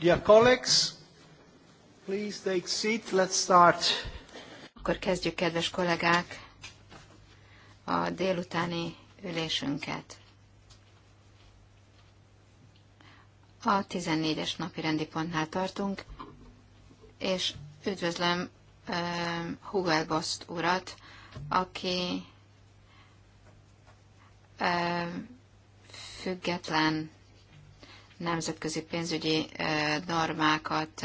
Dear colleagues, please take seat, let's start. Akkor kezdjük, kedves kollégák, a délutáni ülésünket. A 14-es napi rendi pontnál tartunk, és üdvözlöm uh, Hugo Bost urat, aki uh, független nemzetközi pénzügyi normákat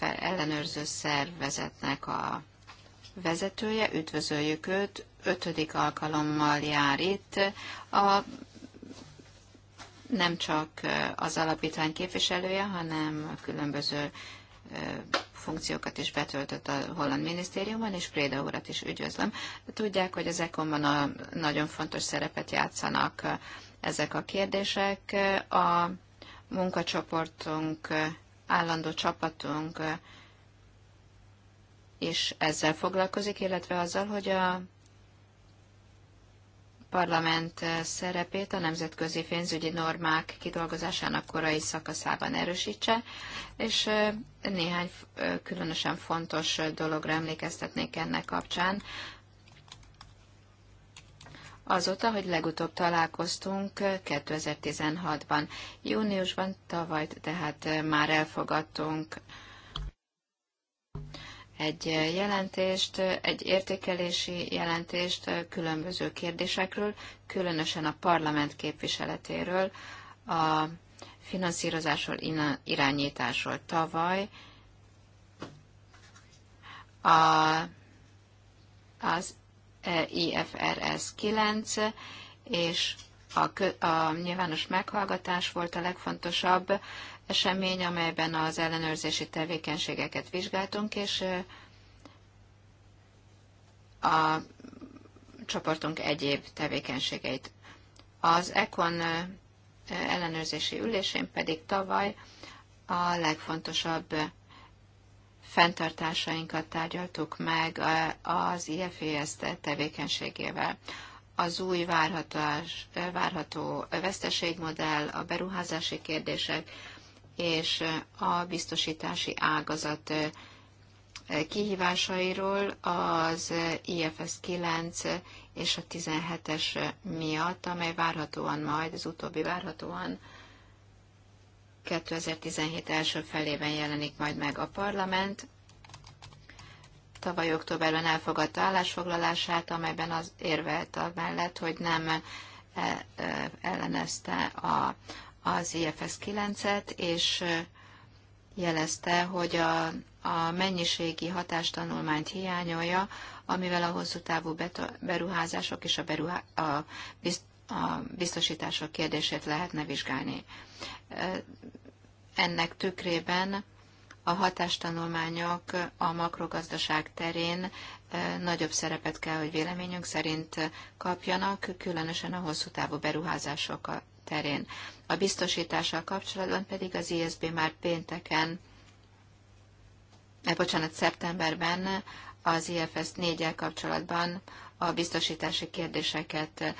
ellenőrző szervezetnek a vezetője, üdvözöljük őt, ötödik alkalommal jár itt. A nem csak az alapítvány képviselője, hanem a különböző funkciókat is betöltött a holland minisztériumban, és Préda urat is ügyözlöm. Tudják, hogy az ECOM-ban a nagyon fontos szerepet játszanak ezek a kérdések. A munkacsoportunk, állandó csapatunk és ezzel foglalkozik, illetve azzal, hogy a parlament szerepét a nemzetközi pénzügyi normák kidolgozásának korai szakaszában erősítse, és néhány különösen fontos dologra emlékeztetnék ennek kapcsán, azóta, hogy legutóbb találkoztunk 2016-ban. Eh, Júniusban tavaly tehát eh, már elfogadtunk egy eh, jelentést, egy értékelési jelentést különböző kérdésekről, különösen a parlament képviseletéről, a finanszírozásról, irányításról. Tavaly a, az E IFRS 9, és a, kö, a nyilvános meghallgatás volt a legfontosabb esemény, amelyben az ellenőrzési tevékenységeket vizsgáltunk, és a csoportunk egyéb tevékenységeit. Az ECON ellenőrzési ülésén pedig tavaly a legfontosabb fenntartásainkat tárgyaltuk meg az IFES tevékenységével. Az új várhatás, várható veszteségmodell, a beruházási kérdések és a biztosítási ágazat kihívásairól az IFS e 9 és a 17-es miatt, amely várhatóan majd, az utóbbi várhatóan 2017 első felében jelenik majd meg a parlament. Tavaly októberben elfogadta állásfoglalását, amelyben az érvelt mellett, hogy nem e, e, ellenezte a, az IFS 9-et, és e, jelezte, hogy a, a mennyiségi hatástanulmányt hiányolja, amivel a hosszú távú beruházások és a, beruhá, a bizt, a biztosítások kérdését lehetne vizsgálni. Ennek tükrében a hatástanulmányok a makrogazdaság terén nagyobb szerepet kell, hogy véleményünk szerint kapjanak, különösen a hosszú távú beruházások a terén. A biztosítással kapcsolatban pedig az ISB már pénteken, eh, bocsánat, szeptemberben az IFS 4-el kapcsolatban a biztosítási kérdéseket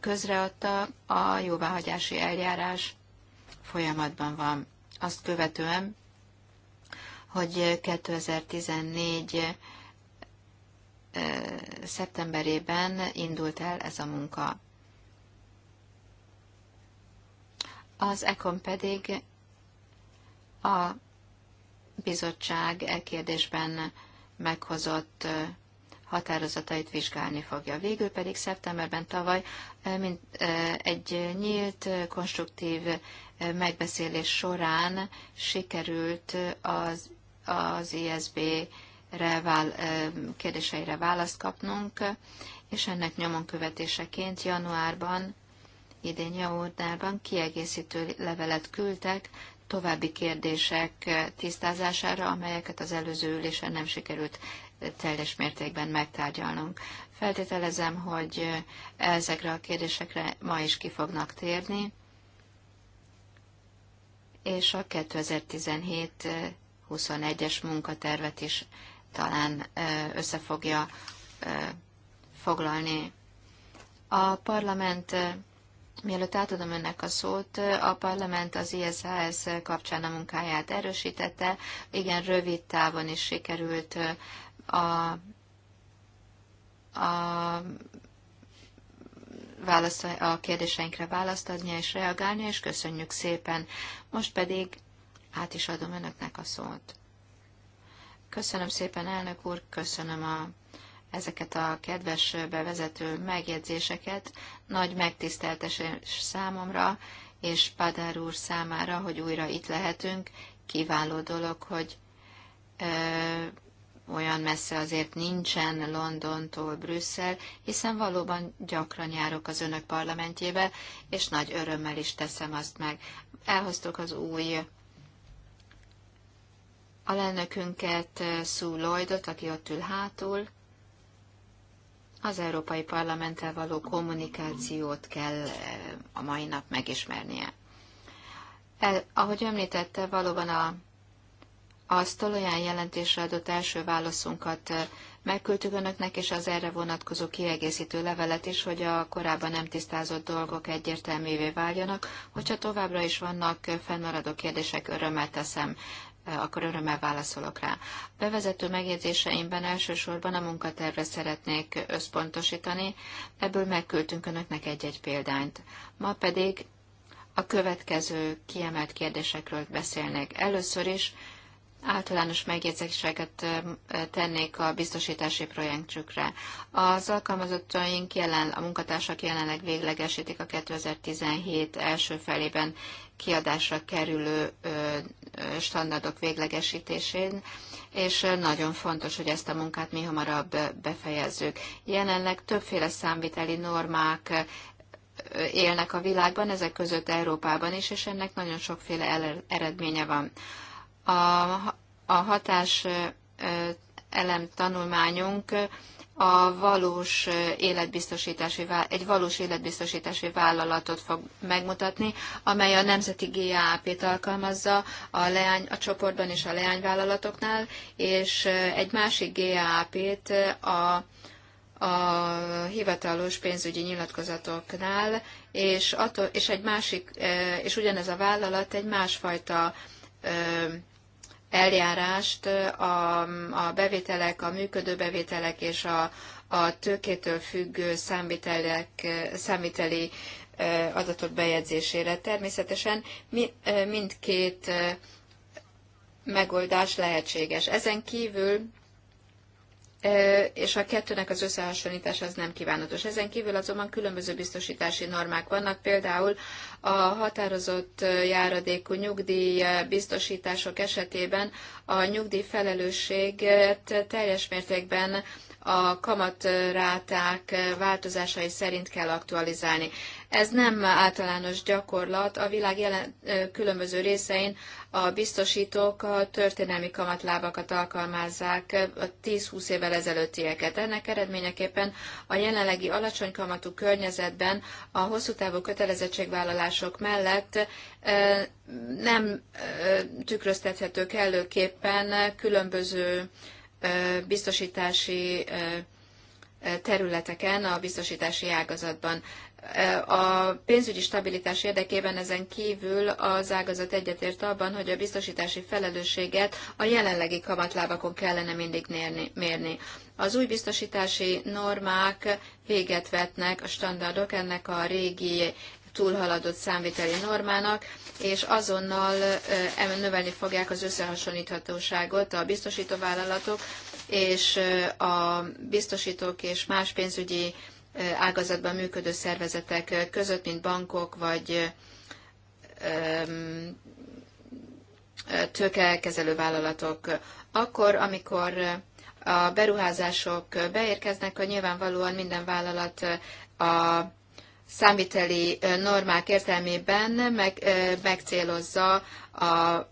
közreadta, a jóváhagyási eljárás folyamatban van. Azt követően, hogy 2014 szeptemberében indult el ez a munka. Az ECOM pedig a bizottság e kérdésben meghozott határozatait vizsgálni fogja. Végül pedig szeptemberben tavaly mint egy nyílt, konstruktív megbeszélés során sikerült az, az ISB-re kérdéseire választ kapnunk, és ennek nyomon követéseként januárban, idén januárban kiegészítő levelet küldtek további kérdések tisztázására, amelyeket az előző ülésen nem sikerült teljes mértékben megtárgyalnunk. Feltételezem, hogy ezekre a kérdésekre ma is ki fognak térni, és a 2017-21-es munkatervet is talán össze fogja foglalni. A parlament, mielőtt átadom önnek a szót, a parlament az ISHS kapcsán a munkáját erősítette, igen, rövid távon is sikerült a, a, válasz, a kérdéseinkre választ adni és reagálni, és köszönjük szépen. Most pedig át is adom önöknek a szót. Köszönöm szépen, elnök úr, köszönöm a, ezeket a kedves bevezető megjegyzéseket. Nagy megtiszteltes számomra, és Padár úr számára, hogy újra itt lehetünk. Kiváló dolog, hogy olyan messze azért nincsen Londontól Brüsszel, hiszen valóban gyakran járok az önök parlamentjébe, és nagy örömmel is teszem azt meg. Elhoztuk az új alelnökünket, Sue Lloydot, aki ott ül hátul. Az Európai Parlamenttel való kommunikációt kell eh, a mai nap megismernie. El, ahogy említette, valóban a a Stolojan jelentésre adott első válaszunkat eh, megküldtük önöknek, és az erre vonatkozó kiegészítő levelet is, hogy a korábban nem tisztázott dolgok egyértelművé váljanak. Hogyha továbbra is vannak eh, fennmaradó kérdések, örömmel teszem eh, akkor örömmel válaszolok rá. Bevezető megjegyzéseimben elsősorban a munkatervre szeretnék összpontosítani, ebből megküldtünk önöknek egy-egy példányt. Ma pedig a következő kiemelt kérdésekről beszélnék. Először is általános megjegyzéseket tennék a biztosítási projektjükre. Az alkalmazottaink jelen, a munkatársak jelenleg véglegesítik a 2017 első felében kiadásra kerülő standardok véglegesítésén, és nagyon fontos, hogy ezt a munkát mi hamarabb befejezzük. Jelenleg többféle számviteli normák élnek a világban, ezek között Európában is, és ennek nagyon sokféle eredménye van. A, a hatás elem tanulmányunk a valós életbiztosítási, egy valós életbiztosítási vállalatot fog megmutatni, amely a nemzeti GAP-t alkalmazza a, leány, a csoportban és a leányvállalatoknál, és egy másik GAP-t a, a hivatalos pénzügyi nyilatkozatoknál, és, attól, és egy másik, és ugyanez a vállalat egy másfajta eljárást a, a bevételek, a működő bevételek és a, a tőkétől függő számvitelek, számviteli adatok bejegyzésére. Természetesen mindkét megoldás lehetséges. Ezen kívül és a kettőnek az összehasonlítása az nem kívánatos. Ezen kívül azonban különböző biztosítási normák vannak, például a határozott járadékú nyugdíj biztosítások esetében a nyugdíj felelősséget teljes mértékben a kamatráták változásai szerint kell aktualizálni. Ez nem általános gyakorlat. A világ jelen, különböző részein a biztosítók a történelmi kamatlábakat alkalmazzák, a 10-20 évvel ezelőttieket. Ennek eredményeképpen a jelenlegi alacsony kamatú környezetben a hosszú távú kötelezettségvállalások mellett nem tükröztethető kellőképpen különböző biztosítási területeken, a biztosítási ágazatban. A pénzügyi stabilitás érdekében ezen kívül az ágazat egyetért abban, hogy a biztosítási felelősséget a jelenlegi kamatlábakon kellene mindig mérni. Az új biztosítási normák véget vetnek a standardok ennek a régi túlhaladott számviteli normának, és azonnal növelni fogják az összehasonlíthatóságot a biztosítóvállalatok és a biztosítók és más pénzügyi ágazatban működő szervezetek között, mint bankok vagy tőkekezelő vállalatok. Akkor, amikor a beruházások beérkeznek, akkor nyilvánvalóan minden vállalat a számviteli normák értelmében meg, megcélozza a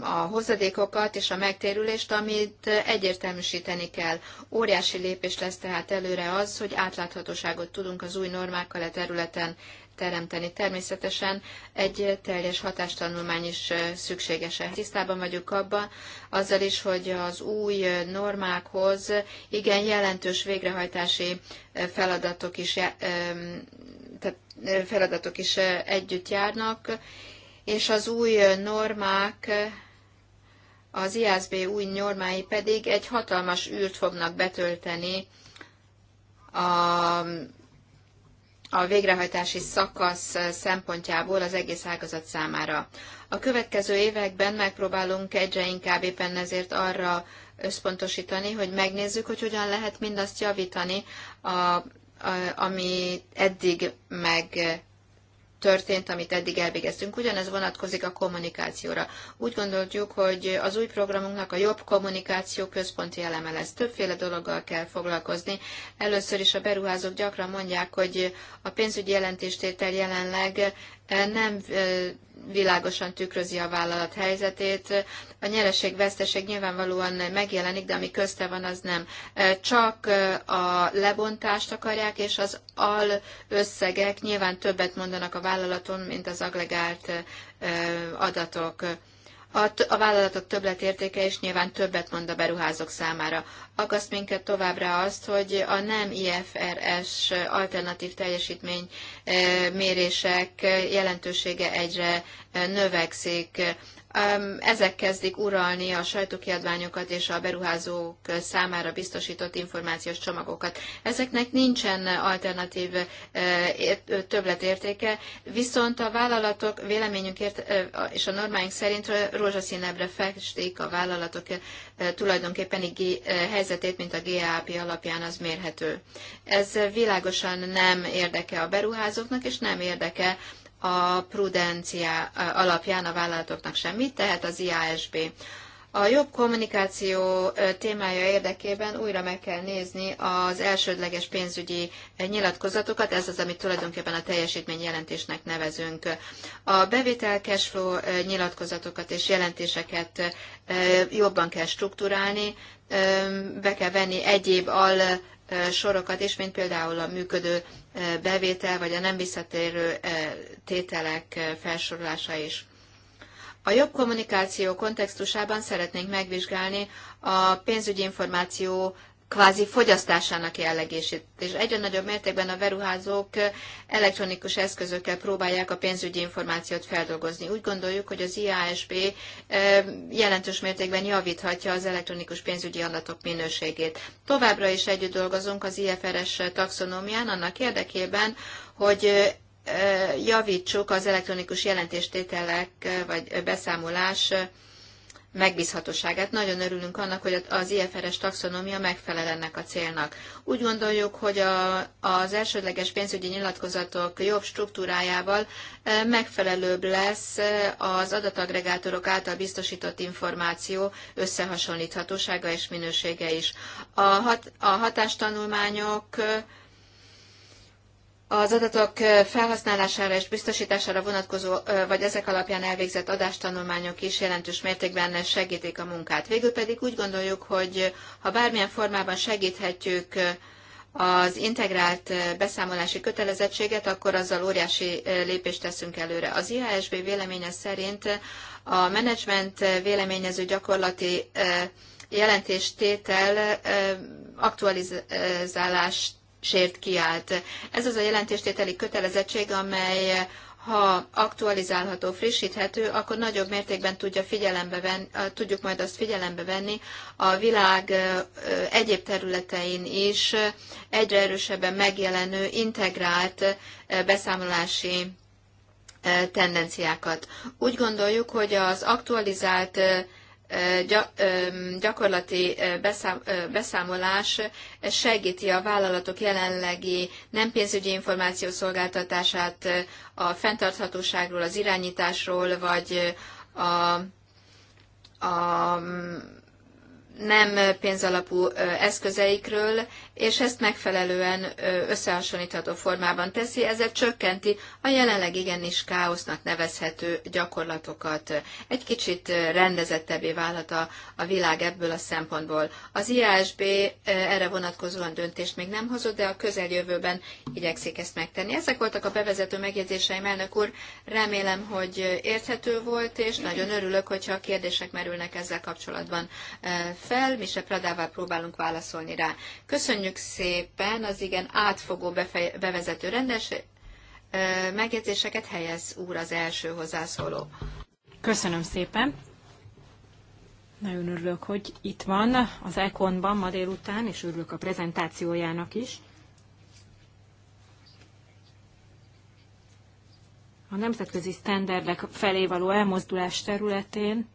a hozadékokat és a megtérülést, amit egyértelműsíteni kell. Óriási lépés lesz tehát előre az, hogy átláthatóságot tudunk az új normákkal a e területen teremteni. Természetesen egy teljes hatástanulmány is szükséges. Tisztában vagyunk abban, azzal is, hogy az új normákhoz igen jelentős végrehajtási feladatok is, tehát feladatok is együtt járnak, és az új normák, az ISB új normái pedig egy hatalmas űrt fognak betölteni a, a végrehajtási szakasz szempontjából az egész ágazat számára. A következő években megpróbálunk egyre inkább éppen ezért arra összpontosítani, hogy megnézzük, hogy hogyan lehet mindazt javítani, a, a, ami eddig meg történt, amit eddig elvégeztünk. Ugyanez vonatkozik a kommunikációra. Úgy gondoljuk, hogy az új programunknak a jobb kommunikáció központi eleme lesz. Többféle dologgal kell foglalkozni. Először is a beruházók gyakran mondják, hogy a pénzügyi jelentéstétel jelenleg eh, nem eh, világosan tükrözi a vállalat helyzetét. A nyereség-veszteség nyilvánvalóan megjelenik, de ami közte van, az nem. Csak a lebontást akarják, és az al összegek nyilván többet mondanak a vállalaton, mint az agregált adatok. A, a vállalatok többletértéke is nyilván többet mond a beruházók számára. Akaszt minket továbbra azt, hogy a nem IFRS alternatív teljesítmény eh, mérések eh, jelentősége egyre eh, növekszik ezek kezdik uralni a sajtókiadványokat és a beruházók számára biztosított információs csomagokat. Ezeknek nincsen alternatív eh, többletértéke, viszont a vállalatok véleményünkért eh, és a normáink szerint rózsaszínebre festik a vállalatok eh, tulajdonképpen helyzetét, mint a GAP alapján az mérhető. Ez világosan nem érdeke a beruházóknak, és nem érdeke a prudencia alapján a vállalatoknak semmit, tehát az IASB. A jobb kommunikáció témája érdekében újra meg kell nézni az elsődleges pénzügyi nyilatkozatokat, ez az, amit tulajdonképpen a teljesítményjelentésnek nevezünk. A bevétel cashflow nyilatkozatokat és jelentéseket jobban kell strukturálni, be kell venni egyéb al sorokat is, mint például a működő bevétel vagy a nem visszatérő tételek felsorolása is. A jobb kommunikáció kontextusában szeretnénk megvizsgálni a pénzügyi információ kvázi fogyasztásának jellegését. És egyre nagyobb mértékben a veruházók elektronikus eszközökkel próbálják a pénzügyi információt feldolgozni. Úgy gondoljuk, hogy az IASB jelentős mértékben javíthatja az elektronikus pénzügyi adatok minőségét. Továbbra is együtt dolgozunk az IFRS taxonómián annak érdekében, hogy javítsuk az elektronikus jelentéstételek vagy beszámolás megbízhatóságát. Nagyon örülünk annak, hogy az IFRS taxonomia megfelel ennek a célnak. Úgy gondoljuk, hogy a, az elsődleges pénzügyi nyilatkozatok jobb struktúrájával e, megfelelőbb lesz e, az adatagregátorok által biztosított információ összehasonlíthatósága és minősége is. A, hat, a hatástanulmányok e, az adatok felhasználására és biztosítására vonatkozó, vagy ezek alapján elvégzett adástanulmányok is jelentős mértékben segítik a munkát. Végül pedig úgy gondoljuk, hogy ha bármilyen formában segíthetjük az integrált beszámolási kötelezettséget, akkor azzal óriási lépést teszünk előre. Az IHSB véleménye szerint a menedzsment véleményező gyakorlati jelentéstétel aktualizálást sért kiállt. Ez az a jelentéstételi kötelezettség, amely ha aktualizálható, frissíthető, akkor nagyobb mértékben tudja figyelembe venni, tudjuk majd azt figyelembe venni a világ egyéb területein is egyre erősebben megjelenő integrált beszámolási tendenciákat. Úgy gondoljuk, hogy az aktualizált gyakorlati beszámolás segíti a vállalatok jelenlegi nem pénzügyi információ szolgáltatását a fenntarthatóságról, az irányításról, vagy a, a nem pénzalapú eszközeikről, és ezt megfelelően összehasonlítható formában teszi, ezzel csökkenti a jelenleg igenis káosznak nevezhető gyakorlatokat. Egy kicsit rendezettebbé válhat a, a világ ebből a szempontból. Az IASB erre vonatkozóan döntést még nem hozott, de a közeljövőben igyekszik ezt megtenni. Ezek voltak a bevezető megjegyzéseim, elnök úr. Remélem, hogy érthető volt, és nagyon örülök, hogyha a kérdések merülnek ezzel kapcsolatban fel, mi se Pradával próbálunk válaszolni rá. Köszönjük szépen az igen átfogó befe- bevezető rendes megjegyzéseket helyez úr az első hozzászóló. Köszönöm szépen. Nagyon örülök, hogy itt van az Econban ma délután, és örülök a prezentációjának is. A nemzetközi sztenderdek felé való elmozdulás területén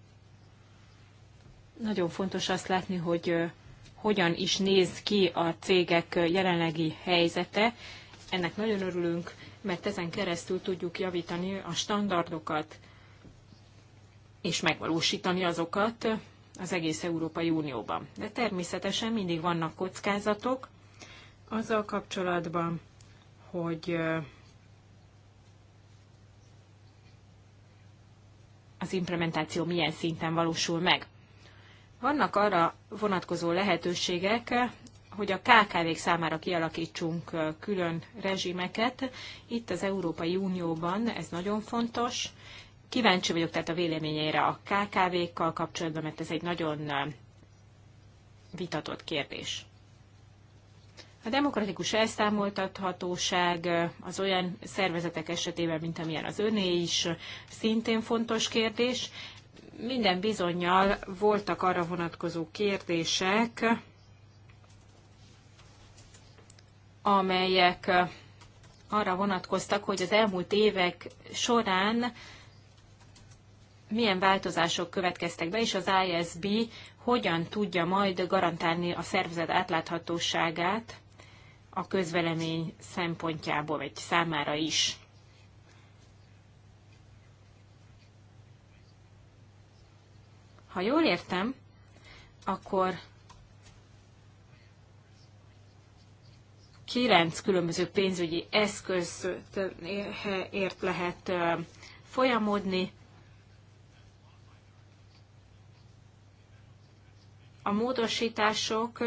nagyon fontos azt látni, hogy hogyan is néz ki a cégek jelenlegi helyzete. Ennek nagyon örülünk, mert ezen keresztül tudjuk javítani a standardokat, és megvalósítani azokat az egész Európai Unióban. De természetesen mindig vannak kockázatok azzal kapcsolatban, hogy az implementáció milyen szinten valósul meg. Vannak arra vonatkozó lehetőségek, hogy a KKV-k számára kialakítsunk külön rezsimeket. Itt az Európai Unióban ez nagyon fontos. Kíváncsi vagyok tehát a véleményére a KKV-kkal kapcsolatban, mert ez egy nagyon vitatott kérdés. A demokratikus elszámoltathatóság az olyan szervezetek esetében, mint amilyen az öné is, szintén fontos kérdés minden bizonyal voltak arra vonatkozó kérdések, amelyek arra vonatkoztak, hogy az elmúlt évek során milyen változások következtek be, és az ISB hogyan tudja majd garantálni a szervezet átláthatóságát a közvelemény szempontjából, vagy számára is. Ha jól értem, akkor kilenc különböző pénzügyi eszközért lehet folyamodni. A módosítások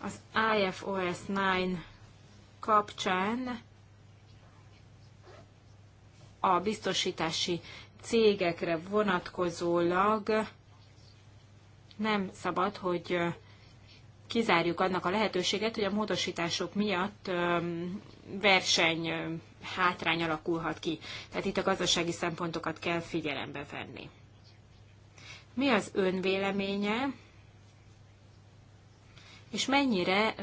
az IFOS 9 kapcsán a biztosítási cégekre vonatkozólag nem szabad, hogy kizárjuk annak a lehetőséget, hogy a módosítások miatt verseny hátrány alakulhat ki. Tehát itt a gazdasági szempontokat kell figyelembe venni. Mi az ön véleménye, és mennyire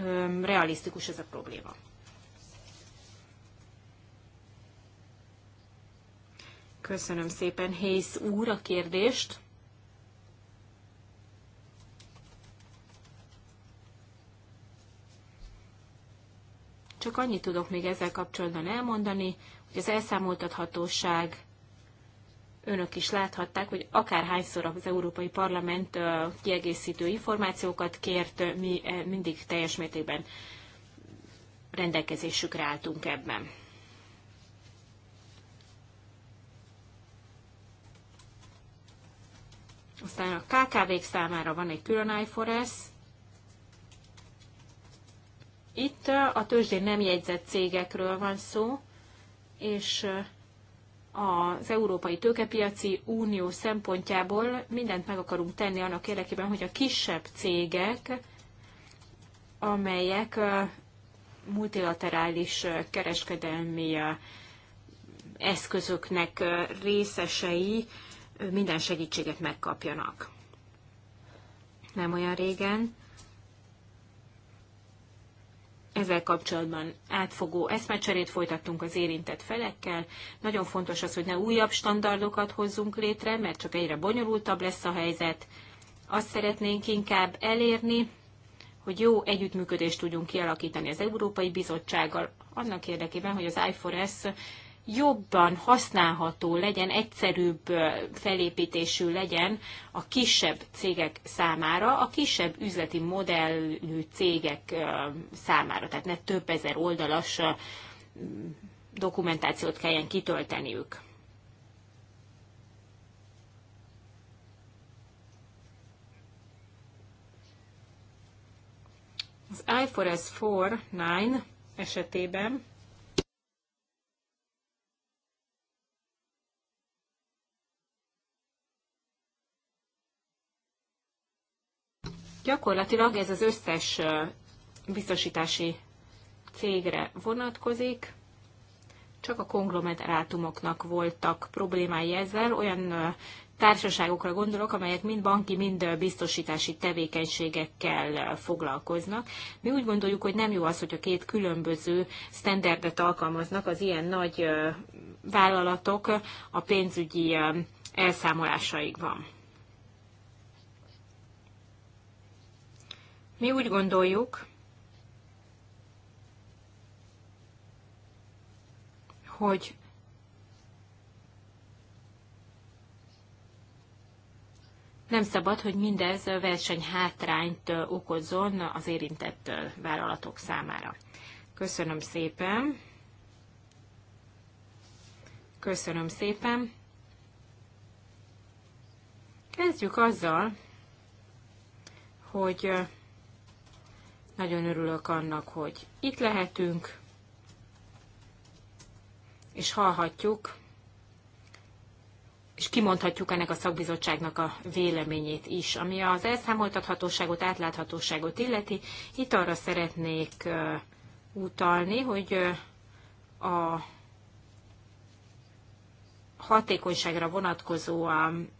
realisztikus ez a probléma? Köszönöm szépen, Hész úr, a kérdést. Csak annyit tudok még ezzel kapcsolatban elmondani, hogy az elszámoltathatóság önök is láthatták, hogy akárhányszor az Európai Parlament kiegészítő információkat kért, mi mindig teljes mértékben rendelkezésükre álltunk ebben. Aztán a KKV-k számára van egy külön iForest. Itt a tőzsdén nem jegyzett cégekről van szó, és az Európai Tőkepiaci Unió szempontjából mindent meg akarunk tenni annak érdekében, hogy a kisebb cégek, amelyek multilaterális kereskedelmi eszközöknek részesei, minden segítséget megkapjanak. Nem olyan régen ezzel kapcsolatban átfogó eszmecserét folytattunk az érintett felekkel. Nagyon fontos az, hogy ne újabb standardokat hozzunk létre, mert csak egyre bonyolultabb lesz a helyzet. Azt szeretnénk inkább elérni, hogy jó együttműködést tudjunk kialakítani az Európai Bizottsággal, annak érdekében, hogy az I4S jobban használható legyen, egyszerűbb felépítésű legyen a kisebb cégek számára, a kisebb üzleti modellű cégek számára, tehát ne több ezer oldalas dokumentációt kelljen kitölteniük. Az I4S 4.9 esetében Gyakorlatilag ez az összes biztosítási cégre vonatkozik, csak a konglomerátumoknak voltak problémái ezzel, olyan társaságokra gondolok, amelyek mind banki, mind biztosítási tevékenységekkel foglalkoznak. Mi úgy gondoljuk, hogy nem jó az, hogy a két különböző standardet alkalmaznak az ilyen nagy vállalatok a pénzügyi elszámolásaikban. Mi úgy gondoljuk, hogy nem szabad, hogy mindez versenyhátrányt okozzon az érintett vállalatok számára. Köszönöm szépen! Köszönöm szépen! Kezdjük azzal, hogy nagyon örülök annak, hogy itt lehetünk, és hallhatjuk, és kimondhatjuk ennek a szakbizottságnak a véleményét is. Ami az elszámoltathatóságot, átláthatóságot illeti, itt arra szeretnék utalni, hogy a hatékonyságra vonatkozó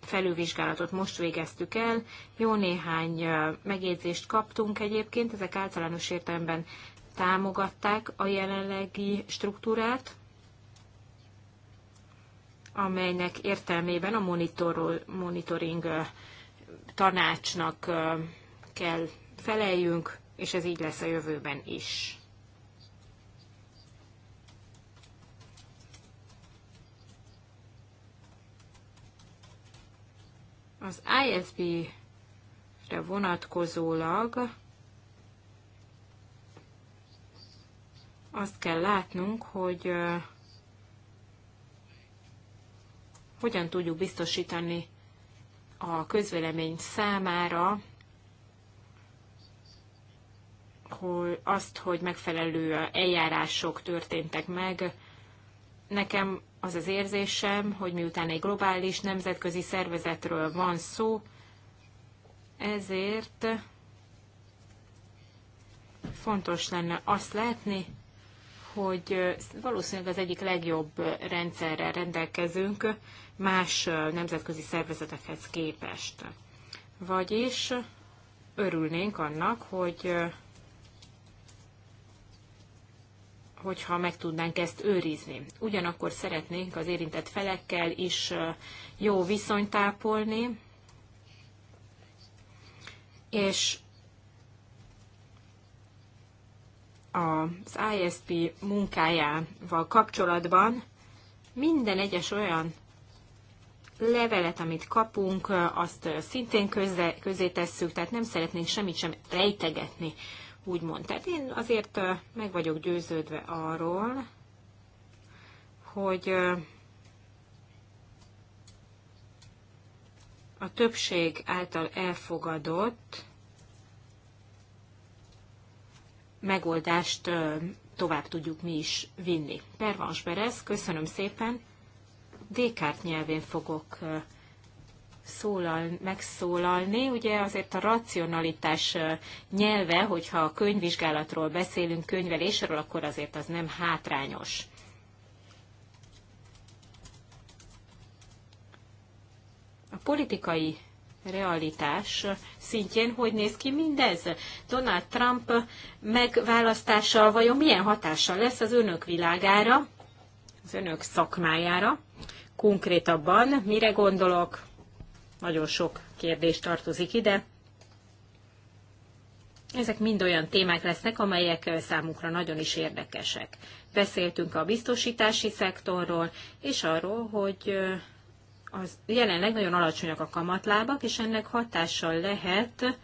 felülvizsgálatot most végeztük el. Jó néhány megjegyzést kaptunk egyébként, ezek általános értelemben támogatták a jelenlegi struktúrát, amelynek értelmében a monitoring tanácsnak kell feleljünk, és ez így lesz a jövőben is. Az ISB-re vonatkozólag azt kell látnunk, hogy hogyan tudjuk biztosítani a közvélemény számára hogy azt, hogy megfelelő eljárások történtek meg. Nekem az az érzésem, hogy miután egy globális nemzetközi szervezetről van szó, ezért fontos lenne azt látni, hogy valószínűleg az egyik legjobb rendszerrel rendelkezünk más nemzetközi szervezetekhez képest. Vagyis örülnénk annak, hogy hogyha meg tudnánk ezt őrizni. Ugyanakkor szeretnénk az érintett felekkel is jó viszonyt ápolni, és az ISP munkájával kapcsolatban minden egyes olyan levelet, amit kapunk, azt szintén közé, közé tesszük, tehát nem szeretnénk semmit sem rejtegetni úgymond. Tehát én azért meg vagyok győződve arról, hogy a többség által elfogadott megoldást tovább tudjuk mi is vinni. Pervans Berez, köszönöm szépen. Dékárt nyelvén fogok szólal, megszólalni. Ugye azért a racionalitás nyelve, hogyha a könyvvizsgálatról beszélünk, könyvelésről, akkor azért az nem hátrányos. A politikai realitás szintjén hogy néz ki mindez? Donald Trump megválasztása vajon milyen hatással lesz az önök világára, az önök szakmájára? Konkrétabban mire gondolok? Nagyon sok kérdés tartozik ide. Ezek mind olyan témák lesznek, amelyek számukra nagyon is érdekesek. Beszéltünk a biztosítási szektorról, és arról, hogy az jelenleg nagyon alacsonyak a kamatlábak, és ennek hatással lehet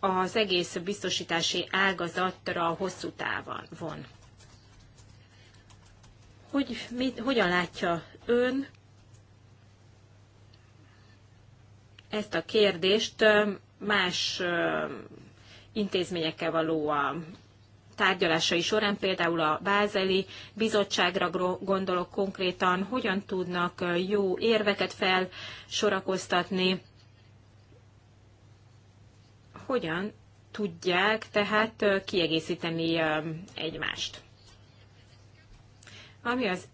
az egész biztosítási ágazatra hosszú távon von. Hogy, mit, hogyan látja ön ezt a kérdést más intézményekkel való a tárgyalásai során, például a Bázeli bizottságra gondolok konkrétan, hogyan tudnak jó érveket felsorakoztatni, hogyan tudják tehát kiegészíteni egymást. Ami az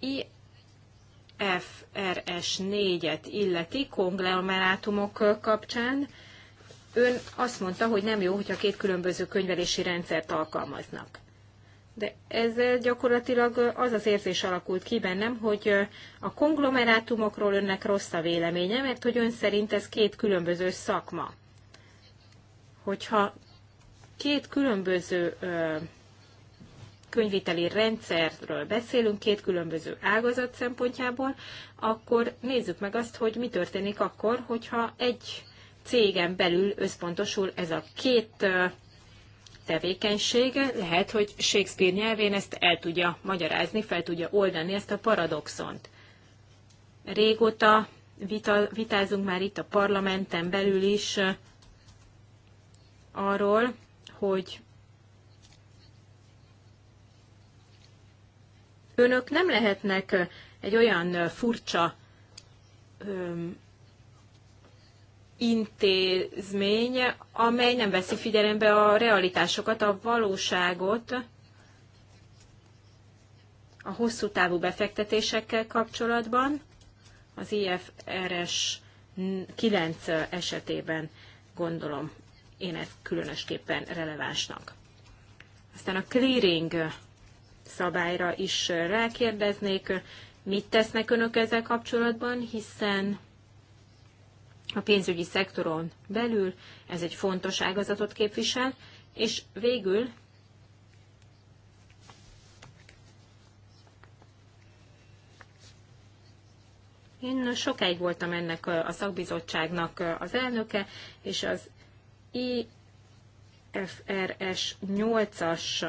FRS4-et illeti konglomerátumok kapcsán, ön azt mondta, hogy nem jó, hogyha két különböző könyvelési rendszert alkalmaznak. De ezzel gyakorlatilag az az érzés alakult ki bennem, hogy a konglomerátumokról önnek rossz a véleménye, mert hogy ön szerint ez két különböző szakma. Hogyha két különböző könyviteli rendszerről beszélünk két különböző ágazat szempontjából, akkor nézzük meg azt, hogy mi történik akkor, hogyha egy cégen belül összpontosul ez a két tevékenység. Lehet, hogy Shakespeare nyelvén ezt el tudja magyarázni, fel tudja oldani ezt a paradoxont. Régóta vita, vitázunk már itt a parlamenten belül is arról, hogy önök nem lehetnek egy olyan furcsa öm, intézmény, amely nem veszi figyelembe a realitásokat, a valóságot, a hosszú távú befektetésekkel kapcsolatban, az IFRS 9 esetében gondolom én ezt különösképpen relevánsnak. Aztán a clearing szabályra is rákérdeznék, mit tesznek önök ezzel kapcsolatban, hiszen a pénzügyi szektoron belül ez egy fontos ágazatot képvisel, és végül Én sokáig voltam ennek a szakbizottságnak az elnöke, és az IFRS 8-as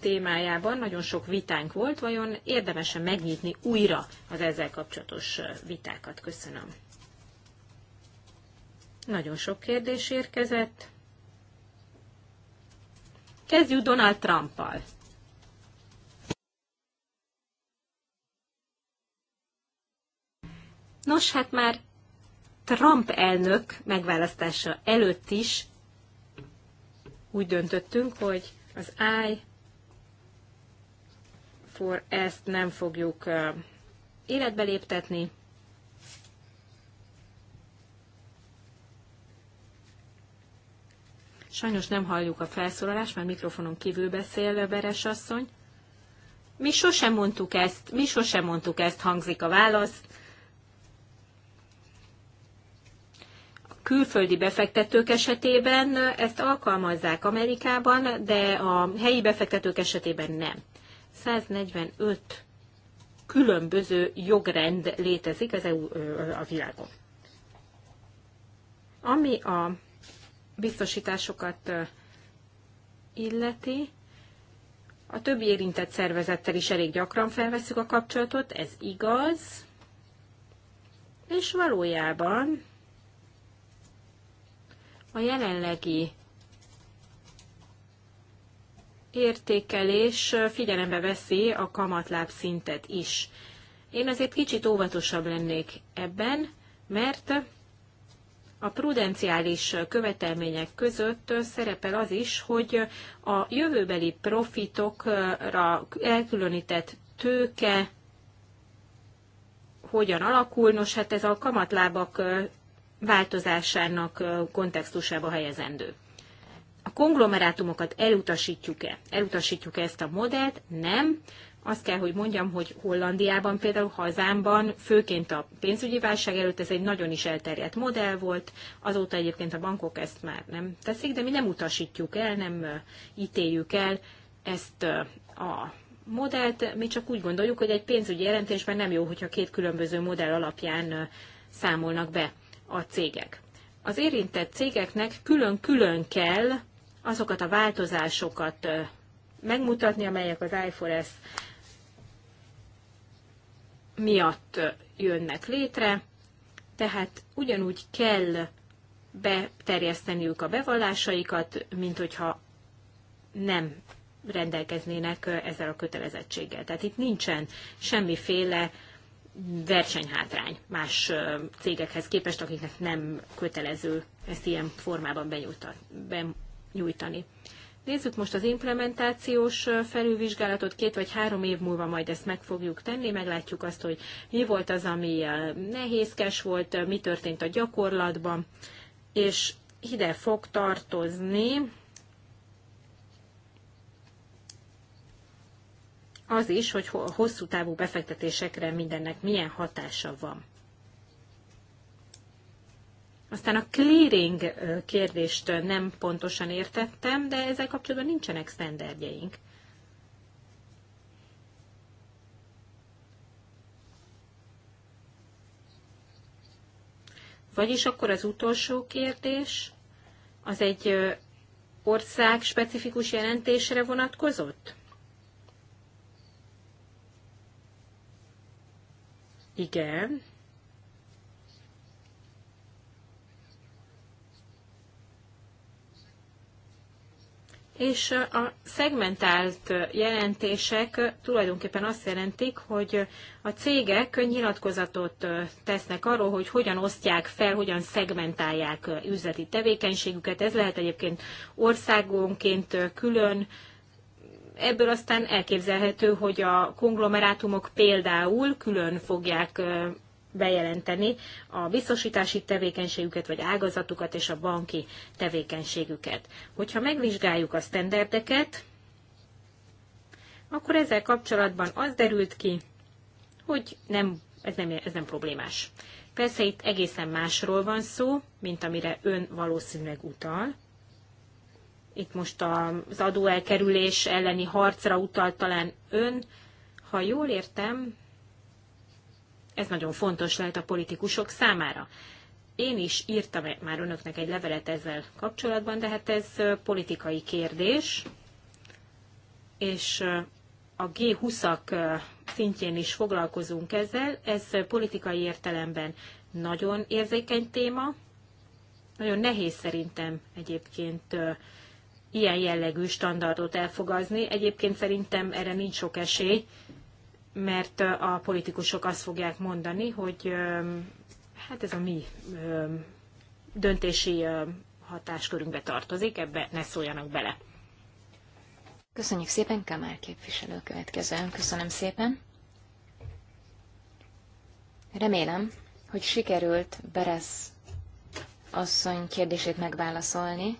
témájában nagyon sok vitánk volt, vajon érdemese megnyitni újra az ezzel kapcsolatos vitákat? Köszönöm. Nagyon sok kérdés érkezett. Kezdjük Donald Trumpal. Nos, hát már Trump elnök megválasztása előtt is úgy döntöttünk, hogy az I akkor ezt nem fogjuk életbe léptetni. Sajnos nem halljuk a felszólalást, mert mikrofonon kívül beszél Beres asszony. Mi sosem mondtuk ezt, mi sosem mondtuk ezt, hangzik a válasz. A külföldi befektetők esetében ezt alkalmazzák Amerikában, de a helyi befektetők esetében nem. 145 különböző jogrend létezik az EU, a világon. Ami a biztosításokat illeti, a többi érintett szervezettel is elég gyakran felveszük a kapcsolatot, ez igaz, és valójában a jelenlegi értékelés figyelembe veszi a kamatláb szintet is. Én azért kicsit óvatosabb lennék ebben, mert a prudenciális követelmények között szerepel az is, hogy a jövőbeli profitokra elkülönített tőke hogyan alakul. Nos, hát ez a kamatlábak változásának kontextusába helyezendő a konglomerátumokat elutasítjuk-e? elutasítjuk -e ezt a modellt? Nem. Azt kell, hogy mondjam, hogy Hollandiában, például hazámban, főként a pénzügyi válság előtt ez egy nagyon is elterjedt modell volt, azóta egyébként a bankok ezt már nem teszik, de mi nem utasítjuk el, nem ítéljük el ezt a modellt, mi csak úgy gondoljuk, hogy egy pénzügyi jelentésben nem jó, hogyha két különböző modell alapján számolnak be a cégek. Az érintett cégeknek külön-külön kell azokat a változásokat megmutatni, amelyek az iForest miatt jönnek létre, tehát ugyanúgy kell beterjeszteniük a bevallásaikat, mint hogyha nem rendelkeznének ezzel a kötelezettséggel. Tehát itt nincsen semmiféle versenyhátrány más cégekhez képest, akiknek nem kötelező ezt ilyen formában benyújtani nyújtani. Nézzük most az implementációs felülvizsgálatot, két vagy három év múlva majd ezt meg fogjuk tenni, meglátjuk azt, hogy mi volt az, ami nehézkes volt, mi történt a gyakorlatban, és ide fog tartozni az is, hogy hosszú távú befektetésekre mindennek milyen hatása van. Aztán a clearing kérdést nem pontosan értettem, de ezzel kapcsolatban nincsenek sztenderdjeink. Vagyis akkor az utolsó kérdés, az egy ország specifikus jelentésre vonatkozott? Igen. és a szegmentált jelentések tulajdonképpen azt jelentik, hogy a cégek nyilatkozatot tesznek arról, hogy hogyan osztják fel, hogyan szegmentálják üzleti tevékenységüket. Ez lehet egyébként országonként külön. Ebből aztán elképzelhető, hogy a konglomerátumok például külön fogják bejelenteni a biztosítási tevékenységüket, vagy ágazatukat és a banki tevékenységüket. Hogyha megvizsgáljuk a sztenderdeket, akkor ezzel kapcsolatban az derült ki, hogy nem, ez, nem, ez nem problémás. Persze itt egészen másról van szó, mint amire ön valószínűleg utal. Itt most az adóelkerülés elleni harcra utalt talán ön, ha jól értem, ez nagyon fontos lehet a politikusok számára. Én is írtam e- már önöknek egy levelet ezzel kapcsolatban, de hát ez politikai kérdés, és a G20-ak szintjén is foglalkozunk ezzel. Ez politikai értelemben nagyon érzékeny téma. Nagyon nehéz szerintem egyébként ilyen jellegű standardot elfogazni. Egyébként szerintem erre nincs sok esély, mert a politikusok azt fogják mondani, hogy hát ez a mi döntési hatáskörünkbe tartozik, ebbe ne szóljanak bele. Köszönjük szépen, Kamár képviselő következő. Köszönöm szépen. Remélem, hogy sikerült Beresz asszony kérdését megválaszolni.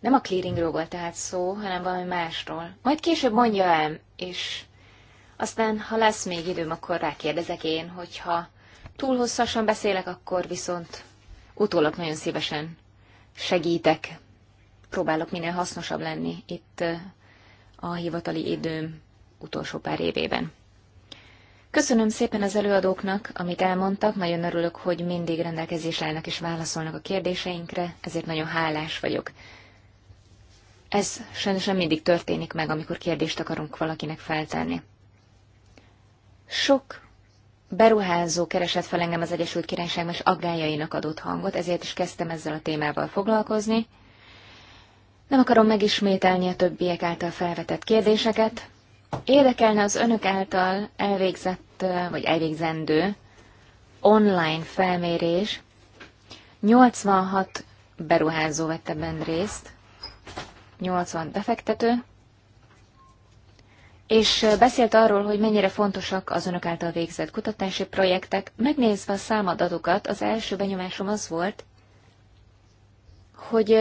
Nem a clearingról volt tehát szó, hanem valami másról. Majd később mondja el, és aztán, ha lesz még időm, akkor rákérdezek én, hogyha túl hosszasan beszélek, akkor viszont utólag nagyon szívesen segítek. Próbálok minél hasznosabb lenni itt a hivatali időm utolsó pár évében. Köszönöm szépen az előadóknak, amit elmondtak, nagyon örülök, hogy mindig rendelkezésre állnak és válaszolnak a kérdéseinkre, ezért nagyon hálás vagyok. Ez sajnos nem mindig történik meg, amikor kérdést akarunk valakinek feltenni. Sok beruházó keresett fel engem az Egyesült Királyság és aggájainak adott hangot, ezért is kezdtem ezzel a témával foglalkozni. Nem akarom megismételni a többiek által felvetett kérdéseket. Érdekelne az önök által elvégzett, vagy elvégzendő online felmérés. 86 beruházó vett ebben részt, 80 befektető, és beszélt arról, hogy mennyire fontosak az önök által végzett kutatási projektek. Megnézve a számadatokat, az első benyomásom az volt, hogy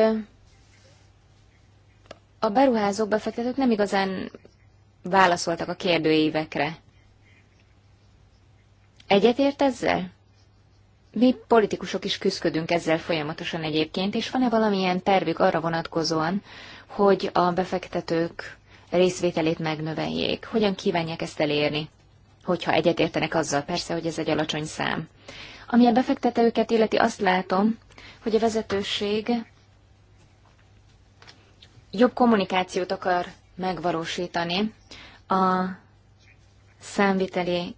a beruházók, befektetők nem igazán válaszoltak a kérdőívekre. Egyetért ezzel? Mi politikusok is küzdködünk ezzel folyamatosan egyébként, és van-e valamilyen tervük arra vonatkozóan, hogy a befektetők részvételét megnöveljék. Hogyan kívánják ezt elérni? Hogyha egyetértenek azzal, persze, hogy ez egy alacsony szám. Ami a befektetőket illeti, azt látom, hogy a vezetőség jobb kommunikációt akar megvalósítani a számviteli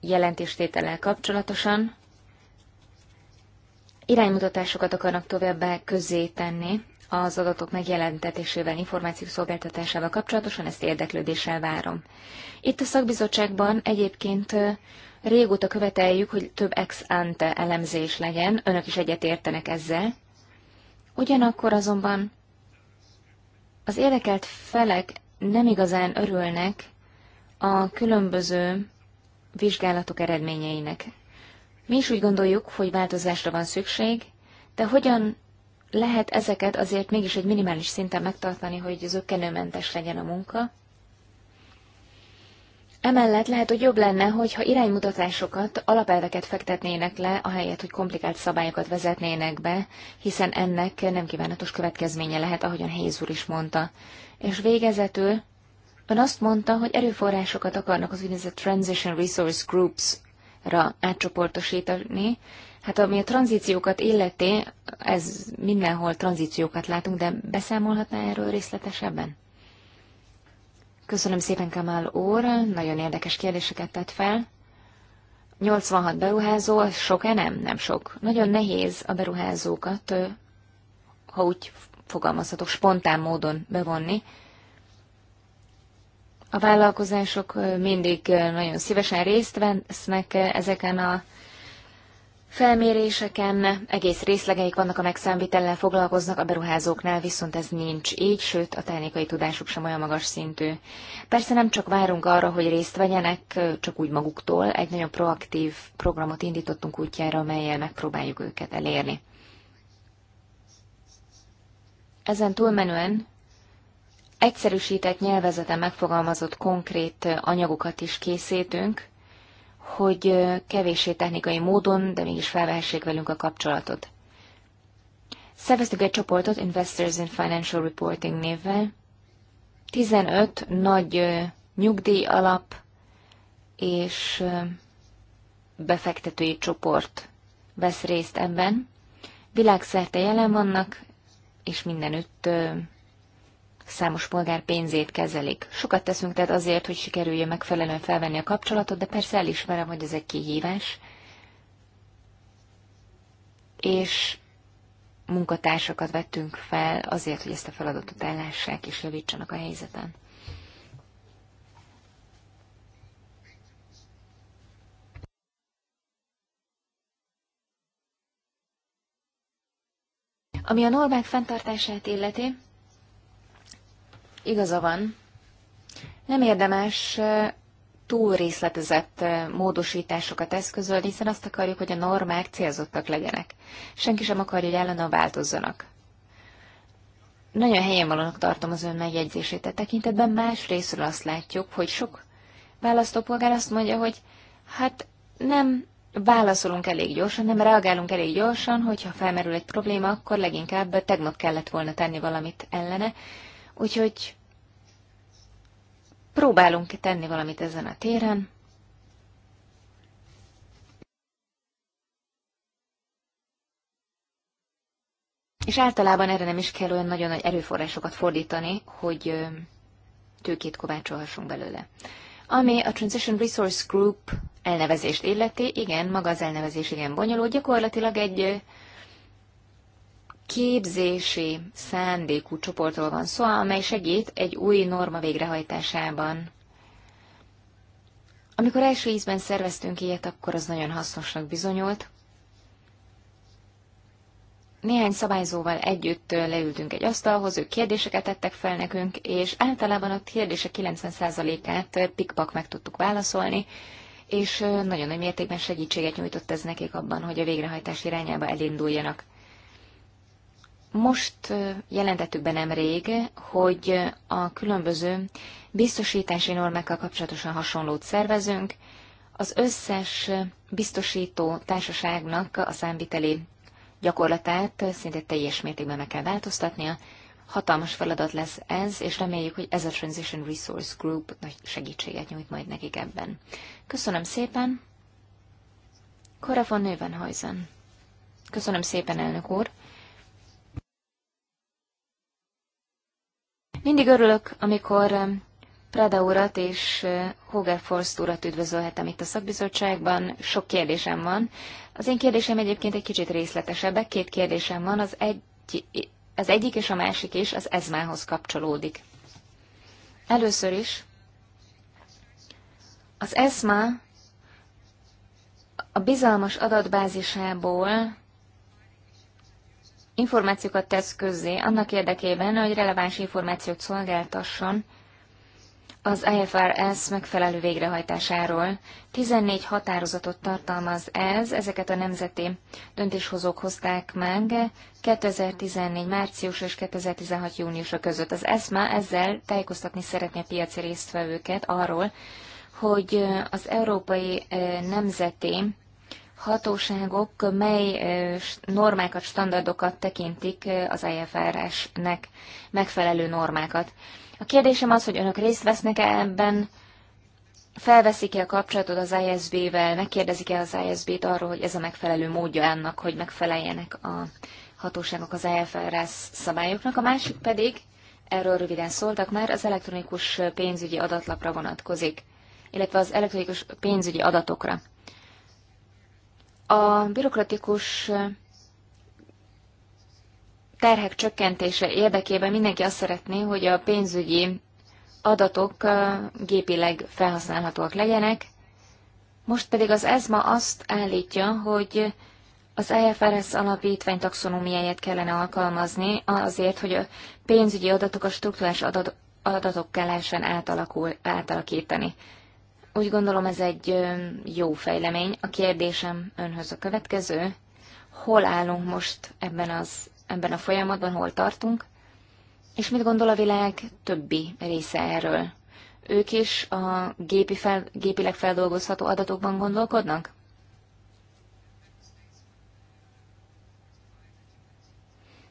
jelentéstétellel kapcsolatosan, iránymutatásokat akarnak továbbá közé tenni az adatok megjelentetésével, információk szolgáltatásával kapcsolatosan, ezt érdeklődéssel várom. Itt a szakbizottságban egyébként régóta követeljük, hogy több ex ante elemzés legyen, önök is egyetértenek ezzel. Ugyanakkor azonban az érdekelt felek nem igazán örülnek a különböző vizsgálatok eredményeinek. Mi is úgy gondoljuk, hogy változásra van szükség, de hogyan lehet ezeket azért mégis egy minimális szinten megtartani, hogy zöggenőmentes legyen a munka. Emellett lehet, hogy jobb lenne, hogyha iránymutatásokat, alapelveket fektetnének le, ahelyett, hogy komplikált szabályokat vezetnének be, hiszen ennek nem kívánatos következménye lehet, ahogyan Hayes úr is mondta. És végezetül ön azt mondta, hogy erőforrásokat akarnak az úgynevezett Transition Resource Groups-ra átcsoportosítani, Hát ami a tranzíciókat illeti, ez mindenhol tranzíciókat látunk, de beszámolhatná erről részletesebben? Köszönöm szépen, Kamal úr, nagyon érdekes kérdéseket tett fel. 86 beruházó, sok-e nem? Nem sok. Nagyon nehéz a beruházókat, ha úgy fogalmazhatok, spontán módon bevonni. A vállalkozások mindig nagyon szívesen részt vesznek ezeken a felméréseken egész részlegeik vannak a megszámvitellel foglalkoznak, a beruházóknál viszont ez nincs így, sőt a technikai tudásuk sem olyan magas szintű. Persze nem csak várunk arra, hogy részt vegyenek, csak úgy maguktól, egy nagyon proaktív programot indítottunk útjára, amelyel megpróbáljuk őket elérni. Ezen túlmenően egyszerűsített nyelvezeten megfogalmazott konkrét anyagokat is készítünk, hogy kevéssé technikai módon, de mégis felvehessék velünk a kapcsolatot. Szerveztük egy csoportot Investors in Financial Reporting névvel. 15 nagy nyugdíj alap és befektetői csoport vesz részt ebben. Világszerte jelen vannak, és mindenütt számos polgár pénzét kezelik. Sokat teszünk tehát azért, hogy sikerüljön megfelelően felvenni a kapcsolatot, de persze elismerem, hogy ez egy kihívás. És munkatársakat vettünk fel azért, hogy ezt a feladatot ellássák és javítsanak a helyzeten. Ami a normák fenntartását illeti, Igaza van. Nem érdemes túl részletezett módosításokat eszközölni, hiszen azt akarjuk, hogy a normák célzottak legyenek. Senki sem akarja, hogy ellene változzanak. Nagyon helyen valónak tartom az ön megjegyzését a e tekintetben, részről azt látjuk, hogy sok választópolgár azt mondja, hogy hát nem válaszolunk elég gyorsan, nem reagálunk elég gyorsan, hogyha felmerül egy probléma, akkor leginkább tegnap kellett volna tenni valamit ellene, Úgyhogy próbálunk tenni valamit ezen a téren. És általában erre nem is kell olyan nagyon nagy erőforrásokat fordítani, hogy tőkét kovácsolhassunk belőle. Ami a Transition Resource Group elnevezést illeti, igen, maga az elnevezés igen bonyolult, gyakorlatilag egy képzési szándékú csoportról van szó, amely segít egy új norma végrehajtásában. Amikor első ízben szerveztünk ilyet, akkor az nagyon hasznosnak bizonyult. Néhány szabályzóval együtt leültünk egy asztalhoz, ők kérdéseket tettek fel nekünk, és általában a kérdések 90%-át pikpak meg tudtuk válaszolni, és nagyon nagy mértékben segítséget nyújtott ez nekik abban, hogy a végrehajtás irányába elinduljanak. Most jelentettük be nemrég, hogy a különböző biztosítási normákkal kapcsolatosan hasonlót szervezünk. Az összes biztosító társaságnak a számviteli gyakorlatát szinte teljes mértékben meg kell változtatnia. Hatalmas feladat lesz ez, és reméljük, hogy ez a Transition Resource Group nagy segítséget nyújt majd nekik ebben. Köszönöm szépen! Kora von Nővenhajzen. Köszönöm szépen, elnök úr! Mindig örülök, amikor Prada urat és Forst urat üdvözölhetem itt a szakbizottságban. Sok kérdésem van. Az én kérdésem egyébként egy kicsit részletesebb. Két kérdésem van. Az, egy, az egyik és a másik is az ezmához kapcsolódik. Először is az ESMA a bizalmas adatbázisából információkat tesz közzé annak érdekében, hogy releváns információt szolgáltasson az IFRS megfelelő végrehajtásáról. 14 határozatot tartalmaz ez, ezeket a nemzeti döntéshozók hozták meg 2014 március és 2016 júniusa között. Az ESMA ezzel tájékoztatni szeretné a piaci résztvevőket arról, hogy az európai eh, nemzeti hatóságok mely normákat, standardokat tekintik az IFRS-nek megfelelő normákat. A kérdésem az, hogy önök részt vesznek-e ebben, felveszik-e a kapcsolatot az ISB-vel, megkérdezik-e az ISB-t arról, hogy ez a megfelelő módja annak, hogy megfeleljenek a hatóságok az IFRS szabályoknak. A másik pedig, erről röviden szóltak már, az elektronikus pénzügyi adatlapra vonatkozik, illetve az elektronikus pénzügyi adatokra. A bürokratikus terhek csökkentése érdekében mindenki azt szeretné, hogy a pénzügyi adatok gépileg felhasználhatóak legyenek, most pedig az ESMA azt állítja, hogy az EFRS alapítvány taxonómiáját kellene alkalmazni azért, hogy a pénzügyi adatok a struktúrás adat, adatokká lehessen átalakul, átalakítani. Úgy gondolom ez egy jó fejlemény. A kérdésem önhöz a következő. Hol állunk most ebben, az, ebben a folyamatban, hol tartunk? És mit gondol a világ többi része erről? Ők is a gépi fel, gépileg feldolgozható adatokban gondolkodnak?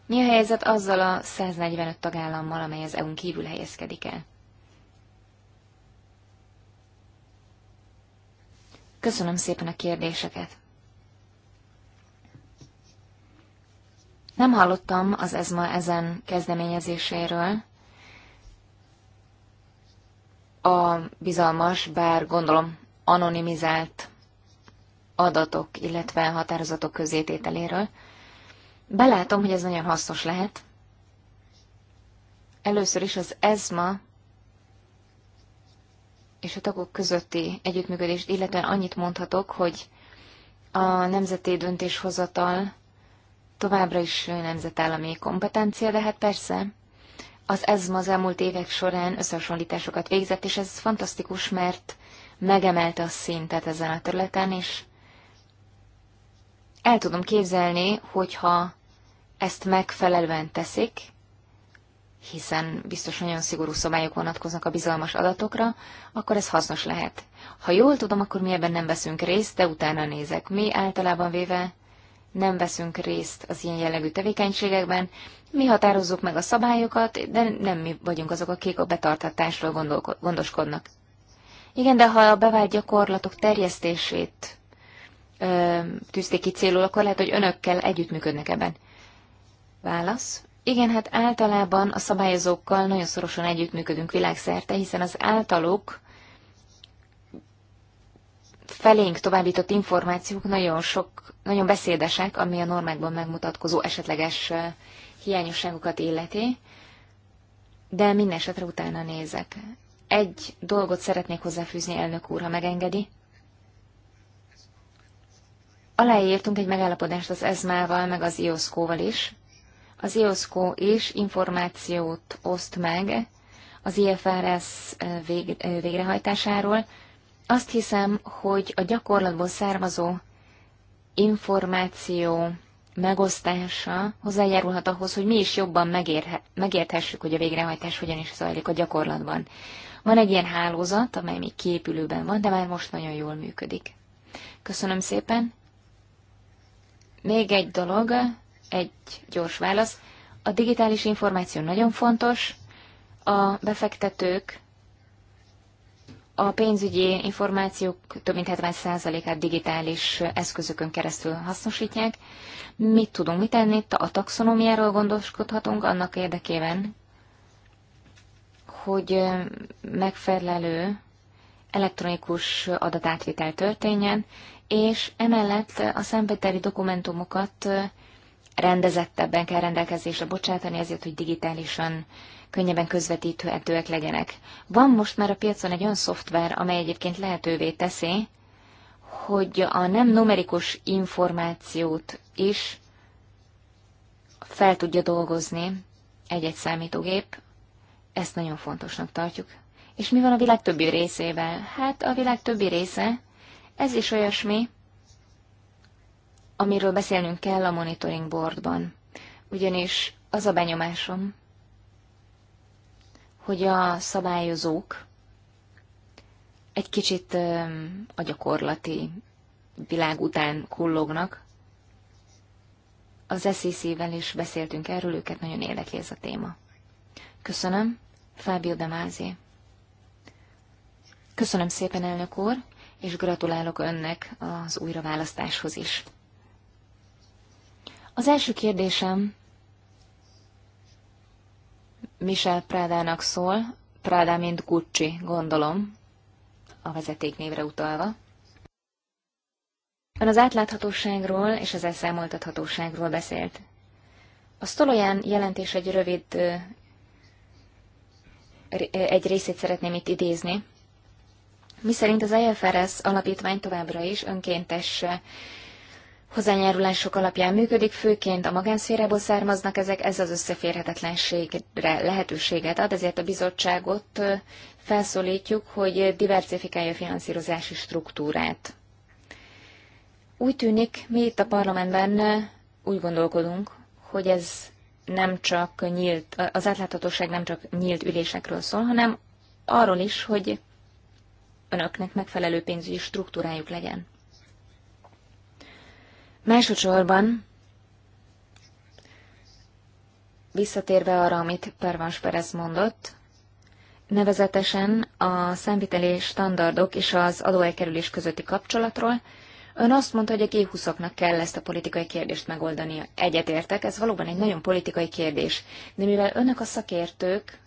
Mi a helyzet azzal a 145 tagállammal, amely az EU-n kívül helyezkedik el? Köszönöm szépen a kérdéseket. Nem hallottam az ESMA ezen kezdeményezéséről. A bizalmas, bár gondolom anonimizált adatok, illetve határozatok közétételéről. Belátom, hogy ez nagyon hasznos lehet. Először is az ESMA és a tagok közötti együttműködést illetően annyit mondhatok, hogy a nemzeti döntéshozatal továbbra is nemzetállami kompetencia, de hát persze az ESMA az elmúlt évek során összehasonlításokat végzett, és ez fantasztikus, mert megemelte a szintet ezen a területen, és el tudom képzelni, hogyha ezt megfelelően teszik, hiszen biztos nagyon szigorú szabályok vonatkoznak a bizalmas adatokra, akkor ez hasznos lehet. Ha jól tudom, akkor mi ebben nem veszünk részt, de utána nézek. Mi általában véve nem veszünk részt az ilyen jellegű tevékenységekben, mi határozzuk meg a szabályokat, de nem mi vagyunk azok, akik a betartatásról gondoskodnak. Igen, de ha a bevált gyakorlatok terjesztését tűzték ki célul, akkor lehet, hogy önökkel együttműködnek ebben. Válasz. Igen, hát általában a szabályozókkal nagyon szorosan együttműködünk világszerte, hiszen az általuk felénk továbbított információk nagyon sok, nagyon beszédesek, ami a normákban megmutatkozó esetleges hiányosságokat illeti, de minden esetre utána nézek. Egy dolgot szeretnék hozzáfűzni, elnök úr, ha megengedi. Aláírtunk egy megállapodást az ESMA-val, meg az IOSCO-val is, az IOSCO is információt oszt meg az IFRS vég, végrehajtásáról. Azt hiszem, hogy a gyakorlatból származó információ megosztása hozzájárulhat ahhoz, hogy mi is jobban megérhe, megérthessük, hogy a végrehajtás hogyan is zajlik a gyakorlatban. Van egy ilyen hálózat, amely még képülőben van, de már most nagyon jól működik. Köszönöm szépen. Még egy dolog, egy gyors válasz. A digitális információ nagyon fontos, a befektetők a pénzügyi információk több mint 70%-át digitális eszközökön keresztül hasznosítják. Mit tudunk mit tenni? a taxonomiáról gondoskodhatunk annak érdekében, hogy megfelelő elektronikus adatátvitel történjen, és emellett a szembeteli dokumentumokat rendezettebben kell rendelkezésre bocsátani, azért, hogy digitálisan könnyebben közvetíthetőek legyenek. Van most már a piacon egy olyan szoftver, amely egyébként lehetővé teszi, hogy a nem numerikus információt is fel tudja dolgozni egy-egy számítógép. Ezt nagyon fontosnak tartjuk. És mi van a világ többi részével? Hát a világ többi része, ez is olyasmi, amiről beszélnünk kell a monitoring boardban. Ugyanis az a benyomásom, hogy a szabályozók egy kicsit a gyakorlati világ után kullognak. Az scc e vel is beszéltünk erről, őket nagyon érdekli ez a téma. Köszönöm, Fábio de Mázi. Köszönöm szépen, elnök úr, és gratulálok önnek az újraválasztáshoz is. Az első kérdésem Michel Prádának szól, Prádá mint Gucci, gondolom, a vezetéknévre utalva. Ön az átláthatóságról és az elszámoltathatóságról beszélt. A Stoloyan jelentés egy rövid egy részét szeretném itt idézni, miszerint az IFRS alapítvány továbbra is önkéntes hozzányárulások alapján működik, főként a magánszférából származnak ezek, ez az összeférhetetlenségre lehetőséget ad, ezért a bizottságot felszólítjuk, hogy diversifikálja a finanszírozási struktúrát. Úgy tűnik, mi itt a parlamentben úgy gondolkodunk, hogy ez nem csak nyílt, az átláthatóság nem csak nyílt ülésekről szól, hanem arról is, hogy önöknek megfelelő pénzügyi struktúrájuk legyen. Másodszorban visszatérve arra, amit Pervans Perez mondott, nevezetesen a számviteli standardok és az adóelkerülés közötti kapcsolatról, Ön azt mondta, hogy a g 20 kell ezt a politikai kérdést megoldani. Egyetértek, ez valóban egy nagyon politikai kérdés. De mivel önök a szakértők,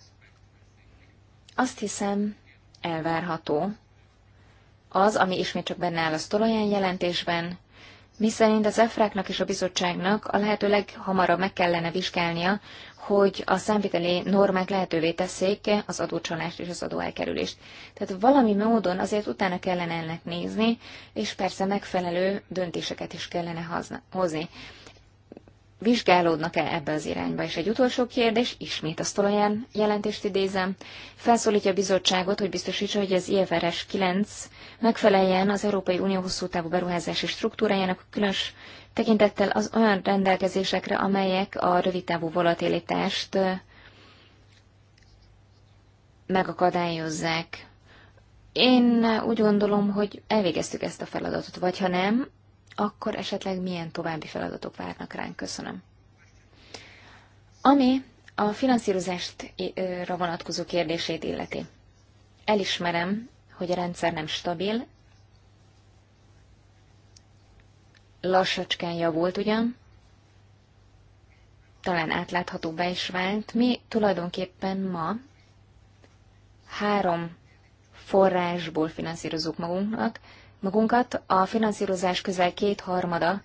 azt hiszem elvárható az, ami ismét csak benne áll a Stolojan jelentésben, miszerint az EFRAK-nak és a bizottságnak a lehető leghamarabb meg kellene vizsgálnia, hogy a számviteli normák lehetővé teszék az adócsalást és az adóelkerülést. Tehát valami módon azért utána kellene ennek nézni, és persze megfelelő döntéseket is kellene hozni vizsgálódnak-e ebbe az irányba. És egy utolsó kérdés, ismét a Stolojan jelentést idézem, felszólítja a bizottságot, hogy biztosítsa, hogy az IFRS 9 megfeleljen az Európai Unió hosszú távú beruházási struktúrájának, különös tekintettel az olyan rendelkezésekre, amelyek a rövidtávú volatilitást megakadályozzák. Én úgy gondolom, hogy elvégeztük ezt a feladatot, vagy ha nem, akkor esetleg milyen további feladatok várnak ránk? Köszönöm. Ami a finanszírozásra vonatkozó kérdését illeti. Elismerem, hogy a rendszer nem stabil, lassacskán javult ugyan, talán átláthatóbbá is vált. Mi tulajdonképpen ma három forrásból finanszírozunk magunknak, magunkat. A finanszírozás közel kétharmada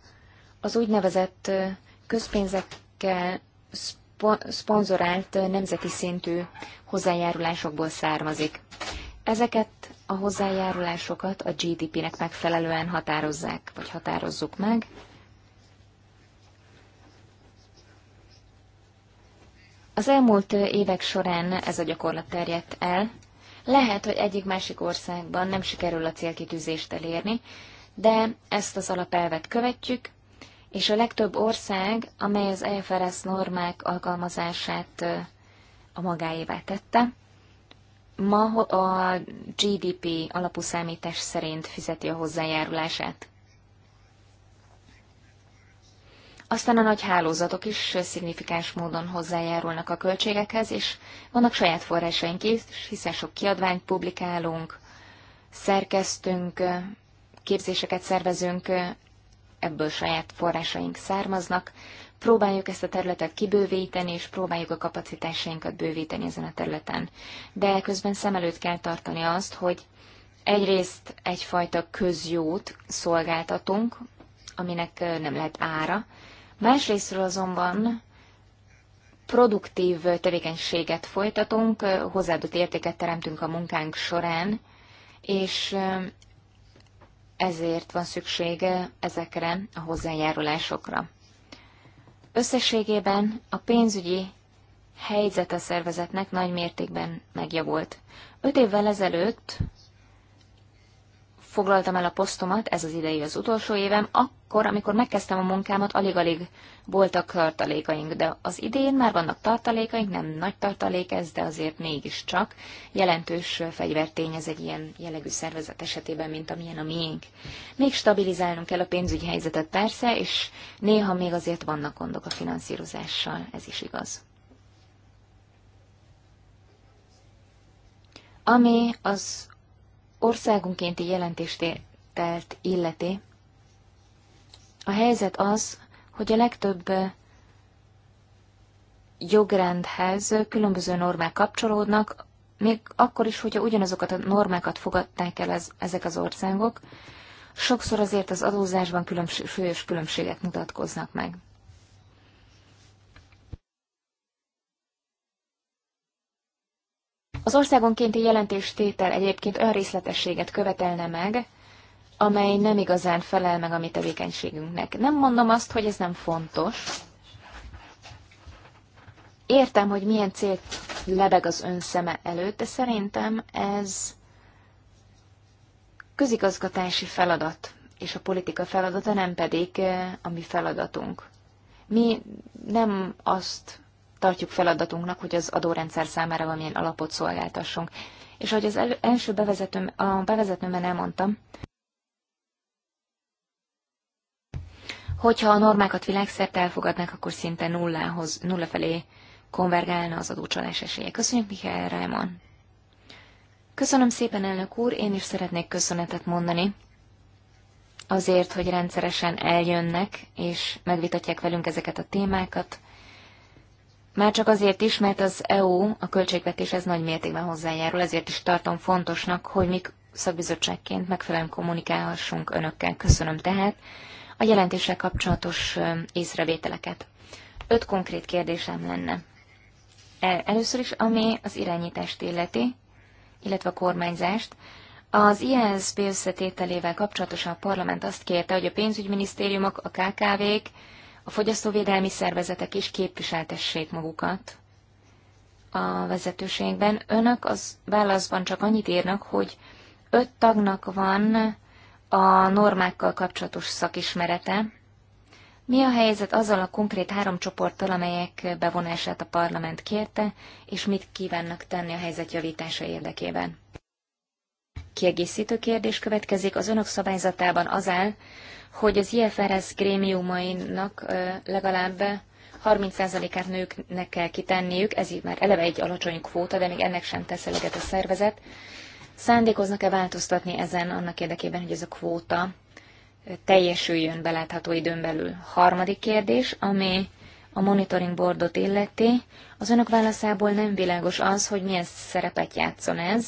az úgynevezett közpénzekkel szponzorált nemzeti szintű hozzájárulásokból származik. Ezeket a hozzájárulásokat a GDP-nek megfelelően határozzák, vagy határozzuk meg. Az elmúlt évek során ez a gyakorlat terjedt el, lehet, hogy egyik-másik országban nem sikerül a célkitűzést elérni, de ezt az alapelvet követjük, és a legtöbb ország, amely az EFRS normák alkalmazását a magáévá tette, ma a GDP alapú számítás szerint fizeti a hozzájárulását. Aztán a nagy hálózatok is szignifikáns módon hozzájárulnak a költségekhez, és vannak saját forrásaink is, hiszen sok kiadványt publikálunk, szerkesztünk, képzéseket szervezünk, ebből saját forrásaink származnak. Próbáljuk ezt a területet kibővíteni, és próbáljuk a kapacitásainkat bővíteni ezen a területen. De közben szem előtt kell tartani azt, hogy egyrészt egyfajta közjót szolgáltatunk, aminek nem lehet ára, Másrésztről azonban produktív tevékenységet folytatunk, hozzáadott értéket teremtünk a munkánk során, és ezért van szüksége ezekre a hozzájárulásokra. Összességében a pénzügyi helyzet a szervezetnek nagy mértékben megjavult. Öt évvel ezelőtt foglaltam el a posztomat, ez az idei az utolsó évem, akkor, amikor megkezdtem a munkámat, alig-alig voltak tartalékaink, de az idén már vannak tartalékaink, nem nagy tartalék ez, de azért mégiscsak jelentős fegyvertény ez egy ilyen jellegű szervezet esetében, mint amilyen a miénk. Még stabilizálnunk kell a pénzügyi helyzetet persze, és néha még azért vannak gondok a finanszírozással, ez is igaz. Ami az országunkénti jelentéstételt illeti, a helyzet az, hogy a legtöbb jogrendhez különböző normák kapcsolódnak, még akkor is, hogyha ugyanazokat a normákat fogadták el ez, ezek az országok, sokszor azért az adózásban különbség, súlyos különbségek mutatkoznak meg. Az országonkénti jelentéstétel egyébként olyan részletességet követelne meg, amely nem igazán felel meg a mi tevékenységünknek. Nem mondom azt, hogy ez nem fontos. Értem, hogy milyen célt lebeg az ön szeme előtt, de szerintem ez közigazgatási feladat, és a politika feladata nem pedig eh, a mi feladatunk. Mi nem azt tartjuk feladatunknak, hogy az adórendszer számára valamilyen alapot szolgáltassunk. És ahogy az el, első bevezetőm, a bevezetőmben elmondtam, hogyha a normákat világszerte elfogadnák, akkor szinte nullához, nulla felé konvergálna az adócsalás esélye. Köszönjük, Mihály Rájman! Köszönöm szépen, elnök úr, én is szeretnék köszönetet mondani azért, hogy rendszeresen eljönnek és megvitatják velünk ezeket a témákat. Már csak azért is, mert az EU a költségvetéshez nagy mértékben hozzájárul, ezért is tartom fontosnak, hogy mi szakbizottságként megfelelően kommunikálhassunk önökkel. Köszönöm tehát a jelentéssel kapcsolatos észrevételeket. Öt konkrét kérdésem lenne. E, először is, ami az irányítást illeti, illetve a kormányzást. Az ISP e összetételével kapcsolatosan a parlament azt kérte, hogy a pénzügyminisztériumok, a KKV-k, a fogyasztóvédelmi szervezetek is képviseltessék magukat a vezetőségben. Önök az válaszban csak annyit írnak, hogy öt tagnak van a normákkal kapcsolatos szakismerete. Mi a helyzet azzal a konkrét három csoporttal, amelyek bevonását a parlament kérte, és mit kívánnak tenni a helyzet javítása érdekében? Kiegészítő kérdés következik. Az önök szabályzatában az áll, hogy az IFRS grémiumainak legalább 30%-át nőknek kell kitenniük, ez így már eleve egy alacsony kvóta, de még ennek sem tesz eleget a szervezet. Szándékoznak-e változtatni ezen annak érdekében, hogy ez a kvóta teljesüljön belátható időn belül? Harmadik kérdés, ami a monitoring boardot illeti, az önök válaszából nem világos az, hogy milyen szerepet játszon ez,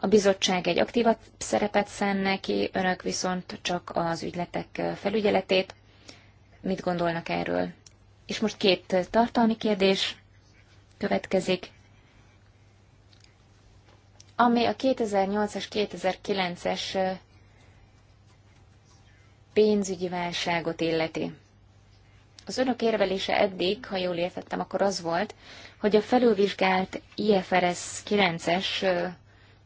a bizottság egy aktívabb szerepet szán neki, önök viszont csak az ügyletek felügyeletét. Mit gondolnak erről? És most két tartalmi kérdés következik. Ami a 2008-as, 2009-es pénzügyi válságot illeti. Az önök érvelése eddig, ha jól értettem, akkor az volt, hogy a felülvizsgált IFRS 9-es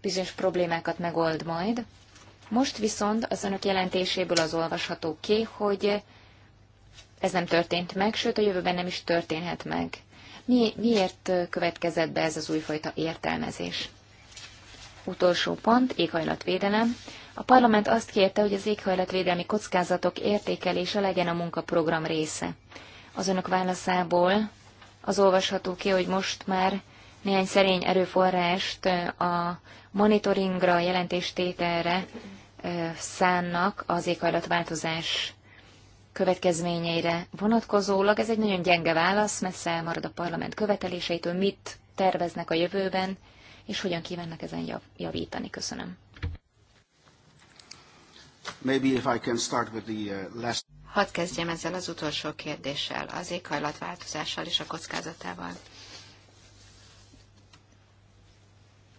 bizonyos problémákat megold majd. Most viszont az önök jelentéséből az olvasható ki, hogy ez nem történt meg, sőt a jövőben nem is történhet meg. Mi, miért következett be ez az újfajta értelmezés? Utolsó pont, éghajlatvédelem. A parlament azt kérte, hogy az éghajlatvédelmi kockázatok értékelése legyen a munkaprogram része. Az önök válaszából az olvasható ki, hogy most már néhány szerény erőforrást a monitoringra, jelentéstételre szánnak az éghajlatváltozás következményeire vonatkozólag. Ez egy nagyon gyenge válasz, messze elmarad a parlament követeléseitől, mit terveznek a jövőben, és hogyan kívánnak ezen javítani. Köszönöm. Maybe if I can start with the uh, last... Hadd kezdjem ezzel az utolsó kérdéssel, az éghajlatváltozással és a kockázatával.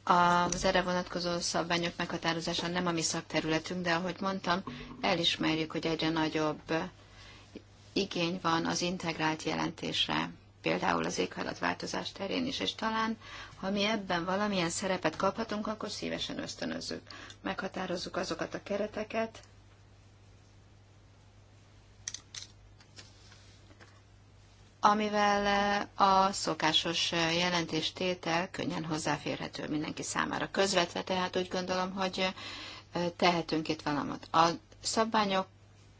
Az erre vonatkozó szabványok meghatározása nem a mi szakterületünk, de ahogy mondtam, elismerjük, hogy egyre nagyobb igény van az integrált jelentésre, például az éghajlatváltozás terén is, és talán, ha mi ebben valamilyen szerepet kaphatunk, akkor szívesen ösztönözzük. Meghatározzuk azokat a kereteket, amivel eh, a szokásos eh, jelentéstétel könnyen hozzáférhető mindenki számára közvetve, tehát úgy gondolom, hogy eh, tehetünk itt valamit. A szabványok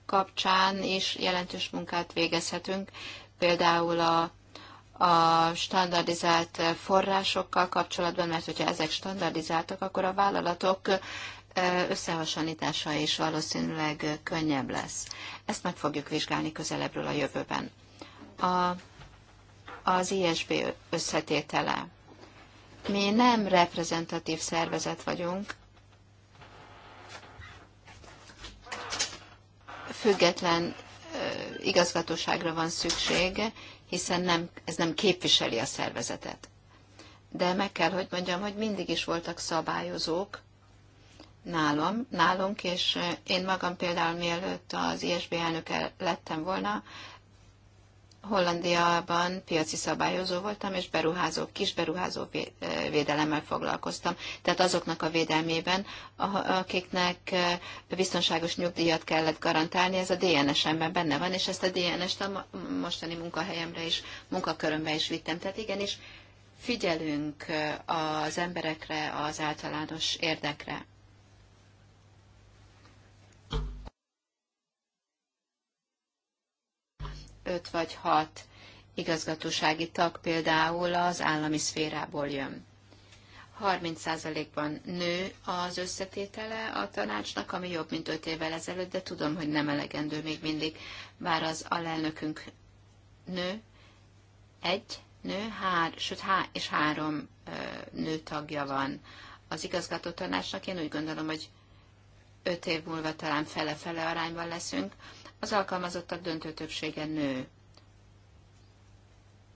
kapcsán is jelentős munkát végezhetünk, például a, a standardizált forrásokkal kapcsolatban, mert hogyha ezek standardizáltak, akkor a vállalatok összehasonlítása is valószínűleg könnyebb lesz. Ezt meg fogjuk vizsgálni közelebbről a jövőben a, az ISB összetétele. Mi nem reprezentatív szervezet vagyunk, független igazgatóságra van szükség, hiszen nem, ez nem képviseli a szervezetet. De meg kell, hogy mondjam, hogy mindig is voltak szabályozók nálam, nálunk, és én magam például mielőtt az ISB elnöke lettem volna, Hollandiában piaci szabályozó voltam, és beruházó, kis beruházó védelemmel foglalkoztam. Tehát azoknak a védelmében, akiknek biztonságos nyugdíjat kellett garantálni, ez a DNS-emben benne van, és ezt a DNS-t a mostani munkahelyemre is, munkakörömbe is vittem. Tehát igenis figyelünk az emberekre, az általános érdekre. öt vagy hat igazgatósági tag például az állami szférából jön. 30%-ban nő az összetétele a tanácsnak, ami jobb, mint 5 évvel ezelőtt, de tudom, hogy nem elegendő még mindig, bár az alelnökünk nő, egy nő, hár, sőt, há, és három ö, nő tagja van az igazgató tanácsnak. Én úgy gondolom, hogy 5 év múlva talán fele-fele arányban leszünk. Ö, az alkalmazottak döntő többsége nő.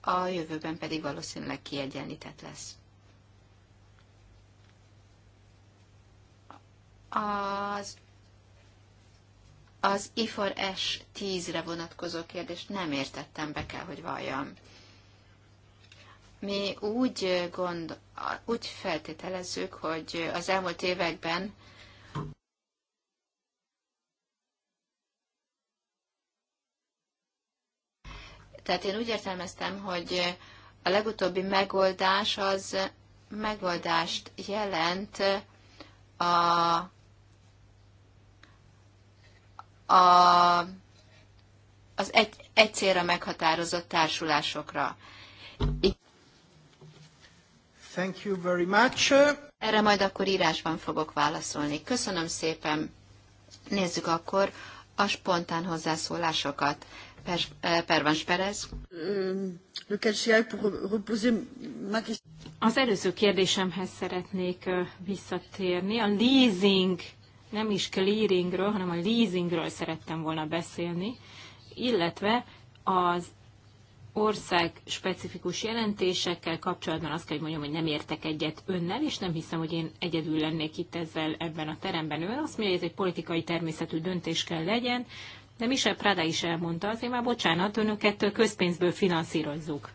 A jövőben pedig valószínűleg kiegyenlített lesz. Az az IFOR S 10-re vonatkozó kérdést nem értettem, be kell, hogy valljam. Mi úgy, gond, úgy feltételezzük, hogy az elmúlt években Tehát én úgy értelmeztem, hogy a legutóbbi megoldás az megoldást jelent a, a, az egy, egy célra meghatározott társulásokra. Thank you very much. Erre majd akkor írásban fogok válaszolni. Köszönöm szépen. Nézzük akkor a spontán hozzászólásokat. Eh, Pervans Perez. Euh, az előző kérdésemhez szeretnék visszatérni. A leasing, nem is clearingről, hanem a leasingről szerettem volna beszélni, illetve az ország specifikus jelentésekkel kapcsolatban azt kell, hogy mondjam, hogy nem értek egyet önnel, és nem hiszem, hogy én egyedül lennék itt ezzel ebben a teremben. Ön azt mondja, hogy ez egy politikai természetű döntés kell legyen, de Michel Prada is elmondta, azért már bocsánat, önöket közpénzből finanszírozzuk.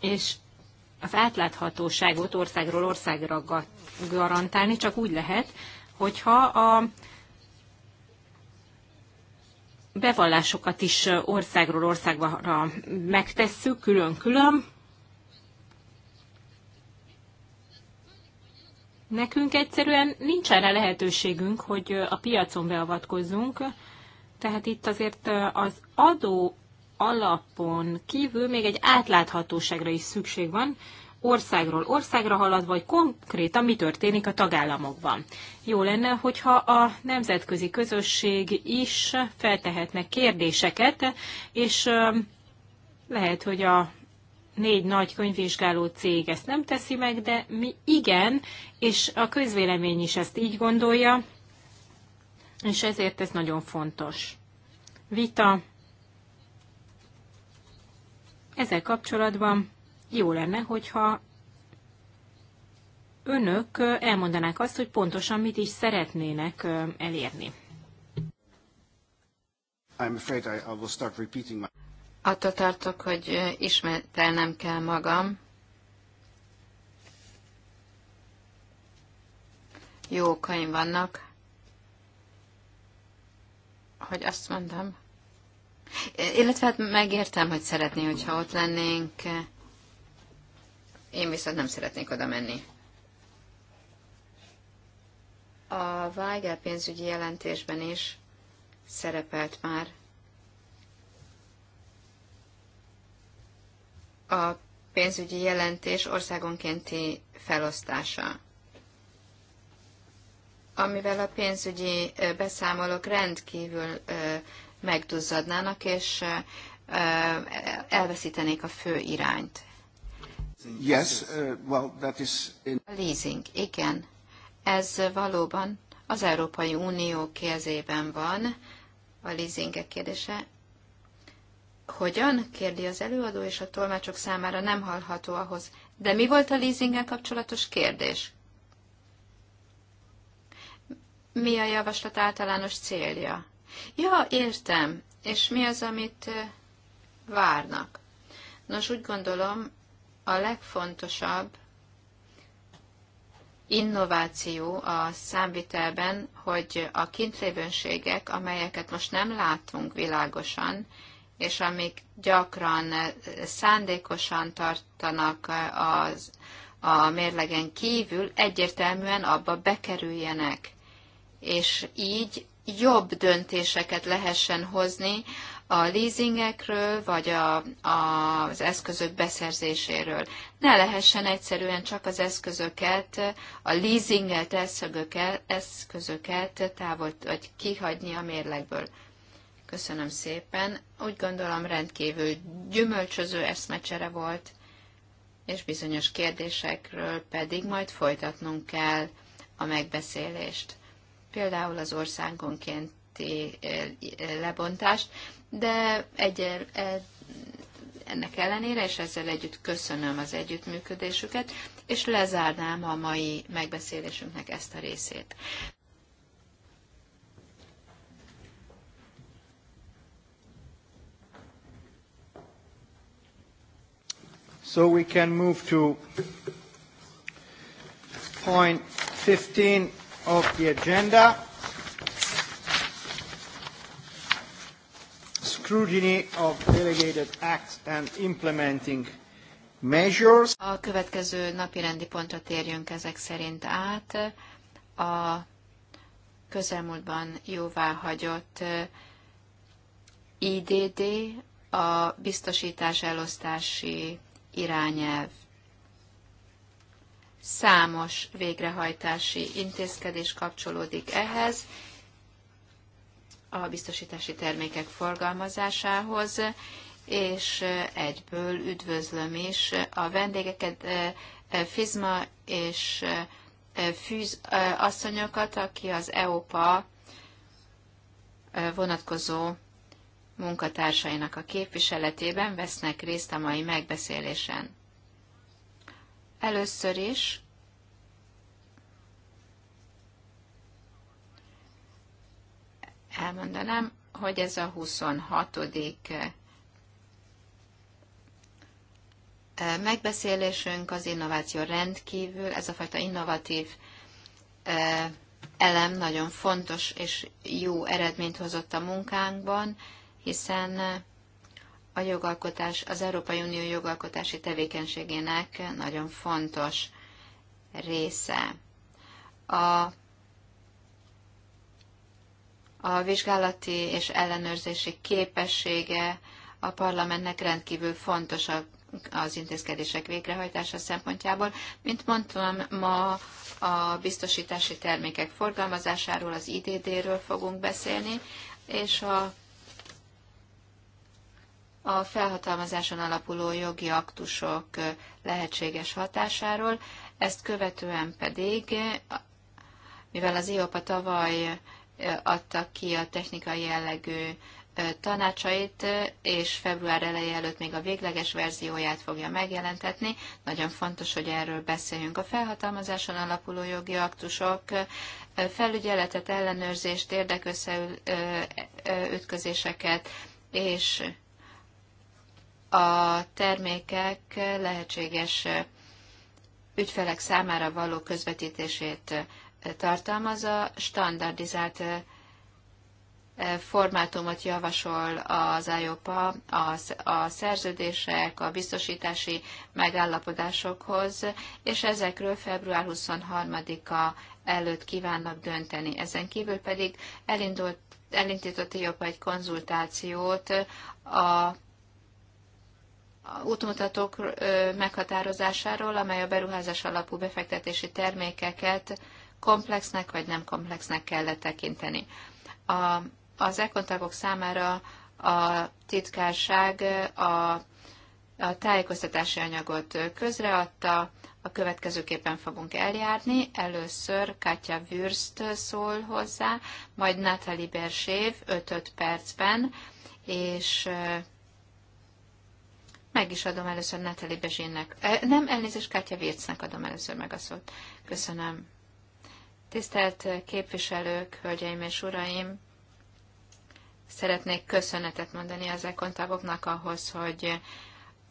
És az átláthatóságot országról országra garantálni csak úgy lehet, hogyha a bevallásokat is országról országra megtesszük külön-külön, Nekünk egyszerűen nincs erre lehetőségünk, hogy a piacon beavatkozzunk, tehát itt azért az adó alapon kívül még egy átláthatóságra is szükség van, országról országra haladva, vagy konkrétan mi történik a tagállamokban. Jó lenne, hogyha a nemzetközi közösség is feltehetne kérdéseket, és lehet, hogy a négy nagy könyvvizsgáló cég ezt nem teszi meg, de mi igen, és a közvélemény is ezt így gondolja, és ezért ez nagyon fontos. Vita. Ezzel kapcsolatban jó lenne, hogyha önök elmondanák azt, hogy pontosan mit is szeretnének elérni. I'm afraid I, will start repeating my... Attól tartok, hogy ismételnem kell magam. Jó okaim vannak, hogy azt mondom. Illetve hát megértem, hogy szeretné, hogyha ott lennénk. Én viszont nem szeretnék oda menni. A Weigel pénzügyi jelentésben is szerepelt már a pénzügyi jelentés országonkénti felosztása, amivel a pénzügyi beszámolók rendkívül megduzzadnának, és elveszítenék a fő irányt. Yes, uh, well, that is in... A leasing, igen. Ez valóban az Európai Unió kezében van, a leasingek kérdése, hogyan? kérdi az előadó, és a tolmácsok számára nem hallható ahhoz. De mi volt a leasinggel kapcsolatos kérdés? Mi a javaslat általános célja? Ja, értem. És mi az, amit várnak? Nos, úgy gondolom, a legfontosabb innováció a számvitelben, hogy a kintlévőségek, amelyeket most nem látunk világosan, és amik gyakran eh, szándékosan tartanak eh, az, a mérlegen kívül, egyértelműen abba bekerüljenek, és így jobb döntéseket lehessen hozni a leasingekről, vagy a, a, az eszközök beszerzéséről. Ne lehessen egyszerűen csak az eszközöket, a leasingelt eszközöket, eszközöket távol, vagy kihagyni a mérlegből. Köszönöm szépen. Úgy gondolom rendkívül gyümölcsöző eszmecsere volt, és bizonyos kérdésekről pedig majd folytatnunk kell a megbeszélést. Például az országonkénti eh, lebontást, de egy, eh, ennek ellenére, és ezzel együtt köszönöm az együttműködésüket, és lezárnám a mai megbeszélésünknek ezt a részét. So we can move to point 15 of the agenda. Scrutiny of delegated acts and implementing measures. A következő napi rendi pontra térjünk ezek szerint át. A közelmúltban jóvá hagyott IDD, a biztosítás elosztási irányelv. Számos végrehajtási intézkedés kapcsolódik ehhez, a biztosítási termékek forgalmazásához, és egyből üdvözlöm is a vendégeket, eh, eh, Fizma és eh, Fűz asszonyokat, aki az EOPA vonatkozó munkatársainak a képviseletében vesznek részt a mai megbeszélésen. Először is elmondanám, hogy ez a 26. megbeszélésünk az innováció rendkívül, ez a fajta innovatív elem nagyon fontos és jó eredményt hozott a munkánkban, hiszen a jogalkotás, az Európai Unió jogalkotási tevékenységének nagyon fontos része. A, a vizsgálati és ellenőrzési képessége a parlamentnek rendkívül fontos a, az intézkedések végrehajtása szempontjából. Mint mondtam, ma a biztosítási termékek forgalmazásáról, az IDD-ről fogunk beszélni, és a a felhatalmazáson alapuló jogi aktusok lehetséges hatásáról, ezt követően pedig, mivel az IOPA tavaly adta ki a technikai jellegű tanácsait, és február eleje előtt még a végleges verzióját fogja megjelentetni. Nagyon fontos, hogy erről beszéljünk. A felhatalmazáson alapuló jogi aktusok felügyeletet, ellenőrzést, érdekösszeütközéseket és a termékek lehetséges ügyfelek számára való közvetítését tartalmazza, standardizált formátumot javasol az IOPA a szerződések, a biztosítási megállapodásokhoz, és ezekről február 23-a előtt kívánnak dönteni. Ezen kívül pedig elindult, elindított IOPA egy konzultációt a útmutatók meghatározásáról, amely a beruházás alapú befektetési termékeket komplexnek vagy nem komplexnek kell tekinteni. A, az ekontagok számára a titkárság a, a tájékoztatási anyagot közreadta, a következőképpen fogunk eljárni. Először Katja Würst szól hozzá, majd Nathalie Bersév 5-5 percben, és meg is adom először Natalie Bezsénnek. Nem, elnézést, Kátya Vircnek adom először meg a szót. Köszönöm. Tisztelt képviselők, hölgyeim és uraim! Szeretnék köszönetet mondani az ECON tagoknak ahhoz, hogy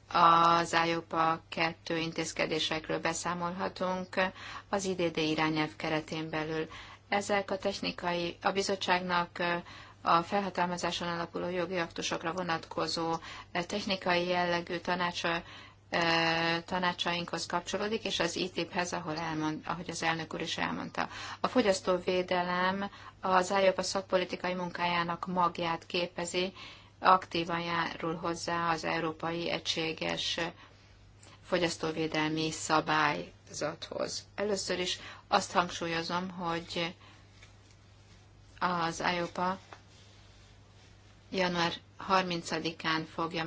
az IOPA kettő intézkedésekről beszámolhatunk az IDD irányelv keretén belül. Ezek a technikai, a bizottságnak a felhatalmazáson alapuló jogi aktusokra vonatkozó eh, technikai jellegű tanácsa, eh, tanácsainkhoz kapcsolódik, és az e ITIP-hez, ahol elmond, ahogy az elnök úr is elmondta. A fogyasztóvédelem az IOPA szakpolitikai munkájának magját képezi, aktívan járul hozzá az Európai Egységes Fogyasztóvédelmi Szabályzathoz. Először is azt hangsúlyozom, hogy az IOPA január 30-án fogja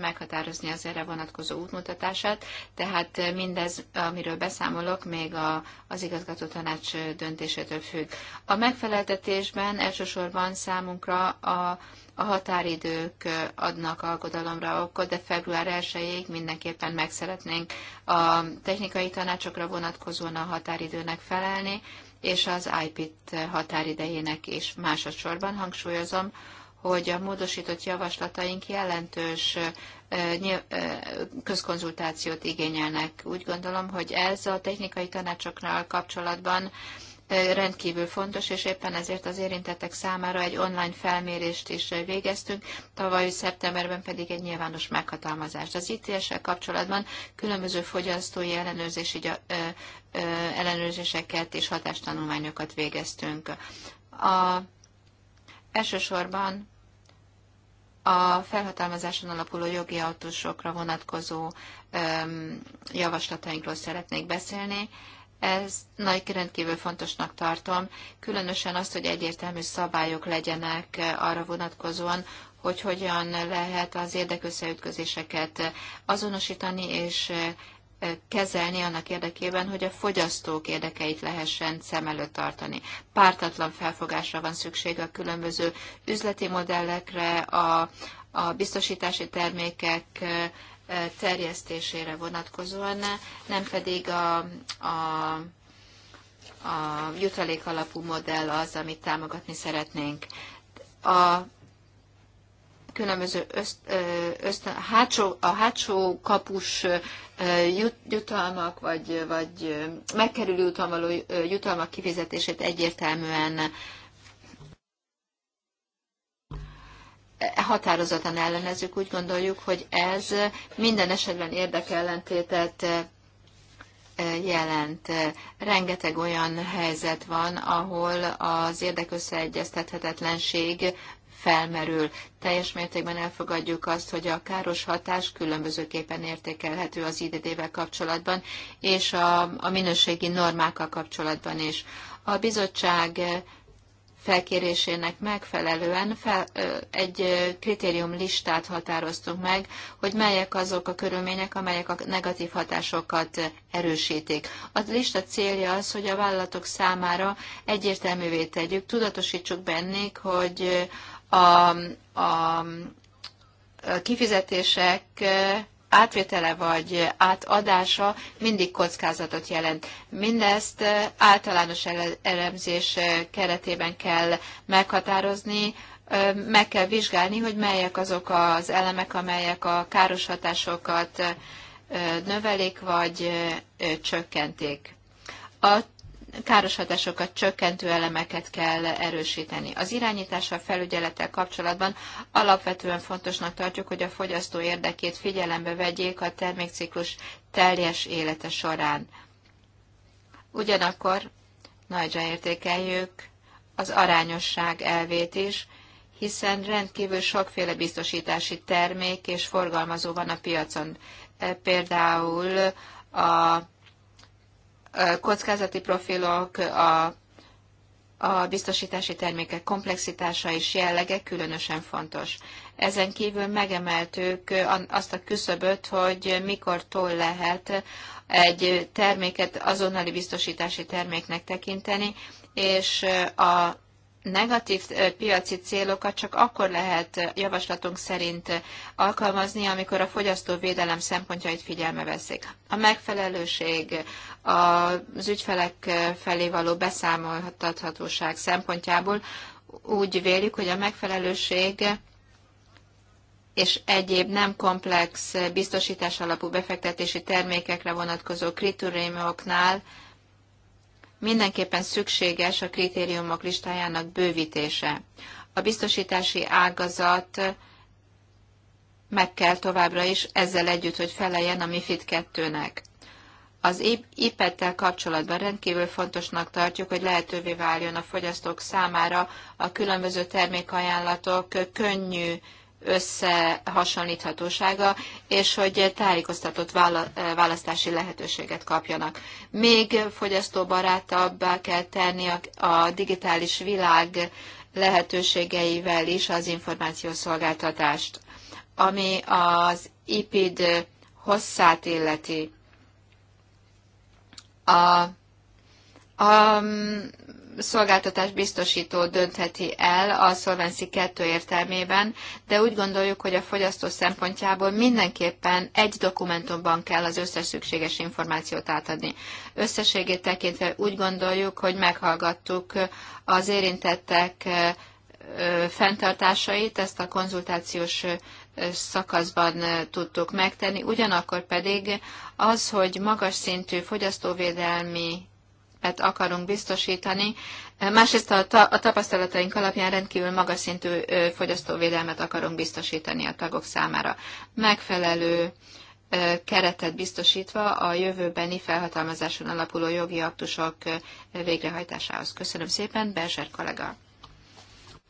meghatározni az erre vonatkozó útmutatását, tehát mindez, amiről beszámolok, még a, az igazgató tanács döntésétől függ. A megfeleltetésben elsősorban számunkra a, a határidők adnak alkodalomra okot, de február 1-ig mindenképpen meg szeretnénk a technikai tanácsokra vonatkozóan a határidőnek felelni, és az IP-t határidejének is másodszorban hangsúlyozom, hogy a módosított javaslataink jelentős közkonzultációt igényelnek. Úgy gondolom, hogy ez a technikai tanácsoknál kapcsolatban rendkívül fontos, és éppen ezért az érintettek számára egy online felmérést is végeztünk, tavaly szeptemberben pedig egy nyilvános meghatalmazást. Az ITS-sel kapcsolatban különböző fogyasztói ellenőrzési, ellenőrzéseket és hatástanulmányokat végeztünk. A Elsősorban a felhatalmazáson alapuló jogi autósokra vonatkozó öm, javaslatainkról szeretnék beszélni. Ez nagy rendkívül fontosnak tartom, különösen azt, hogy egyértelmű szabályok legyenek arra vonatkozóan, hogy hogyan lehet az érdekösszeütközéseket azonosítani és kezelni annak érdekében, hogy a fogyasztók érdekeit lehessen szem előtt tartani. Pártatlan felfogásra van szükség a különböző üzleti modellekre, a, a biztosítási termékek terjesztésére vonatkozóan, nem pedig a, a, a jutalék alapú modell az, amit támogatni szeretnénk. A különböző öszt, öszt, hátsó, a hátsó kapus jutalmak, vagy, vagy megkerülő jutalmaló jutalmak kifizetését egyértelműen e, határozottan ellenezzük, úgy gondoljuk, hogy ez minden esetben érdekellentétet jelent. Rengeteg olyan helyzet van, ahol az érdekösszeegyeztethetetlenség felmerül. Teljes mértékben elfogadjuk azt, hogy a káros hatás különbözőképpen értékelhető az IDD-vel kapcsolatban, és a, a minőségi normákkal kapcsolatban is. A bizottság felkérésének megfelelően fel, egy kritérium listát határoztunk meg, hogy melyek azok a körülmények, amelyek a negatív hatásokat erősítik. A lista célja az, hogy a vállalatok számára egyértelművé tegyük, tudatosítsuk bennék, hogy a, a kifizetések átvétele vagy átadása mindig kockázatot jelent. Mindezt általános elemzés keretében kell meghatározni, meg kell vizsgálni, hogy melyek azok az elemek, amelyek a káros hatásokat növelik vagy csökkentik. A káros hatásokat csökkentő elemeket kell erősíteni. Az irányítással felügyelettel kapcsolatban alapvetően fontosnak tartjuk, hogy a fogyasztó érdekét figyelembe vegyék a termékciklus teljes élete során. Ugyanakkor nagyra értékeljük az arányosság elvét is, hiszen rendkívül sokféle biztosítási termék és forgalmazó van a piacon. Például a kockázati profilok, a, a biztosítási termékek komplexitása és jellege különösen fontos. Ezen kívül megemeltük azt a küszöböt, hogy mikor tól lehet egy terméket azonnali biztosítási terméknek tekinteni, és a negatív piaci célokat csak akkor lehet javaslatunk szerint alkalmazni, amikor a fogyasztóvédelem szempontjait figyelme veszik. A megfelelőség, az ügyfelek felé való beszámolhatathatóság szempontjából úgy vélik, hogy a megfelelőség és egyéb nem komplex biztosítás alapú befektetési termékekre vonatkozó kritériumoknál mindenképpen szükséges a kritériumok listájának bővítése. A biztosítási ágazat meg kell továbbra is ezzel együtt, hogy feleljen a MIFID 2-nek. Az IPET-tel kapcsolatban rendkívül fontosnak tartjuk, hogy lehetővé váljon a fogyasztók számára a különböző termékajánlatok könnyű összehasonlíthatósága, és hogy tájékoztatott választási lehetőséget kapjanak. Még fogyasztóbarátabbá kell tenni a digitális világ lehetőségeivel is az információszolgáltatást, ami az IPID hosszát illeti. A, a szolgáltatás biztosító döntheti el a Solvency 2 értelmében, de úgy gondoljuk, hogy a fogyasztó szempontjából mindenképpen egy dokumentumban kell az összes szükséges információt átadni. Összességét tekintve úgy gondoljuk, hogy meghallgattuk az érintettek fenntartásait, ezt a konzultációs szakaszban tudtuk megtenni, ugyanakkor pedig az, hogy magas szintű fogyasztóvédelmi et akarunk biztosítani, másrészt a, ta, a tapasztalataink alapján rendkívül magas szintű fogyasztóvédelmet akarunk biztosítani a tagok számára. Megfelelő keretet biztosítva a jövőbeni felhatalmazáson alapuló jogi aktusok végrehajtásához. Köszönöm szépen, Berzser kollega.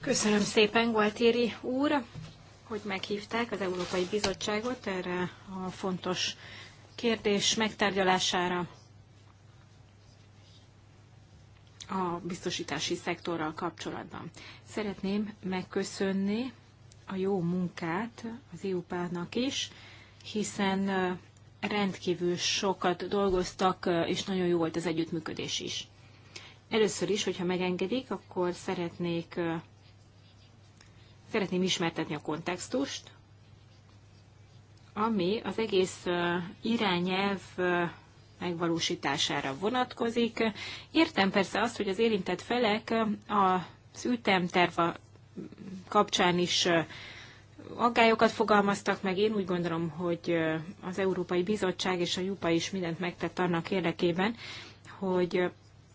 Köszönöm szépen, Gualtéri úr, hogy meghívták az Európai Bizottságot erre a fontos kérdés megtárgyalására a biztosítási szektorral kapcsolatban. Szeretném megköszönni a jó munkát az EU-párnak is, hiszen eh, rendkívül sokat dolgoztak, eh, és nagyon jó volt az együttműködés is. Először is, hogyha megengedik, akkor szeretnék, eh, szeretném ismertetni a kontextust, ami az egész irányelv megvalósítására vonatkozik. Értem persze azt, hogy az érintett felek az ütemterv kapcsán is aggályokat fogalmaztak meg. Én úgy gondolom, hogy az Európai Bizottság és a JUPA is mindent megtett annak érdekében, hogy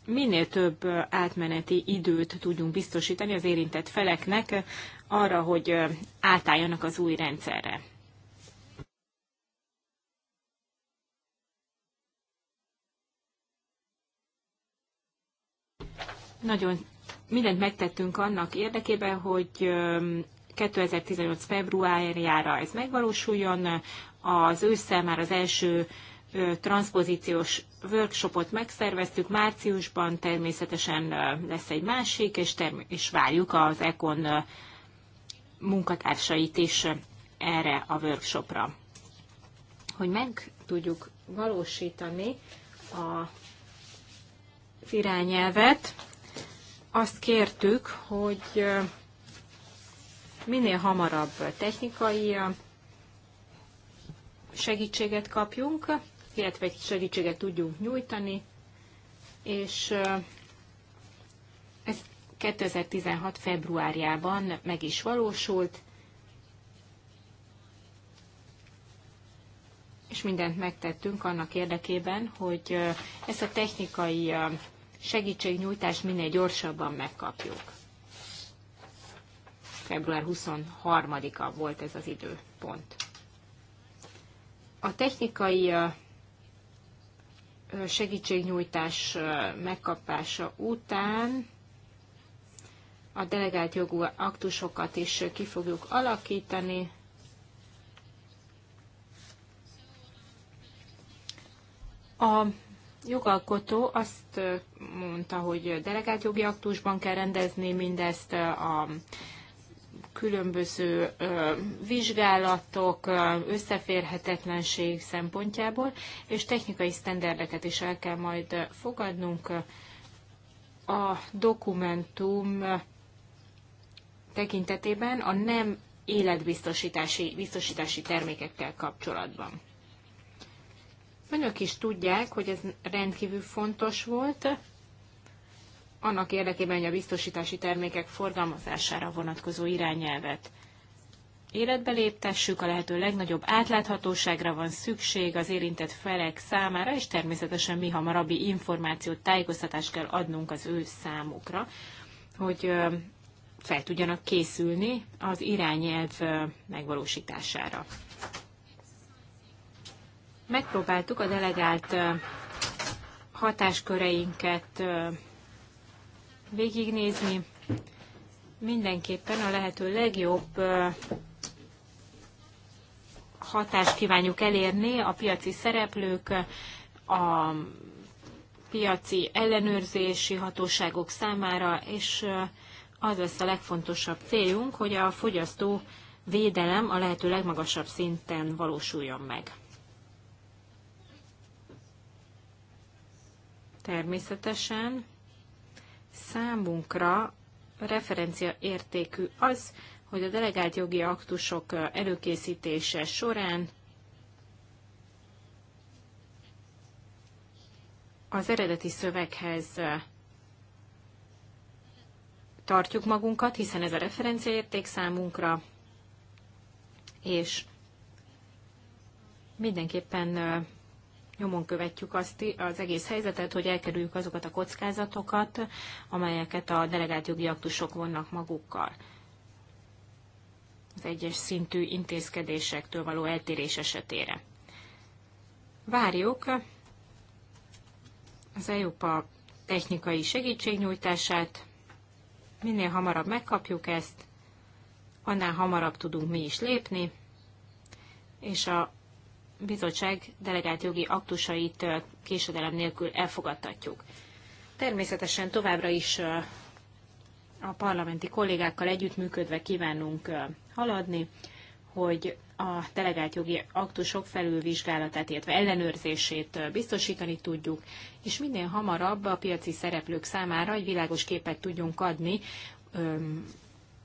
minél több átmeneti időt tudjunk biztosítani az érintett feleknek arra, hogy átálljanak az új rendszerre. Nagyon mindent megtettünk annak érdekében, hogy 2018. februárjára ez megvalósuljon. Az ősszel már az első transpozíciós workshopot megszerveztük, márciusban természetesen lesz egy másik, és, term- és várjuk az ECON munkatársait is erre a workshopra. Hogy meg tudjuk valósítani a irányelvet, azt kértük, hogy minél hamarabb technikai segítséget kapjunk, illetve egy segítséget tudjunk nyújtani, és ez 2016. februárjában meg is valósult, és mindent megtettünk annak érdekében, hogy ezt a technikai segítségnyújtást minél gyorsabban megkapjuk. Február 23-a volt ez az időpont. A technikai segítségnyújtás megkapása után a delegált jogú aktusokat is ki fogjuk alakítani. A jogalkotó azt mondta, hogy delegált jogi aktusban kell rendezni mindezt a különböző vizsgálatok, összeférhetetlenség szempontjából, és technikai sztenderdeket is el kell majd fogadnunk. A dokumentum tekintetében a nem életbiztosítási biztosítási termékekkel kapcsolatban. Önök is tudják, hogy ez rendkívül fontos volt, annak érdekében, hogy a biztosítási termékek forgalmazására vonatkozó irányelvet életbe léptessük, a lehető legnagyobb átláthatóságra van szükség az érintett felek számára, és természetesen mi hamarabbi információt, tájékoztatást kell adnunk az ő számukra, hogy fel tudjanak készülni az irányelv megvalósítására megpróbáltuk a delegált hatásköreinket végignézni. Mindenképpen a lehető legjobb hatást kívánjuk elérni a piaci szereplők, a piaci ellenőrzési hatóságok számára, és az lesz a legfontosabb céljunk, hogy a fogyasztó védelem a lehető legmagasabb szinten valósuljon meg. természetesen számunkra referencia értékű az, hogy a delegált jogi aktusok előkészítése során az eredeti szöveghez tartjuk magunkat, hiszen ez a érték számunkra, és mindenképpen nyomon követjük azt, az egész helyzetet, hogy elkerüljük azokat a kockázatokat, amelyeket a delegált jogi aktusok vonnak magukkal. Az egyes szintű intézkedésektől való eltérés esetére. Várjuk az EUPA technikai segítségnyújtását, minél hamarabb megkapjuk ezt, annál hamarabb tudunk mi is lépni, és a bizottság delegált jogi aktusait késedelem nélkül elfogadtatjuk. Természetesen továbbra is a parlamenti kollégákkal együttműködve kívánunk haladni, hogy a delegált jogi aktusok felülvizsgálatát, illetve ellenőrzését biztosítani tudjuk, és minél hamarabb a piaci szereplők számára egy világos képet tudjunk adni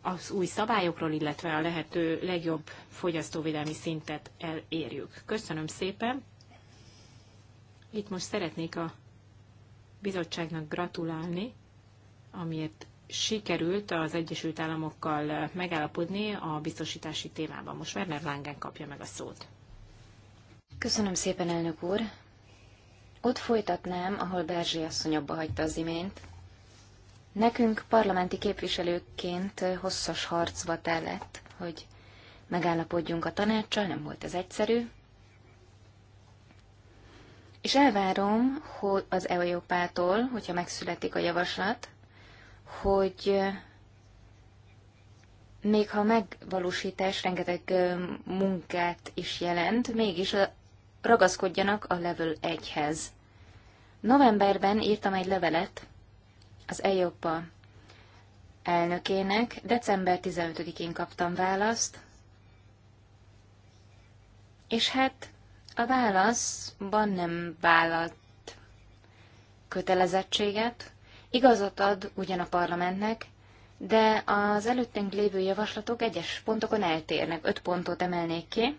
az új szabályokról, illetve a lehető legjobb fogyasztóvédelmi szintet elérjük. Köszönöm szépen! Itt most szeretnék a bizottságnak gratulálni, amiért sikerült az Egyesült Államokkal megállapodni a biztosítási témában. Most Werner Langen kapja meg a szót. Köszönöm szépen, elnök úr! Ott folytatnám, ahol Berzsi asszony abba hagyta az imént. Nekünk parlamenti képviselőként hosszas harcba tellett, hogy megállapodjunk a tanácssal, nem volt ez egyszerű. És elvárom hogy az Európától, hogyha megszületik a javaslat, hogy még ha megvalósítás rengeteg munkát is jelent, mégis ragaszkodjanak a level 1-hez. Novemberben írtam egy levelet az EIOPA elnökének. December 15-én kaptam választ, és hát a válaszban nem vállalt kötelezettséget, igazat ad ugyan a parlamentnek, de az előttünk lévő javaslatok egyes pontokon eltérnek. Öt pontot emelnék ki.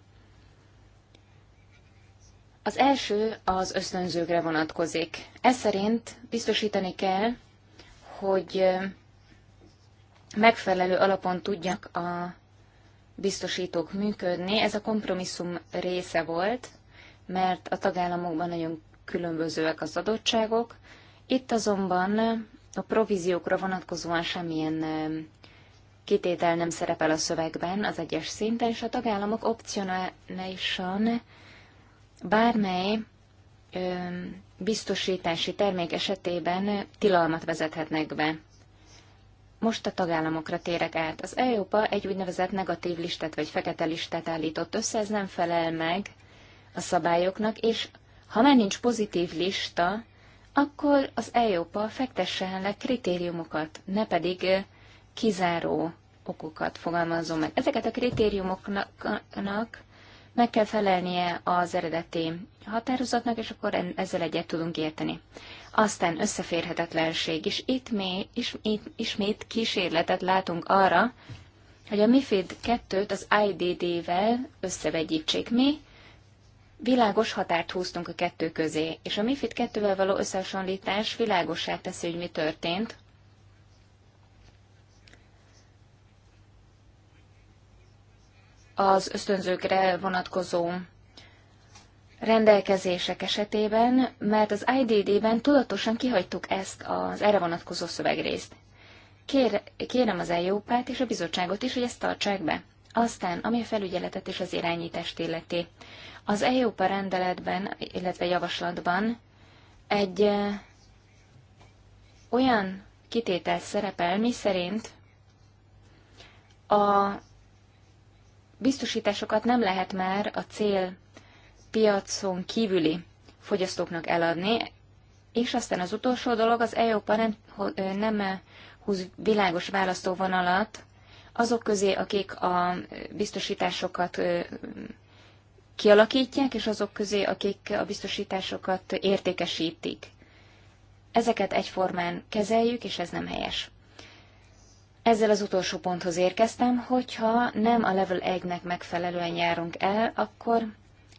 Az első az ösztönzőkre vonatkozik. Ez szerint biztosítani kell, hogy megfelelő alapon tudjak a biztosítók működni. Ez a kompromisszum része volt, mert a tagállamokban nagyon különbözőek az adottságok. Itt azonban a províziókra vonatkozóan semmilyen kitétel nem szerepel a szövegben az egyes szinten, és a tagállamok opcionálisan bármely biztosítási termék esetében tilalmat vezethetnek be. Most a tagállamokra térek át. Az EUPA egy úgynevezett negatív listát vagy fekete listát állított össze, ez nem felel meg a szabályoknak, és ha már nincs pozitív lista, akkor az EUPA fektessen le kritériumokat, ne pedig kizáró okokat fogalmazom. meg. Ezeket a kritériumoknak meg kell felelnie az eredeti határozatnak, és akkor ezzel egyet tudunk érteni. Aztán összeférhetetlenség is. Itt mi ismét, ismét kísérletet látunk arra, hogy a MIFID 2-t az IDD-vel összevegyítsék. Mi világos határt húztunk a kettő közé, és a MIFID 2-vel való összehasonlítás világossá teszi, hogy mi történt, az ösztönzőkre vonatkozó rendelkezések esetében, mert az IDD-ben tudatosan kihagytuk ezt az erre vonatkozó szövegrészt. Kér, kérem az eljópát és a bizottságot is, hogy ezt tartsák be. Aztán, ami a felügyeletet és az irányítást illeti. Az EUPA rendeletben, illetve javaslatban egy olyan kitétel szerepel, mi szerint a biztosításokat nem lehet már a cél piacon kívüli fogyasztóknak eladni, és aztán az utolsó dolog, az EU, nem, nem húz világos választóvonalat azok közé, akik a biztosításokat kialakítják, és azok közé, akik a biztosításokat értékesítik. Ezeket egyformán kezeljük, és ez nem helyes. Ezzel az utolsó ponthoz érkeztem, hogyha nem a level 1-nek megfelelően járunk el, akkor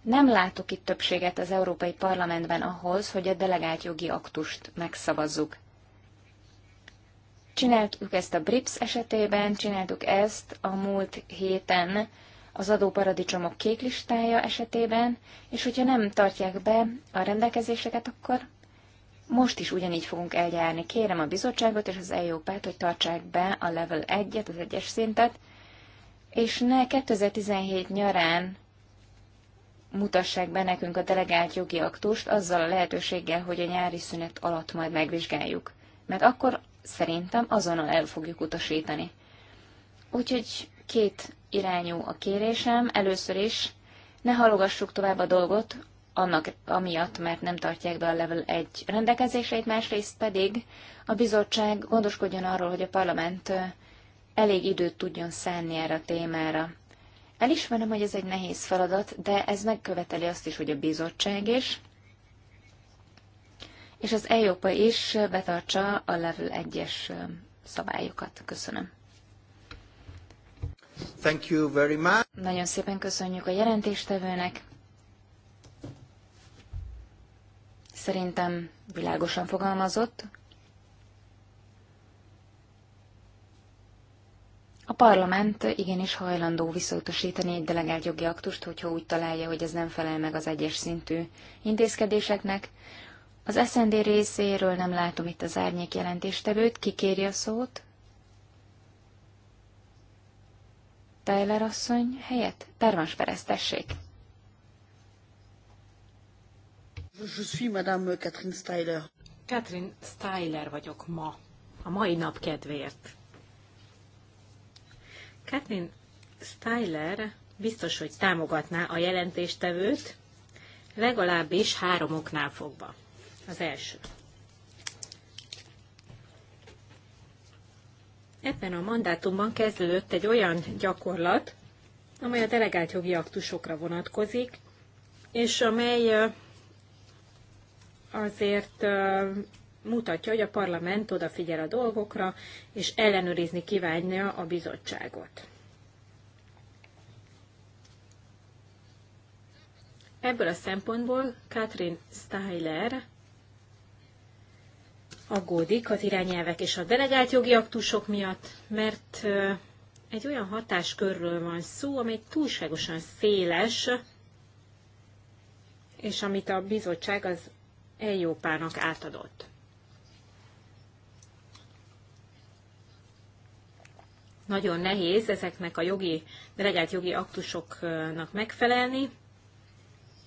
nem látok itt többséget az Európai Parlamentben ahhoz, hogy a delegált jogi aktust megszavazzuk. Csináltuk ezt a BRIPS esetében, csináltuk ezt a múlt héten az adóparadicsomok kék listája esetében, és hogyha nem tartják be a rendelkezéseket, akkor most is ugyanígy fogunk eljárni. Kérem a bizottságot és az eop t hogy tartsák be a level 1-et, az egyes szintet, és ne 2017 nyarán mutassák be nekünk a delegált jogi aktust azzal a lehetőséggel, hogy a nyári szünet alatt majd megvizsgáljuk. Mert akkor szerintem azonnal el fogjuk utasítani. Úgyhogy két irányú a kérésem. Először is ne halogassuk tovább a dolgot, annak amiatt, mert nem tartják be a level 1 rendelkezéseit, másrészt pedig a bizottság gondoskodjon arról, hogy a parlament elég időt tudjon szánni erre a témára. Elismerem, hogy ez egy nehéz feladat, de ez megköveteli azt is, hogy a bizottság is, és az EIOPA is betartsa a level 1-es szabályokat. Köszönöm. Thank you very much. Nagyon szépen köszönjük a jelentéstevőnek. Szerintem világosan fogalmazott. A parlament igenis hajlandó visszautasítani egy delegált jogi aktust, hogyha úgy találja, hogy ez nem felel meg az egyes szintű intézkedéseknek. Az SND részéről nem látom itt az árnyék jelentéstevőt. Ki kéri a szót? Tyler asszony helyett? Pervans Perez, tessék! Je suis Madame Catherine Styler. Catherine Styler vagyok ma, a mai nap kedvéért. Catherine Styler biztos, hogy támogatná a jelentéstevőt, legalábbis három oknál fogva. Az első. Ebben a mandátumban kezdődött egy olyan gyakorlat, amely a delegált jogi aktusokra vonatkozik, és amely azért mutatja, hogy a parlament odafigyel a dolgokra, és ellenőrizni kívánja a bizottságot. Ebből a szempontból Katrin Steiler aggódik az irányelvek és a delegált jogi aktusok miatt, mert egy olyan hatáskörről van szó, amely túlságosan széles, és amit a bizottság az Eljópának átadott. Nagyon nehéz ezeknek a jogi, delegált jogi aktusoknak megfelelni.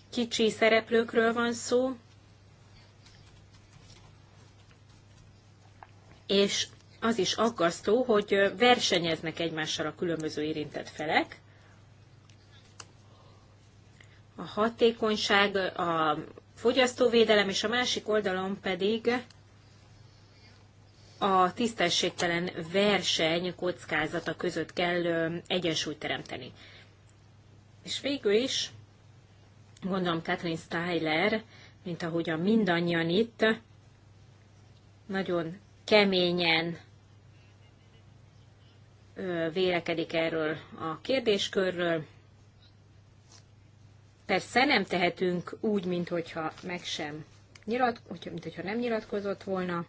Kicsi szereplőkről van szó, és az is aggasztó, hogy versenyeznek egymással a különböző érintett felek. A hatékonyság, a fogyasztóvédelem, és a másik oldalon pedig a tisztességtelen verseny kockázata között kell egyensúlyt teremteni. És végül is, gondolom Kathleen Styler, mint ahogyan mindannyian itt, nagyon keményen vélekedik erről a kérdéskörről, Persze nem tehetünk úgy, mint hogyha meg sem nyilat, mint hogyha nem nyilatkozott volna.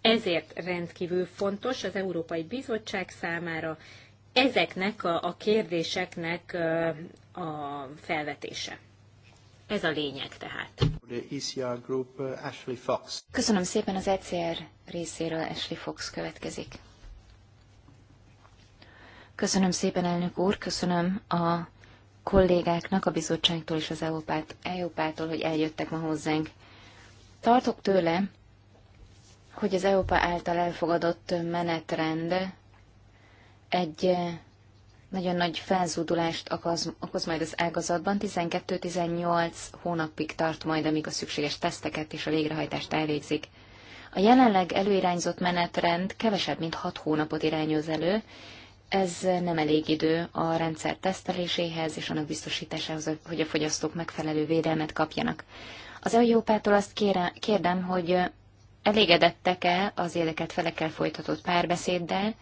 Ezért rendkívül fontos az Európai Bizottság számára ezeknek a, a kérdéseknek a felvetése. Ez a lényeg tehát. E group, uh, Ashley Fox. Köszönöm szépen az ECR részéről, Ashley Fox következik. Köszönöm szépen, elnök úr, köszönöm a kollégáknak, a bizottságtól és az EOPÁ-tól, e hogy eljöttek ma hozzánk. Tartok tőle, hogy az EOPA által elfogadott menetrend egy eh, nagyon nagy felzúdulást okoz, okoz majd az ágazatban. 12-18 hónapig tart majd, amíg a szükséges teszteket és a végrehajtást elvégzik. A jelenleg előirányzott menetrend kevesebb, mint 6 hónapot irányoz elő, ez nem elég idő a rendszer teszteléséhez és annak biztosításához, hogy a fogyasztók megfelelő védelmet kapjanak. Az Európától azt kérdem, hogy elégedettek-e az érdekelt felekkel folytatott párbeszéddel,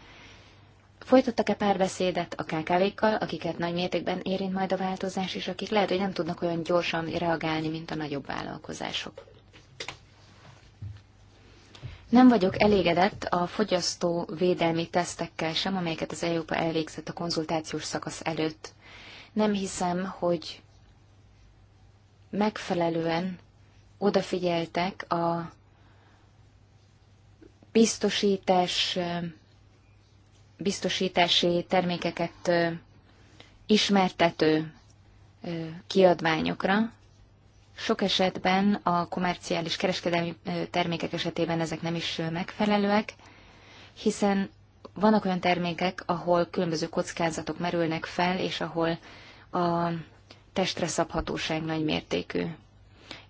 Folytattak-e párbeszédet a KKV-kkal, akiket nagy mértékben érint majd a változás, és akik lehet, hogy nem tudnak olyan gyorsan reagálni, mint a nagyobb vállalkozások? Nem vagyok elégedett a fogyasztó védelmi tesztekkel sem, amelyeket az Európa elvégzett a konzultációs szakasz előtt. Nem hiszem, hogy megfelelően odafigyeltek a biztosítás, biztosítási termékeket ismertető kiadványokra, sok esetben a komerciális kereskedelmi termékek esetében ezek nem is megfelelőek, hiszen vannak olyan termékek, ahol különböző kockázatok merülnek fel, és ahol a testre szabhatóság nagy mértékű.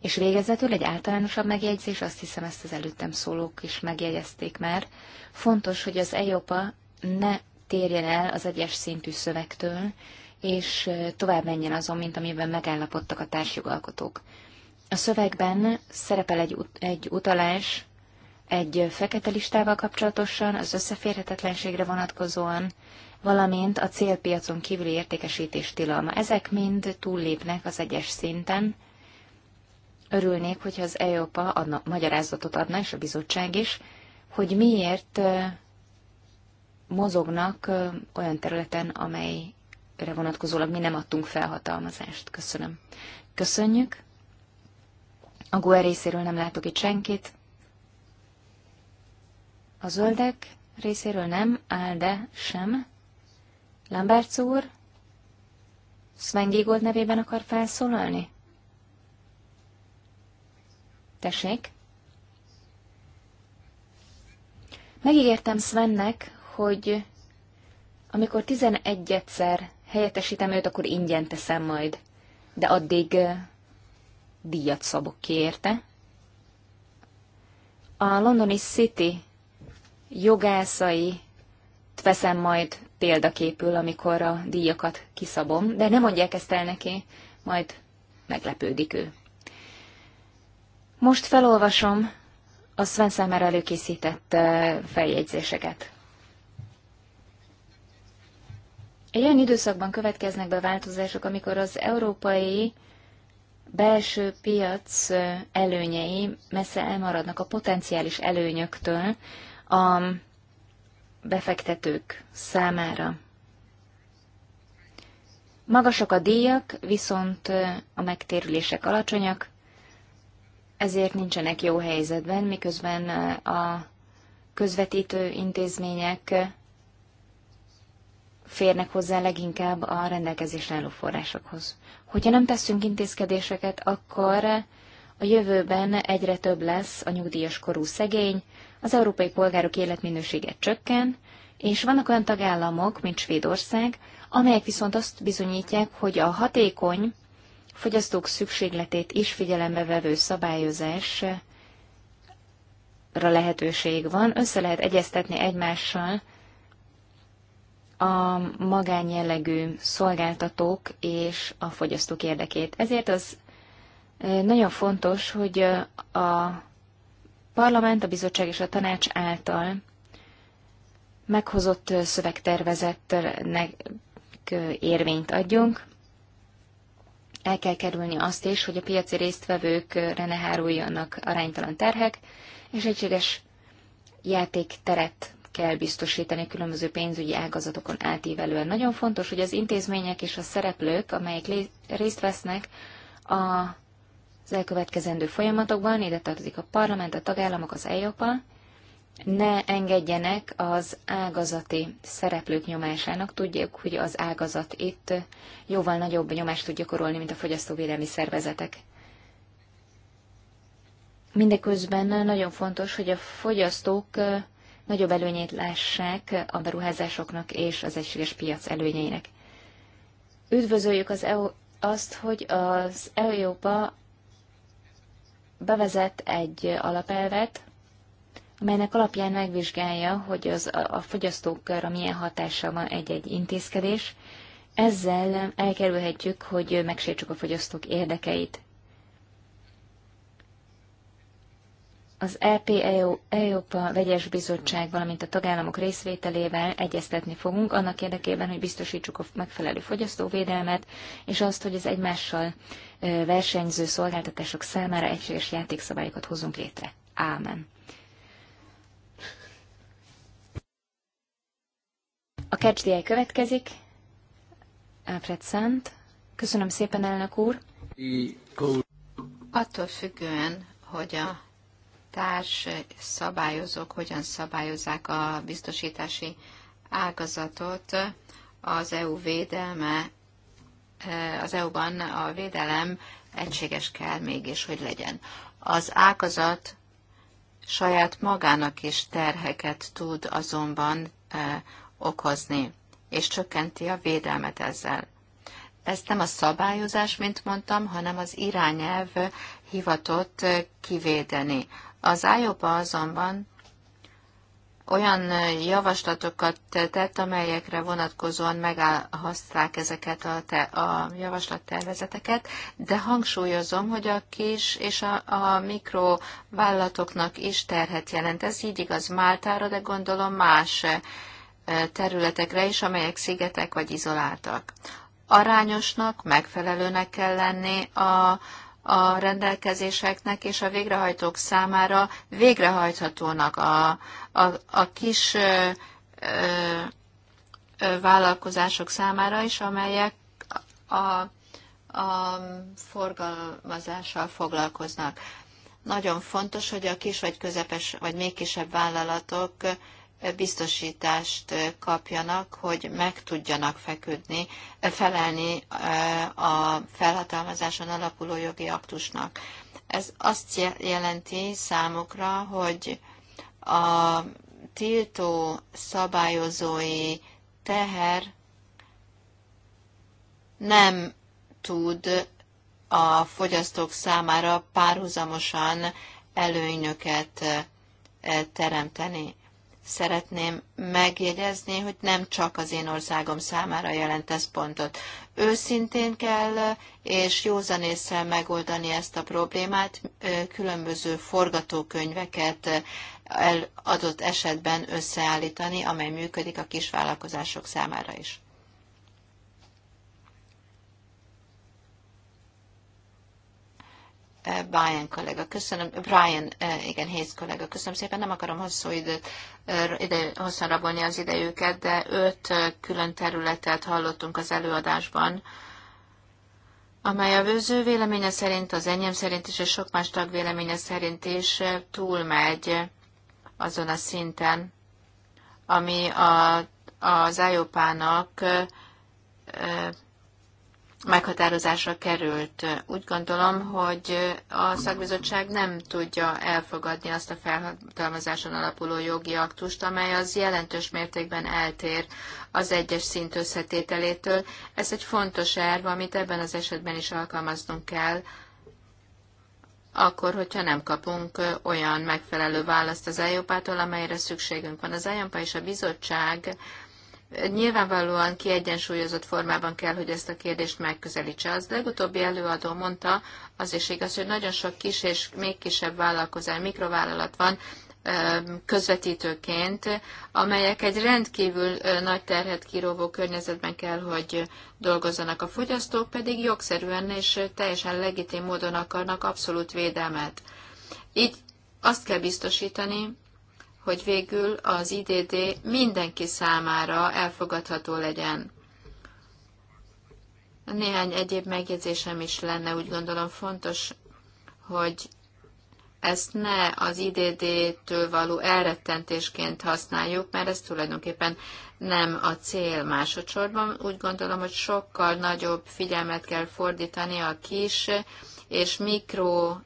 És végezetül egy általánosabb megjegyzés, azt hiszem ezt az előttem szólók is megjegyezték már. Fontos, hogy az EIOPA ne térjen el az egyes szintű szövegtől, és tovább menjen azon, mint amiben megállapodtak a társjogalkotók. A szövegben szerepel egy, ut- egy utalás egy fekete listával kapcsolatosan, az összeférhetetlenségre vonatkozóan, valamint a célpiacon kívüli értékesítés tilalma. Ezek mind túllépnek az egyes szinten. Örülnék, hogy az EOPA adna, magyarázatot adna, és a bizottság is, hogy miért mozognak olyan területen, amely amelyre vonatkozólag mi nem adtunk felhatalmazást. Köszönöm. Köszönjük. A GUE részéről nem látok itt senkit. A zöldek részéről nem, de sem. Lamberts úr, Sven Giegold nevében akar felszólalni? Tessék? Megígértem Svennek, hogy amikor 11-szer helyettesítem őt, akkor ingyen teszem majd. De addig díjat szabok ki érte. A londoni City jogászai veszem majd példaképül, amikor a díjakat kiszabom, de nem mondják ezt el neki, majd meglepődik ő. Most felolvasom a Sven előkészített feljegyzéseket. Egy olyan időszakban következnek be változások, amikor az európai belső piac előnyei messze elmaradnak a potenciális előnyöktől a befektetők számára. Magasok a díjak, viszont a megtérülések alacsonyak, ezért nincsenek jó helyzetben, miközben a közvetítő intézmények férnek hozzá leginkább a rendelkezés álló forrásokhoz. Hogyha nem teszünk intézkedéseket, akkor a jövőben egyre több lesz a nyugdíjas korú szegény, az európai polgárok életminősége csökken, és vannak olyan tagállamok, mint Svédország, amelyek viszont azt bizonyítják, hogy a hatékony fogyasztók szükségletét is figyelembe vevő szabályozásra lehetőség van, össze lehet egyeztetni egymással a magánjellegű szolgáltatók és a fogyasztók érdekét. Ezért az nagyon fontos, hogy a parlament, a bizottság és a tanács által meghozott szövegtervezetnek érvényt adjunk. El kell kerülni azt is, hogy a piaci résztvevőkre ne háruljanak aránytalan terhek, és egységes játékteret kell biztosítani különböző pénzügyi ágazatokon átívelően. Nagyon fontos, hogy az intézmények és a szereplők, amelyek részt vesznek a, az elkövetkezendő folyamatokban, ide tartozik a parlament, a tagállamok, az EIOPA, ne engedjenek az ágazati szereplők nyomásának. Tudjuk, hogy az ágazat itt jóval nagyobb nyomást tud gyakorolni, mint a fogyasztóvédelmi szervezetek. Mindeközben nagyon fontos, hogy a fogyasztók nagyobb előnyét lássák a beruházásoknak és az egységes piac előnyeinek. Üdvözöljük az EU, azt, hogy az Európa bevezet egy alapelvet, amelynek alapján megvizsgálja, hogy az a fogyasztókra milyen hatása van egy-egy intézkedés. Ezzel elkerülhetjük, hogy megsértsük a fogyasztók érdekeit. az ep Európa e vegyes bizottság, valamint a tagállamok részvételével egyeztetni fogunk, annak érdekében, hogy biztosítsuk a megfelelő fogyasztóvédelmet, és azt, hogy az egymással versenyző szolgáltatások számára egységes játékszabályokat hozunk létre. Ámen. A KCDI következik. Alfred Szent. Köszönöm szépen, elnök úr. Attól függően, hogy a társ szabályozók hogyan szabályozzák a biztosítási ágazatot, az EU védelme, e, az EU-ban a védelem egységes kell mégis, hogy legyen. Az ágazat saját magának is terheket tud azonban e, okozni, és csökkenti a védelmet ezzel. Ez nem a szabályozás, mint mondtam, hanem az irányelv hivatott e, kivédeni az ájópa azonban olyan javaslatokat tett, amelyekre vonatkozóan megállhozták ezeket a, te, a javaslattervezeteket, de hangsúlyozom, hogy a kis és a, a mikrovállalatoknak is terhet jelent. Ez így igaz Máltára, de gondolom más területekre is, amelyek szigetek vagy izoláltak. Arányosnak, megfelelőnek kell lenni a, a rendelkezéseknek és a végrehajtók számára végrehajthatónak a, a, a kis ö, ö, vállalkozások számára is, amelyek a, a forgalmazással foglalkoznak. Nagyon fontos, hogy a kis vagy közepes, vagy még kisebb vállalatok biztosítást kapjanak, hogy meg tudjanak feküdni, felelni a felhatalmazáson alapuló jogi aktusnak. Ez azt jelenti számukra, hogy a tiltó szabályozói teher nem tud a fogyasztók számára párhuzamosan előnyöket teremteni szeretném megjegyezni, hogy nem csak az én országom számára jelent ez pontot. Őszintén kell és józan észre megoldani ezt a problémát, különböző forgatókönyveket adott esetben összeállítani, amely működik a kisvállalkozások számára is. Brian kollega, köszönöm, Brian, igen, Hayes kollega, köszönöm szépen, nem akarom hosszú időt, ide, hosszan rabolni az idejüket, de öt külön területet hallottunk az előadásban, amely a vőző véleménye szerint, az enyém szerint is, és sok más tag véleménye szerint is túlmegy azon a szinten, ami a, az IOPA-nak meghatározásra került. Úgy gondolom, hogy a szakbizottság nem tudja elfogadni azt a felhatalmazáson alapuló jogi aktust, amely az jelentős mértékben eltér az egyes szint összetételétől. Ez egy fontos erv, amit ebben az esetben is alkalmaznunk kell, akkor, hogyha nem kapunk olyan megfelelő választ az eljópától, amelyre szükségünk van. Az eljópa és a bizottság Nyilvánvalóan kiegyensúlyozott formában kell, hogy ezt a kérdést megközelítse. Az legutóbbi előadó mondta, az is igaz, hogy nagyon sok kis és még kisebb vállalkozás, mikrovállalat van, közvetítőként, amelyek egy rendkívül nagy terhet kiróvó környezetben kell, hogy dolgozzanak. A fogyasztók pedig jogszerűen és teljesen legitim módon akarnak abszolút védelmet. Így azt kell biztosítani, hogy végül az IDD mindenki számára elfogadható legyen. Néhány egyéb megjegyzésem is lenne, úgy gondolom fontos, hogy ezt ne az IDD-től való elrettentésként használjuk, mert ez tulajdonképpen nem a cél másodszorban. Úgy gondolom, hogy sokkal nagyobb figyelmet kell fordítani a kis és mikro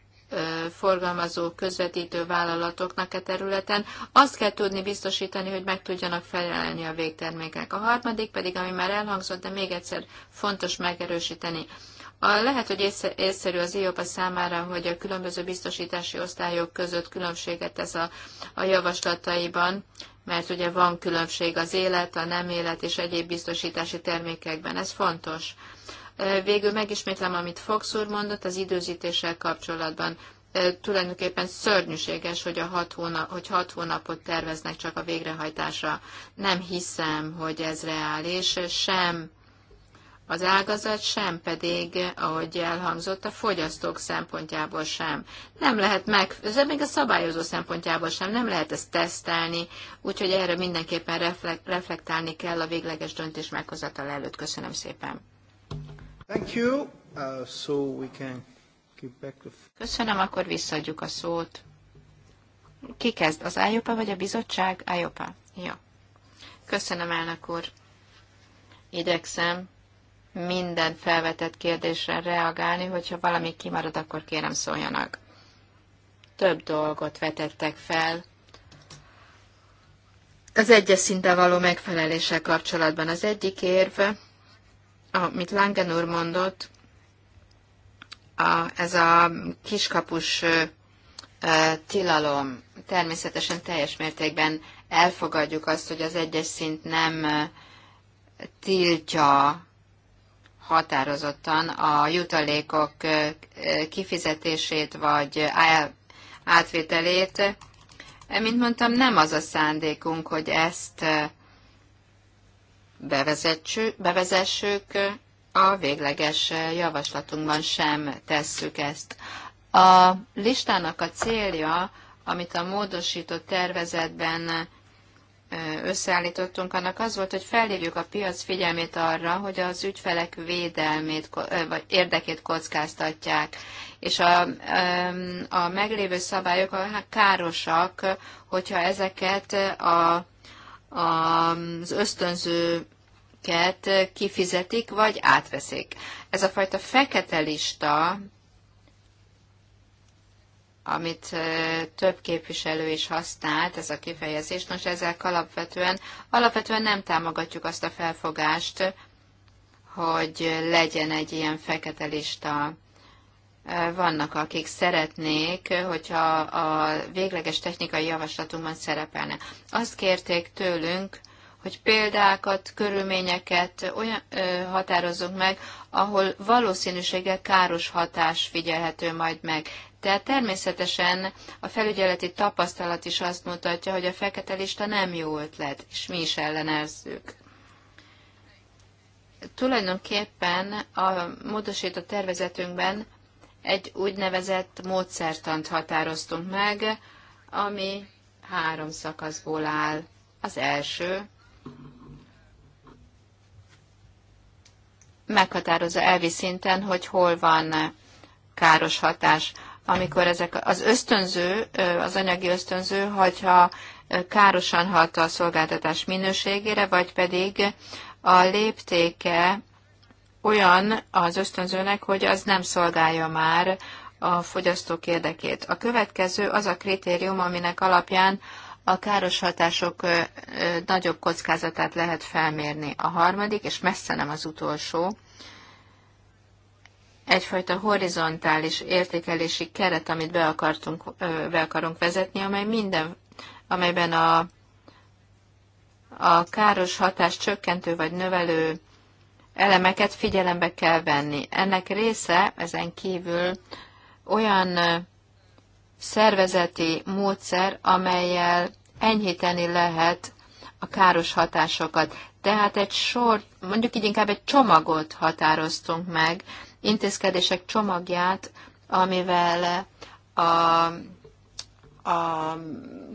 forgalmazó, közvetítő vállalatoknak a e területen. Azt kell tudni biztosítani, hogy meg tudjanak felelni a végtermékek. A harmadik pedig, ami már elhangzott, de még egyszer fontos megerősíteni. A, lehet, hogy észszerű az IOPA számára, hogy a különböző biztosítási osztályok között különbséget tesz a, a javaslataiban, mert ugye van különbség az élet, a nem élet és egyéb biztosítási termékekben. Ez fontos. Végül megismétlem, amit Fox úr mondott az időzítéssel kapcsolatban. Tulajdonképpen szörnyűséges, hogy, a hat hónap, hogy hat hónapot terveznek csak a végrehajtásra. Nem hiszem, hogy ez reális, sem az ágazat sem pedig, ahogy elhangzott, a fogyasztók szempontjából sem. Nem lehet meg, ez még a szabályozó szempontjából sem, nem lehet ezt tesztelni, úgyhogy erre mindenképpen reflektálni kell a végleges döntés meghozatal előtt. Köszönöm szépen. Thank you. Uh, so we can give back the... Köszönöm, akkor visszaadjuk a szót. Ki kezd, az IOPA vagy a bizottság? IOPA. Jó. Köszönöm, elnök úr. Idegszem minden felvetett kérdésre reagálni, hogyha valami kimarad, akkor kérem szóljanak. Több dolgot vetettek fel. Az egyes szinten való megfelelése kapcsolatban az egyik érve, amit Langen úr mondott, a, ez a kiskapus e, tilalom. Természetesen teljes mértékben elfogadjuk azt, hogy az egyes szint nem tiltja határozottan a jutalékok kifizetését vagy átvételét. Mint mondtam, nem az a szándékunk, hogy ezt bevezessük, a végleges javaslatunkban sem tesszük ezt. A listának a célja, amit a módosított tervezetben összeállítottunk, annak az volt, hogy felhívjuk a piac figyelmét arra, hogy az ügyfelek védelmét, vagy érdekét kockáztatják, és a, a meglévő szabályok hát károsak, hogyha ezeket a, a, az ösztönző amiket kifizetik vagy átveszik. Ez a fajta fekete lista, amit több képviselő is használt, ez a kifejezés, nos ezzel alapvetően, alapvetően nem támogatjuk azt a felfogást, hogy legyen egy ilyen fekete lista. Vannak, akik szeretnék, hogyha a végleges technikai javaslatunkban szerepelne. Azt kérték tőlünk, hogy példákat, körülményeket olyan ö, határozzunk meg, ahol valószínűséggel káros hatás figyelhető majd meg. De természetesen a felügyeleti tapasztalat is azt mutatja, hogy a fekete lista nem jó ötlet, és mi is ellenezzük. Tulajdonképpen a módosított tervezetünkben egy úgynevezett módszertant határoztunk meg, ami három szakaszból áll. Az első, meghatározza elvi szinten, hogy hol van káros hatás. Amikor ezek az ösztönző, az anyagi ösztönző, hogyha károsan hat a szolgáltatás minőségére, vagy pedig a léptéke olyan az ösztönzőnek, hogy az nem szolgálja már a fogyasztók érdekét. A következő az a kritérium, aminek alapján a káros hatások nagyobb kockázatát lehet felmérni. A harmadik, és messze nem az utolsó, egyfajta horizontális értékelési keret, amit be, akartunk, be akarunk vezetni, amely minden, amelyben a, a káros hatás csökkentő vagy növelő elemeket figyelembe kell venni. Ennek része ezen kívül olyan szervezeti módszer, amelyel enyhíteni lehet a káros hatásokat. Tehát egy sor, mondjuk így inkább egy csomagot határoztunk meg, intézkedések csomagját, amivel a, a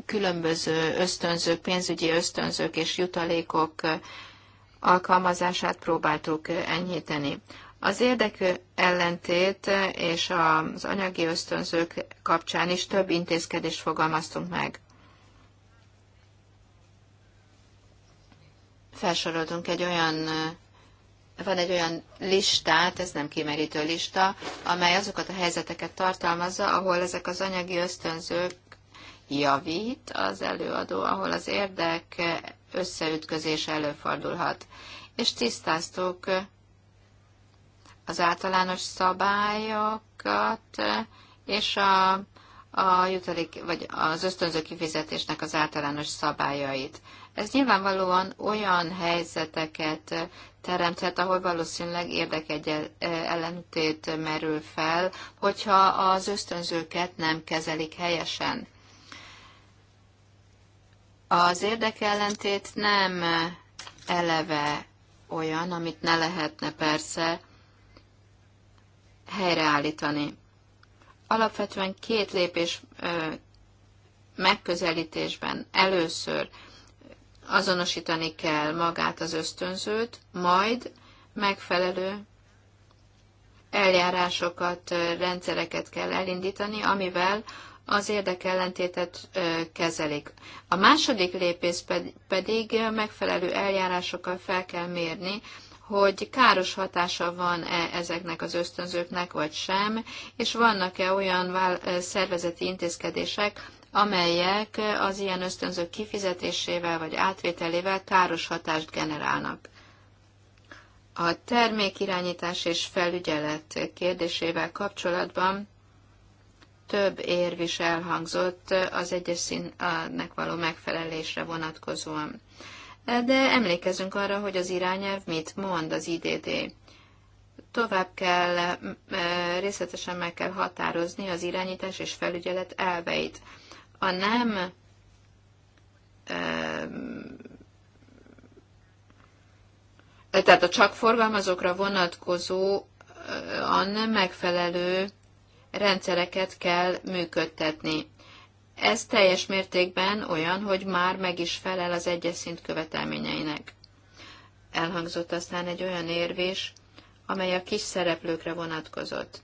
különböző ösztönzők, pénzügyi ösztönzők és jutalékok alkalmazását próbáltuk enyhíteni. Az érdekű ellentét és az anyagi ösztönzők kapcsán is több intézkedést fogalmaztunk meg. Felsoroltunk egy olyan van egy olyan listát, ez nem kimerítő lista, amely azokat a helyzeteket tartalmazza, ahol ezek az anyagi ösztönzők javít az előadó, ahol az érdek összeütközés előfordulhat. És tisztáztuk az általános szabályokat és a, a jutalék, vagy az ösztönző kifizetésnek az általános szabályait. Ez nyilvánvalóan olyan helyzeteket teremthet, ahol valószínűleg érdekegy e, ellentét merül fel, hogyha az ösztönzőket nem kezelik helyesen. Az érdekellentét nem eleve olyan, amit ne lehetne persze helyreállítani. Alapvetően két lépés megközelítésben először azonosítani kell magát az ösztönzőt, majd megfelelő eljárásokat, rendszereket kell elindítani, amivel az érdekellentétet kezelik. A második lépés pedig megfelelő eljárásokkal fel kell mérni hogy káros hatása van-e ezeknek az ösztönzőknek, vagy sem, és vannak-e olyan szervezeti intézkedések, amelyek az ilyen ösztönzők kifizetésével vagy átvételével káros hatást generálnak. A termékirányítás és felügyelet kérdésével kapcsolatban több érv is elhangzott az egyes színnek való megfelelésre vonatkozóan de emlékezünk arra, hogy az irányelv mit mond az IDD. Tovább kell, e, részletesen meg kell határozni az irányítás és felügyelet elveit. A nem e, tehát a csak forgalmazókra vonatkozó e, a nem megfelelő rendszereket kell működtetni ez teljes mértékben olyan, hogy már meg is felel az egyes szint követelményeinek. Elhangzott aztán egy olyan érvés, amely a kis szereplőkre vonatkozott.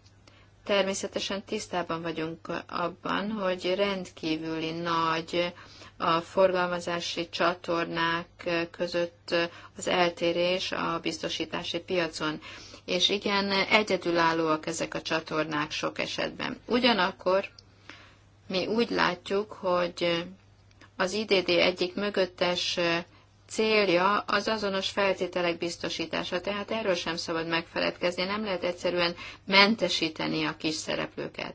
Természetesen tisztában vagyunk abban, hogy rendkívüli nagy a forgalmazási csatornák között az eltérés a biztosítási piacon. És igen, egyedülállóak ezek a csatornák sok esetben. Ugyanakkor mi úgy látjuk, hogy az IDD egyik mögöttes célja az azonos feltételek biztosítása, tehát erről sem szabad megfeledkezni, nem lehet egyszerűen mentesíteni a kis szereplőket.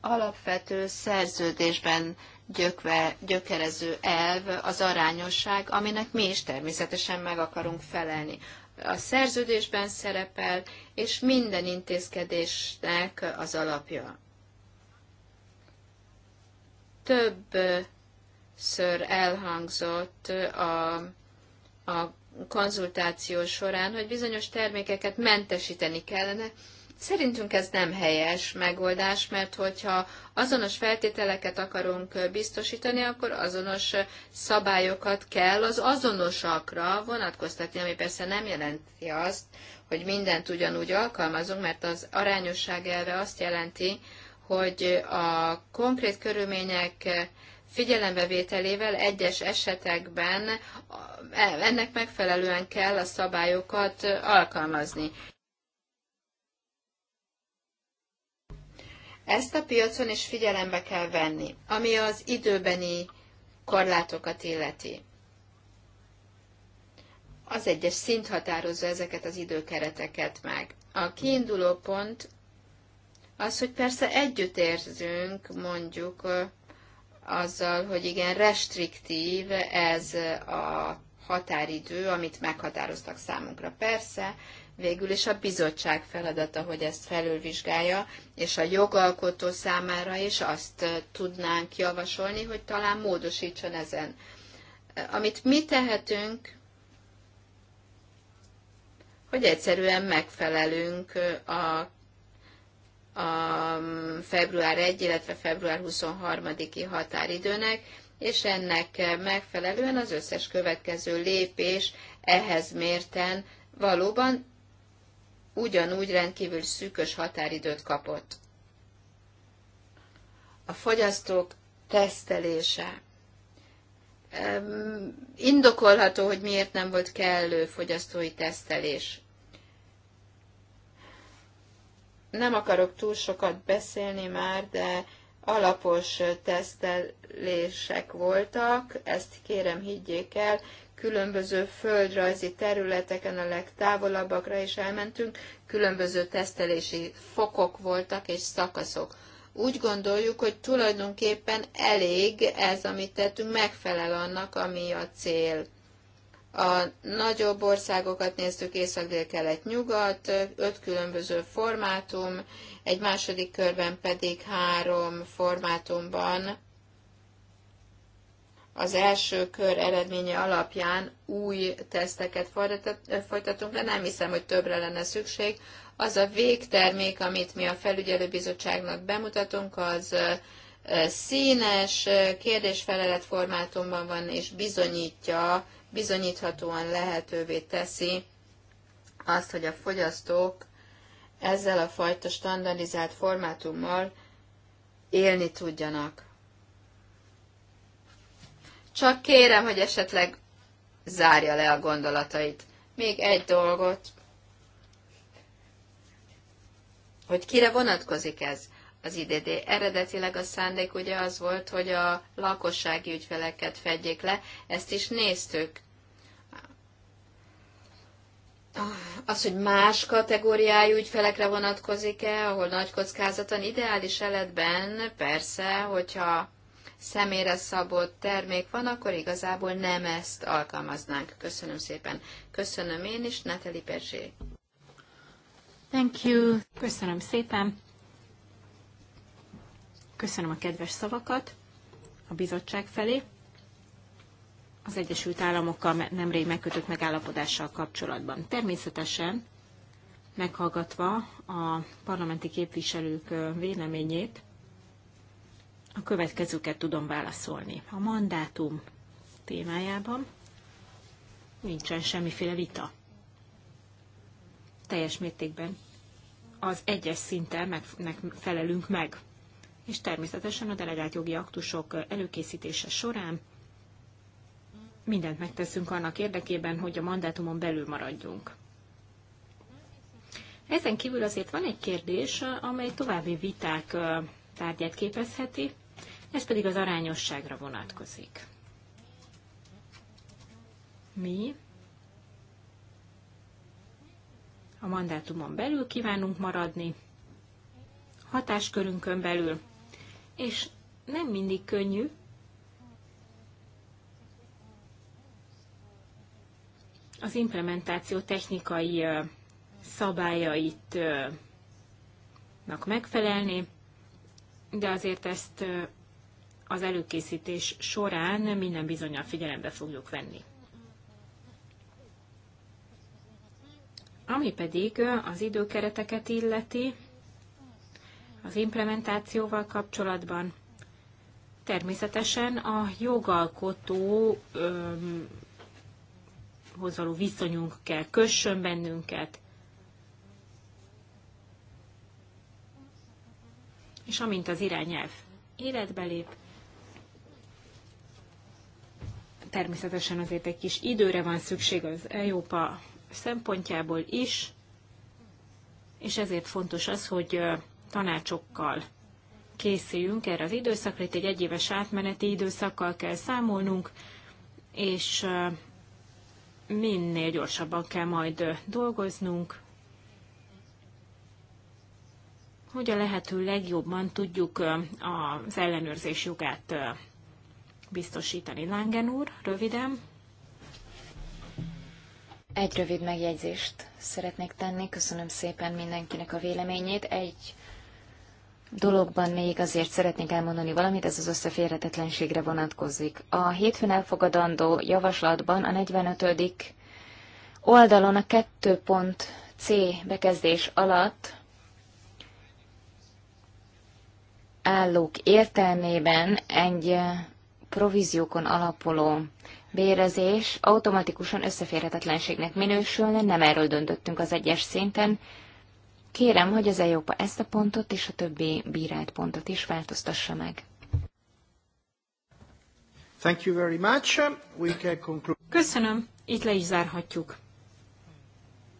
Alapvető szerződésben gyökve, gyökerező elv az arányosság, aminek mi is természetesen meg akarunk felelni a szerződésben szerepel, és minden intézkedésnek az alapja. több ször elhangzott a, a konzultáció során, hogy bizonyos termékeket mentesíteni kellene, Szerintünk ez nem helyes megoldás, mert hogyha azonos feltételeket akarunk biztosítani, akkor azonos szabályokat kell az azonosakra vonatkoztatni, ami persze nem jelenti azt, hogy mindent ugyanúgy alkalmazunk, mert az arányosság elve azt jelenti, hogy a konkrét körülmények figyelembevételével egyes esetekben ennek megfelelően kell a szabályokat alkalmazni. Ezt a piacon is figyelembe kell venni, ami az időbeni korlátokat illeti. Az egyes szint határozza ezeket az időkereteket meg. A kiinduló pont az, hogy persze együtt érzünk, mondjuk azzal, hogy igen, restriktív ez a határidő, amit meghatároztak számunkra. Persze, Végül is a bizottság feladata, hogy ezt felülvizsgálja, és a jogalkotó számára is azt tudnánk javasolni, hogy talán módosítson ezen. Amit mi tehetünk, hogy egyszerűen megfelelünk a a február 1, illetve február 23-i határidőnek, és ennek megfelelően az összes következő lépés ehhez mérten valóban ugyanúgy rendkívül szűkös határidőt kapott. A fogyasztók tesztelése. Indokolható, hogy miért nem volt kellő fogyasztói tesztelés. Nem akarok túl sokat beszélni már, de alapos tesztelések voltak, ezt kérem higgyék el, különböző földrajzi területeken a legtávolabbakra is elmentünk, különböző tesztelési fokok voltak és szakaszok. Úgy gondoljuk, hogy tulajdonképpen elég ez, amit tettünk, megfelel annak, ami a cél. A nagyobb országokat néztük, észak-dél-kelet-nyugat, öt különböző formátum, egy második körben pedig három formátumban az első kör eredménye alapján új teszteket folytatunk de Nem hiszem, hogy többre lenne szükség. Az a végtermék, amit mi a felügyelőbizottságnak bemutatunk, az színes kérdésfelelet formátumban van, és bizonyítja, bizonyíthatóan lehetővé teszi azt, hogy a fogyasztók ezzel a fajta standardizált formátummal élni tudjanak. Csak kérem, hogy esetleg zárja le a gondolatait. Még egy dolgot. Hogy kire vonatkozik ez? Az IDD eredetileg a szándék ugye az volt, hogy a lakossági ügyfeleket fedjék le, ezt is néztük. Az, hogy más kategóriájú ügyfelekre vonatkozik-e, ahol nagy kockázatan, ideális eletben persze, hogyha személyre szabott termék van, akkor igazából nem ezt alkalmaznánk. Köszönöm szépen. Köszönöm én is, Nathalie Perzsé. Thank you. Köszönöm szépen. Köszönöm a kedves szavakat a bizottság felé az Egyesült Államokkal nemrég megkötött megállapodással kapcsolatban. Természetesen meghallgatva a parlamenti képviselők véleményét, a következőket tudom válaszolni. A mandátum témájában nincsen semmiféle vita. Teljes mértékben az egyes szinten meg, felelünk meg. És természetesen a delegált jogi aktusok előkészítése során mindent megteszünk annak érdekében, hogy a mandátumon belül maradjunk. Ezen kívül azért van egy kérdés, amely további viták tárgyát képezheti, ez pedig az arányosságra vonatkozik. Mi a mandátumon belül kívánunk maradni, hatáskörünkön belül, és nem mindig könnyű, az implementáció technikai szabályaitnak megfelelni, de azért ezt az előkészítés során minden bizonyal figyelembe fogjuk venni. Ami pedig az időkereteket illeti, az implementációval kapcsolatban, természetesen a jogalkotó való viszonyunk kell, kössön bennünket, és amint az irányelv életbe lép, természetesen azért egy kis időre van szükség az Európa szempontjából is, és ezért fontos az, hogy tanácsokkal készüljünk erre az időszakra. Itt egy egyéves átmeneti időszakkal kell számolnunk, és minél gyorsabban kell majd dolgoznunk, hogy a lehető legjobban tudjuk az ellenőrzés jogát biztosítani. Langen úr, röviden. Egy rövid megjegyzést szeretnék tenni. Köszönöm szépen mindenkinek a véleményét. Egy dologban még azért szeretnék elmondani valamit, ez az összeférhetetlenségre vonatkozik. A hétfőn elfogadandó javaslatban a 45. oldalon a 2.c bekezdés alatt állók értelmében egy províziókon alapuló bérezés automatikusan összeférhetetlenségnek minősülne, nem erről döntöttünk az egyes szinten. Kérem, hogy az EIOPA ezt a pontot és a többi bírált pontot is változtassa meg. Thank you very much. We can conclude. Köszönöm, itt le is zárhatjuk.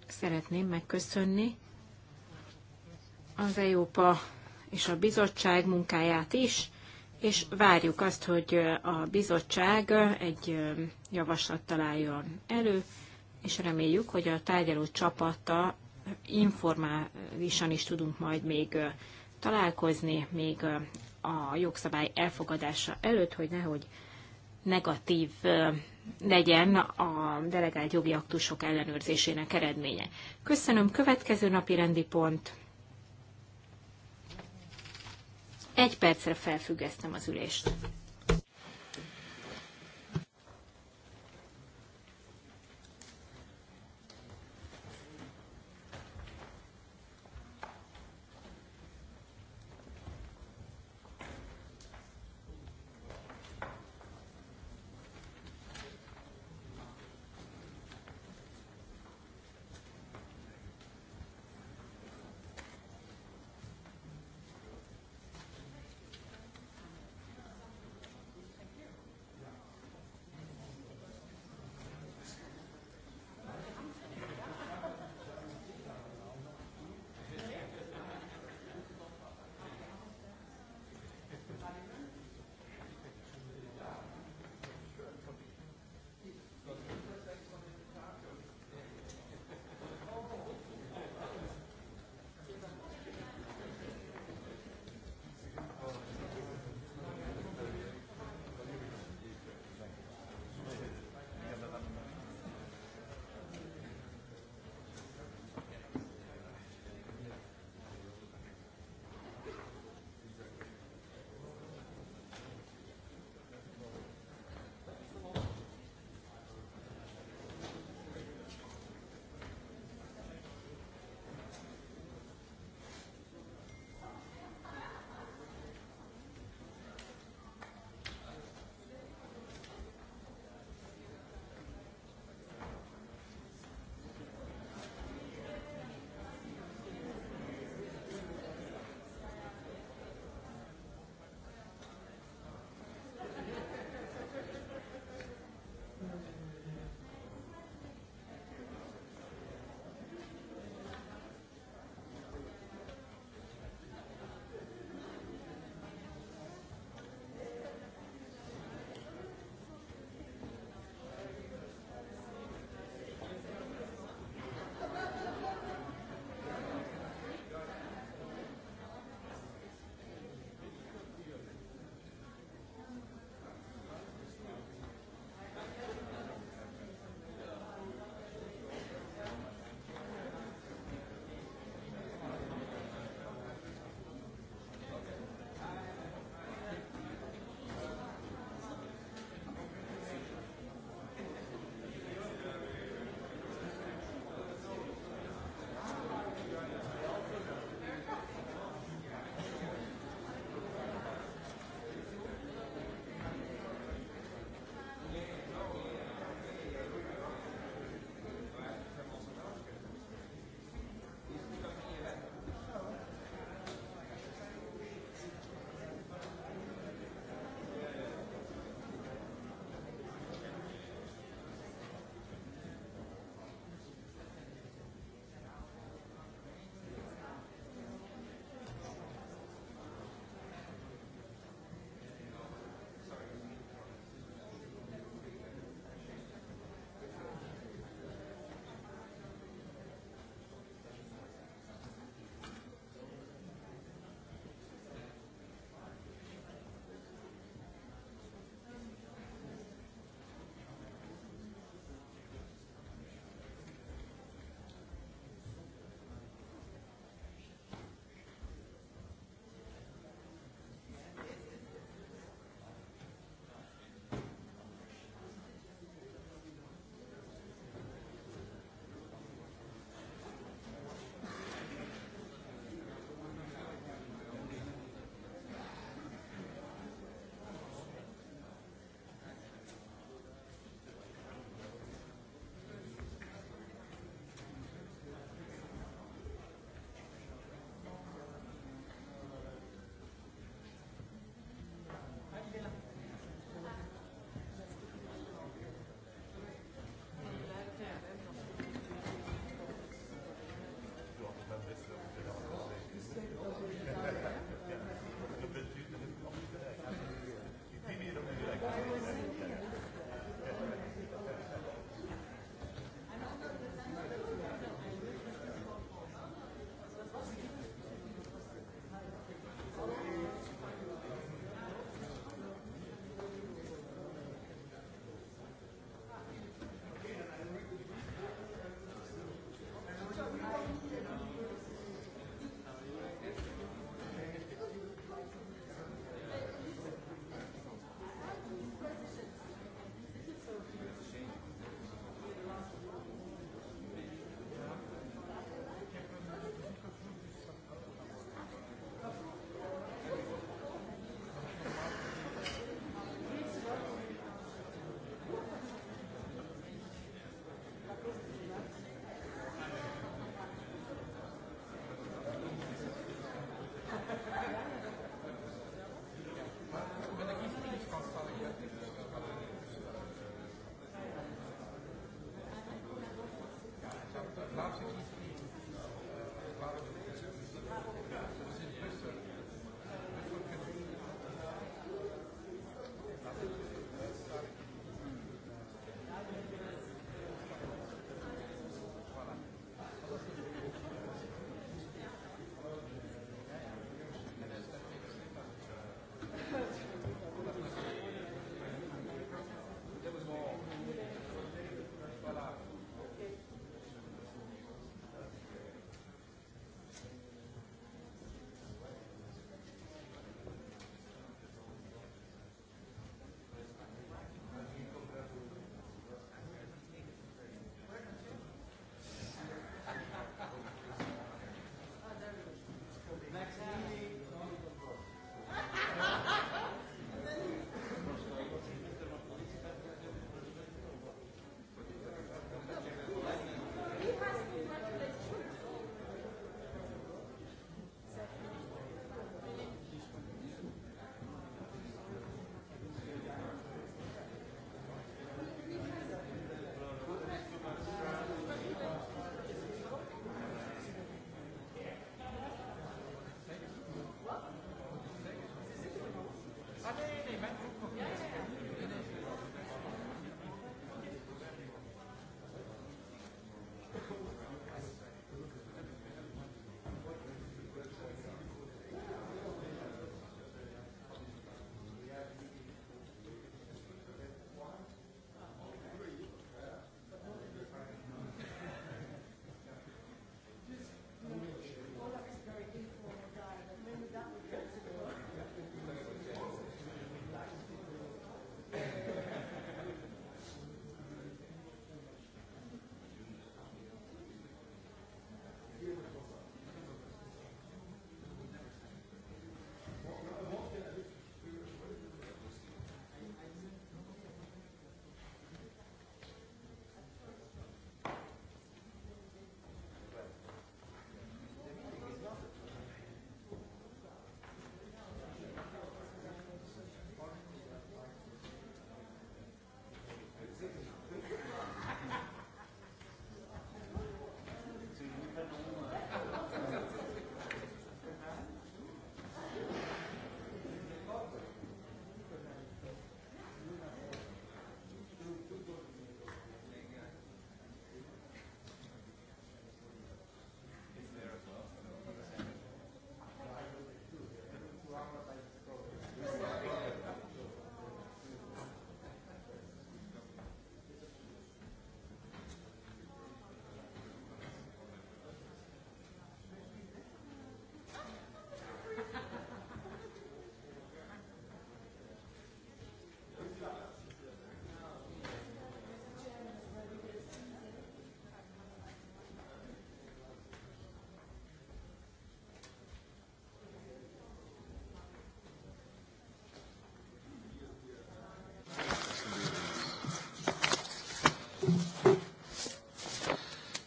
Szeretném megköszönni az EIOPA és a bizottság munkáját is és várjuk azt, hogy a bizottság egy javaslat találjon elő, és reméljük, hogy a tárgyaló csapata informálisan is tudunk majd még találkozni, még a jogszabály elfogadása előtt, hogy nehogy negatív legyen a delegált jogi aktusok ellenőrzésének eredménye. Köszönöm, következő napi rendi pont. Egy percre felfüggesztem az ülést.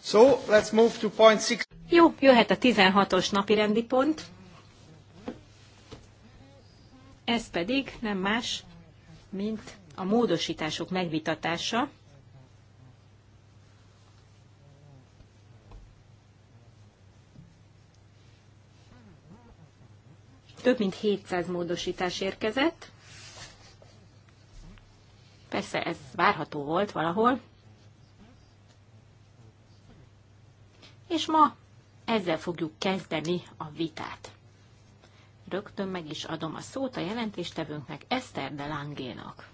So, let's move to point six. Jó, jöhet a 16-os napi rendi pont. Ez pedig nem más, mint a módosítások megvitatása. Több mint 700 módosítás érkezett. Persze ez várható volt valahol, És ma ezzel fogjuk kezdeni a vitát. Rögtön meg is adom a szót a jelentéstevőnknek, Eszter de Langénak.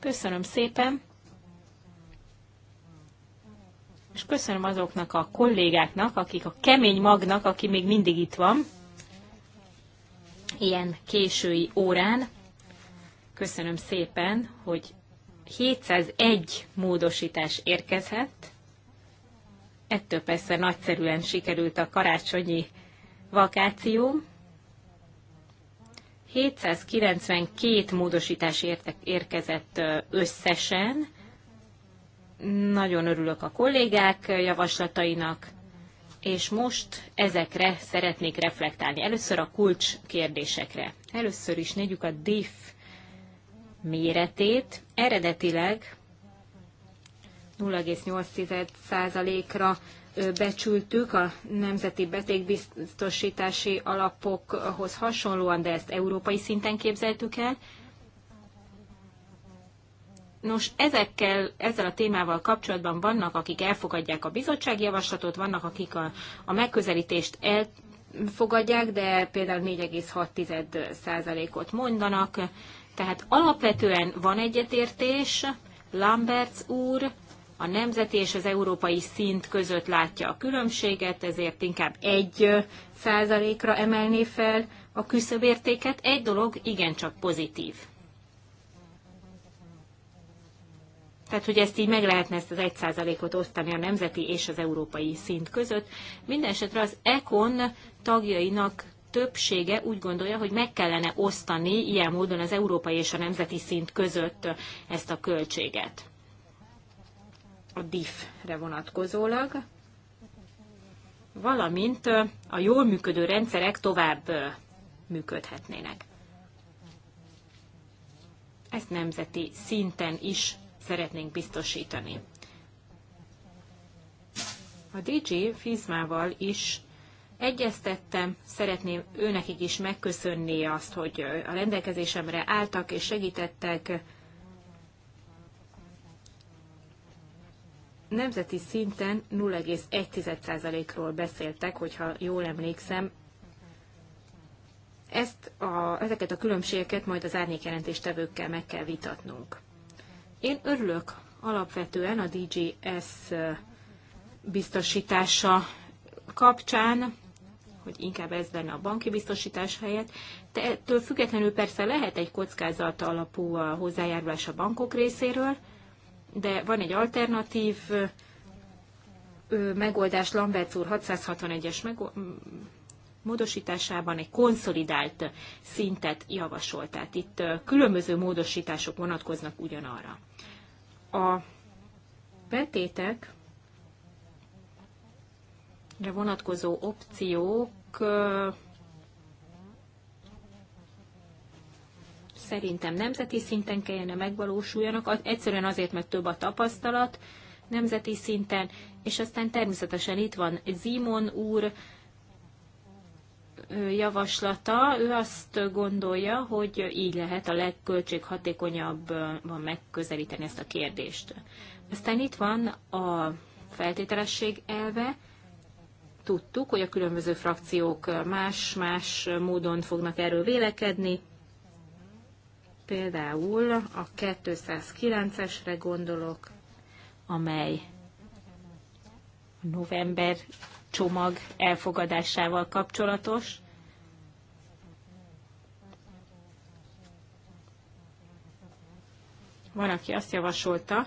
Köszönöm szépen! És köszönöm azoknak a kollégáknak, akik a kemény magnak, aki még mindig itt van, ilyen késői órán. Köszönöm szépen, hogy 701 módosítás érkezett, Ettől persze nagyszerűen sikerült a karácsonyi vakáció. 792 módosítás érkezett összesen. Nagyon örülök a kollégák javaslatainak, és most ezekre szeretnék reflektálni. Először a kulcs kérdésekre. Először is négyük a DIF méretét. Eredetileg 0,8%-ra becsültük a nemzeti betegbiztosítási alapokhoz hasonlóan, de ezt európai szinten képzeltük el. Nos, ezekkel, ezzel a témával kapcsolatban vannak, akik elfogadják a bizottsági javaslatot, vannak, akik a, a megközelítést elfogadják, de például 4,6%-ot mondanak. Tehát alapvetően van egyetértés, Lamberts úr a nemzeti és az európai szint között látja a különbséget, ezért inkább egy százalékra emelné fel a küszöbértéket. Egy dolog igencsak pozitív. Tehát, hogy ezt így meg lehetne ezt az 1%-ot osztani a nemzeti és az európai szint között. Mindenesetre az ECON tagjainak többsége úgy gondolja, hogy meg kellene osztani ilyen módon az európai és a nemzeti szint között ezt a költséget a DIF-re vonatkozólag, valamint a jól működő rendszerek tovább működhetnének. Ezt nemzeti szinten is szeretnénk biztosítani. A DJ Fizmával is egyeztettem, szeretném őnekik is megköszönni azt, hogy a rendelkezésemre álltak és segítettek, nemzeti szinten 0,1%-ról beszéltek, hogyha jól emlékszem. Ezt a, ezeket a különbségeket majd az árnyékjelentéstevőkkel meg kell vitatnunk. Én örülök alapvetően a DGS biztosítása kapcsán, hogy inkább ez lenne a banki biztosítás helyett. De ettől függetlenül persze lehet egy kockázat alapú hozzájárulás a bankok részéről, de van egy alternatív megoldás Lambert úr 661-es módosításában egy konszolidált szintet javasolt. Tehát itt különböző módosítások vonatkoznak ugyanarra. A betétek vonatkozó opciók szerintem nemzeti szinten kellene megvalósuljanak, az, egyszerűen azért, mert több a tapasztalat nemzeti szinten, és aztán természetesen itt van Zimon úr javaslata, ő azt gondolja, hogy így lehet a legköltséghatékonyabban megközelíteni ezt a kérdést. Aztán itt van a feltételesség elve, tudtuk, hogy a különböző frakciók más-más módon fognak erről vélekedni például a 209-esre gondolok, amely november csomag elfogadásával kapcsolatos. Van, aki azt javasolta,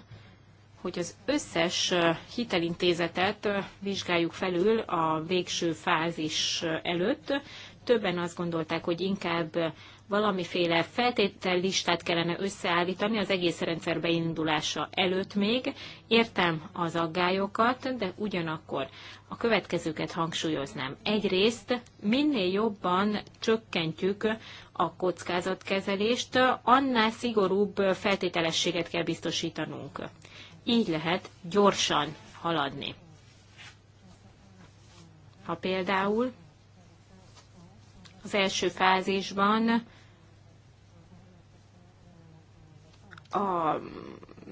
hogy az összes hitelintézetet vizsgáljuk felül a végső fázis előtt. Többen azt gondolták, hogy inkább valamiféle feltétel listát kellene összeállítani az egész rendszer beindulása előtt még. Értem az aggályokat, de ugyanakkor a következőket hangsúlyoznám. Egyrészt minél jobban csökkentjük a kockázatkezelést, annál szigorúbb feltételességet kell biztosítanunk. Így lehet gyorsan haladni. Ha például az első fázisban a,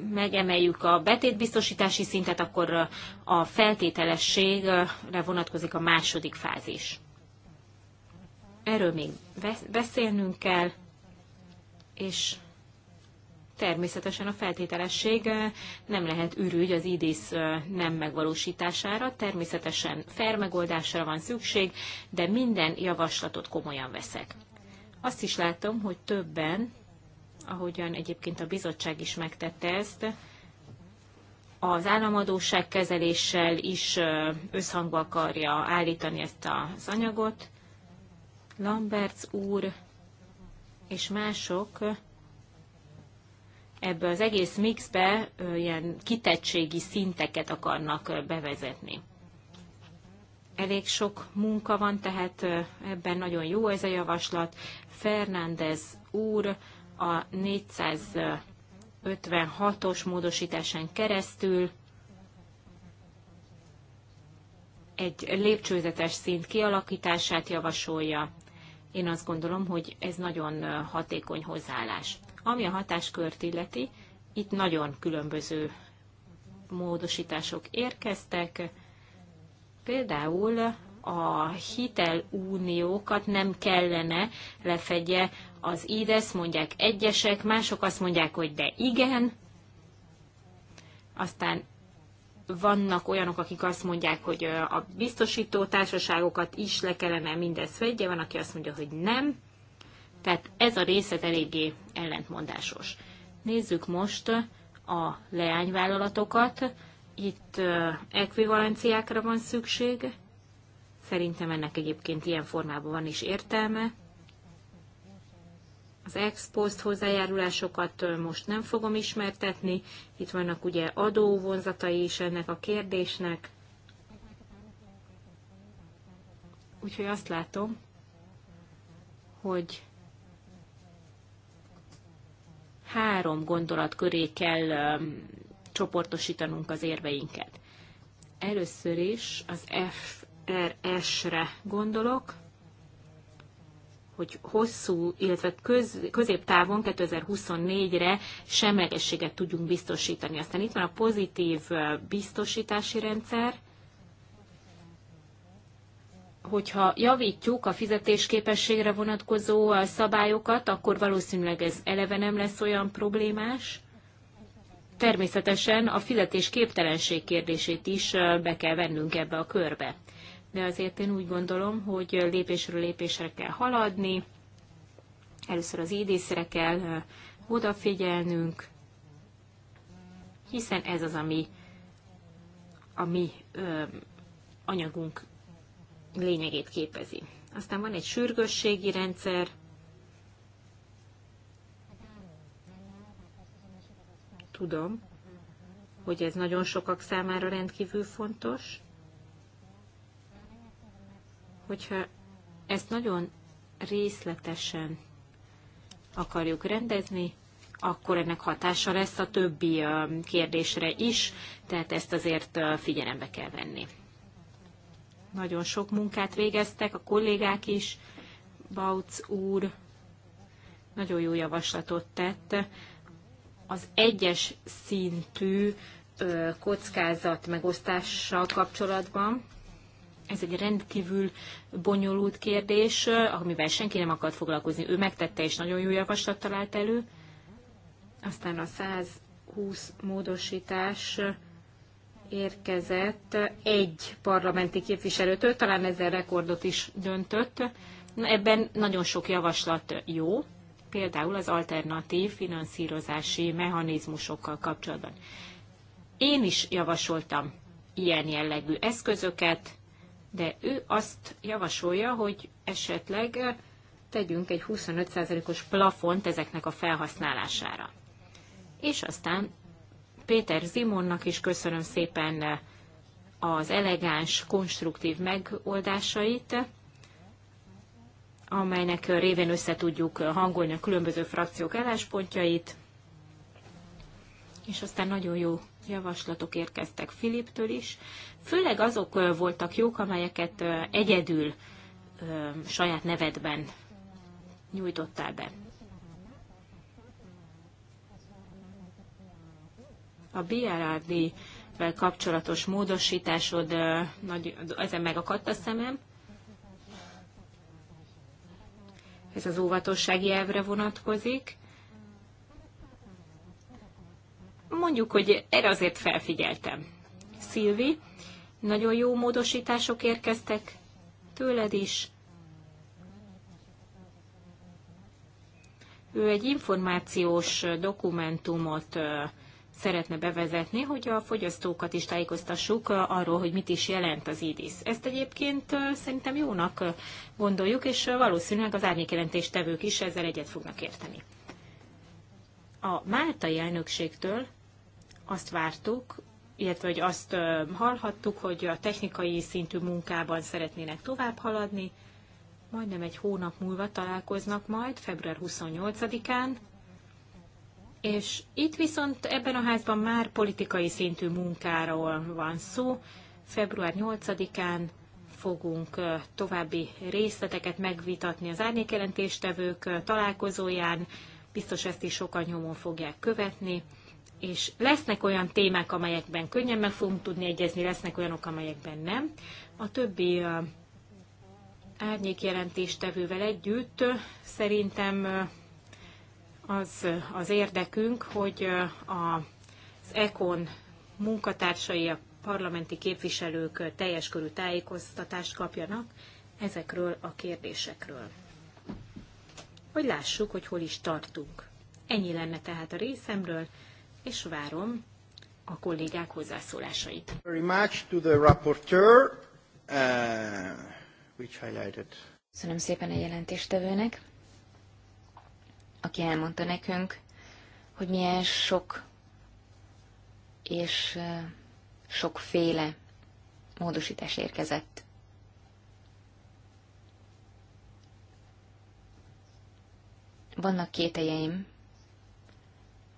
megemeljük a betétbiztosítási szintet, akkor a feltételességre vonatkozik a második fázis. Erről még beszélnünk kell, és Természetesen a feltételesség eh, nem lehet ürügy az IDISZ eh, nem megvalósítására, természetesen fair megoldásra van szükség, de minden javaslatot komolyan veszek. Azt is látom, hogy többen, ahogyan egyébként a bizottság is megtette ezt, az államadóság kezeléssel is eh, összhangba akarja állítani ezt az anyagot. Lamberts úr és mások ebbe az egész mixbe ilyen kitettségi szinteket akarnak bevezetni. Elég sok munka van, tehát ebben nagyon jó ez a javaslat. Fernández úr a 456-os módosításán keresztül egy lépcsőzetes szint kialakítását javasolja. Én azt gondolom, hogy ez nagyon hatékony hozzáállás. Ami a hatáskört illeti, itt nagyon különböző módosítások érkeztek. Például a hiteluniókat nem kellene lefedje az IDESZ, mondják egyesek, mások azt mondják, hogy de igen. Aztán vannak olyanok, akik azt mondják, hogy a biztosító társaságokat is le kellene mindezt fedje, van, aki azt mondja, hogy nem. Tehát ez a részlet eléggé ellentmondásos. Nézzük most a leányvállalatokat. Itt ekvivalenciákra van szükség. Szerintem ennek egyébként ilyen formában van is értelme. Az ex-post hozzájárulásokat most nem fogom ismertetni. Itt vannak ugye adóvonzatai is ennek a kérdésnek. Úgyhogy azt látom, hogy három gondolat köré kell csoportosítanunk az érveinket. Először is az FRS-re gondolok, hogy hosszú, illetve köz, középtávon 2024-re semlegességet tudjunk biztosítani. Aztán itt van a pozitív biztosítási rendszer, hogyha javítjuk a fizetésképességre vonatkozó uh, szabályokat, akkor valószínűleg ez eleve nem lesz olyan problémás. Természetesen a fizetésképtelenség kérdését is uh, be kell vennünk ebbe a körbe. De azért én úgy gondolom, hogy lépésről lépésre kell haladni, először az idészre kell uh, odafigyelnünk, hiszen ez az, ami a mi ö, anyagunk lényegét képezi. Aztán van egy sürgősségi rendszer, tudom, hogy ez nagyon sokak számára rendkívül fontos, hogyha ezt nagyon részletesen akarjuk rendezni, akkor ennek hatása lesz a többi kérdésre is, tehát ezt azért figyelembe kell venni. Nagyon sok munkát végeztek, a kollégák is, Bautz úr nagyon jó javaslatot tett. Az egyes szintű kockázat megosztással kapcsolatban. Ez egy rendkívül bonyolult kérdés, amivel senki nem akart foglalkozni. Ő megtette, és nagyon jó javaslat talált elő. Aztán a 120 módosítás érkezett egy parlamenti képviselőtől, talán ezzel rekordot is döntött. Ebben nagyon sok javaslat jó, például az alternatív finanszírozási mechanizmusokkal kapcsolatban. Én is javasoltam ilyen jellegű eszközöket, de ő azt javasolja, hogy esetleg tegyünk egy 25%-os plafont ezeknek a felhasználására. És aztán Péter Zimonnak is köszönöm szépen az elegáns, konstruktív megoldásait, amelynek révén összetudjuk hangolni a különböző frakciók álláspontjait, és aztán nagyon jó javaslatok érkeztek Filiptől is. Főleg azok voltak jók, amelyeket egyedül saját nevedben nyújtottál be. A BRRD-vel kapcsolatos módosításod, nagy, ezen megakadt a szemem. Ez az óvatossági elvre vonatkozik. Mondjuk, hogy erre azért felfigyeltem. Szilvi, nagyon jó módosítások érkeztek tőled is. Ő egy információs dokumentumot szeretne bevezetni, hogy a fogyasztókat is tájékoztassuk arról, hogy mit is jelent az IDIS. Ezt egyébként szerintem jónak gondoljuk, és valószínűleg az árnyékjelentéstevők is ezzel egyet fognak érteni. A máltai elnökségtől azt vártuk, illetve hogy azt hallhattuk, hogy a technikai szintű munkában szeretnének tovább haladni, majdnem egy hónap múlva találkoznak majd, február 28-án, és itt viszont ebben a házban már politikai szintű munkáról van szó. Február 8-án fogunk további részleteket megvitatni az árnyékjelentéstevők találkozóján. Biztos ezt is sokan nyomon fogják követni. És lesznek olyan témák, amelyekben könnyen meg fogunk tudni egyezni, lesznek olyanok, amelyekben nem. A többi árnyékjelentéstevővel együtt szerintem az az érdekünk, hogy az ECON munkatársai, a parlamenti képviselők teljes körű tájékoztatást kapjanak ezekről a kérdésekről. Hogy lássuk, hogy hol is tartunk. Ennyi lenne tehát a részemről, és várom a kollégák hozzászólásait. Very much to the rapporteur, uh, which highlighted. Köszönöm szépen a jelentéstevőnek aki elmondta nekünk, hogy milyen sok és sokféle módosítás érkezett. Vannak kételjeim,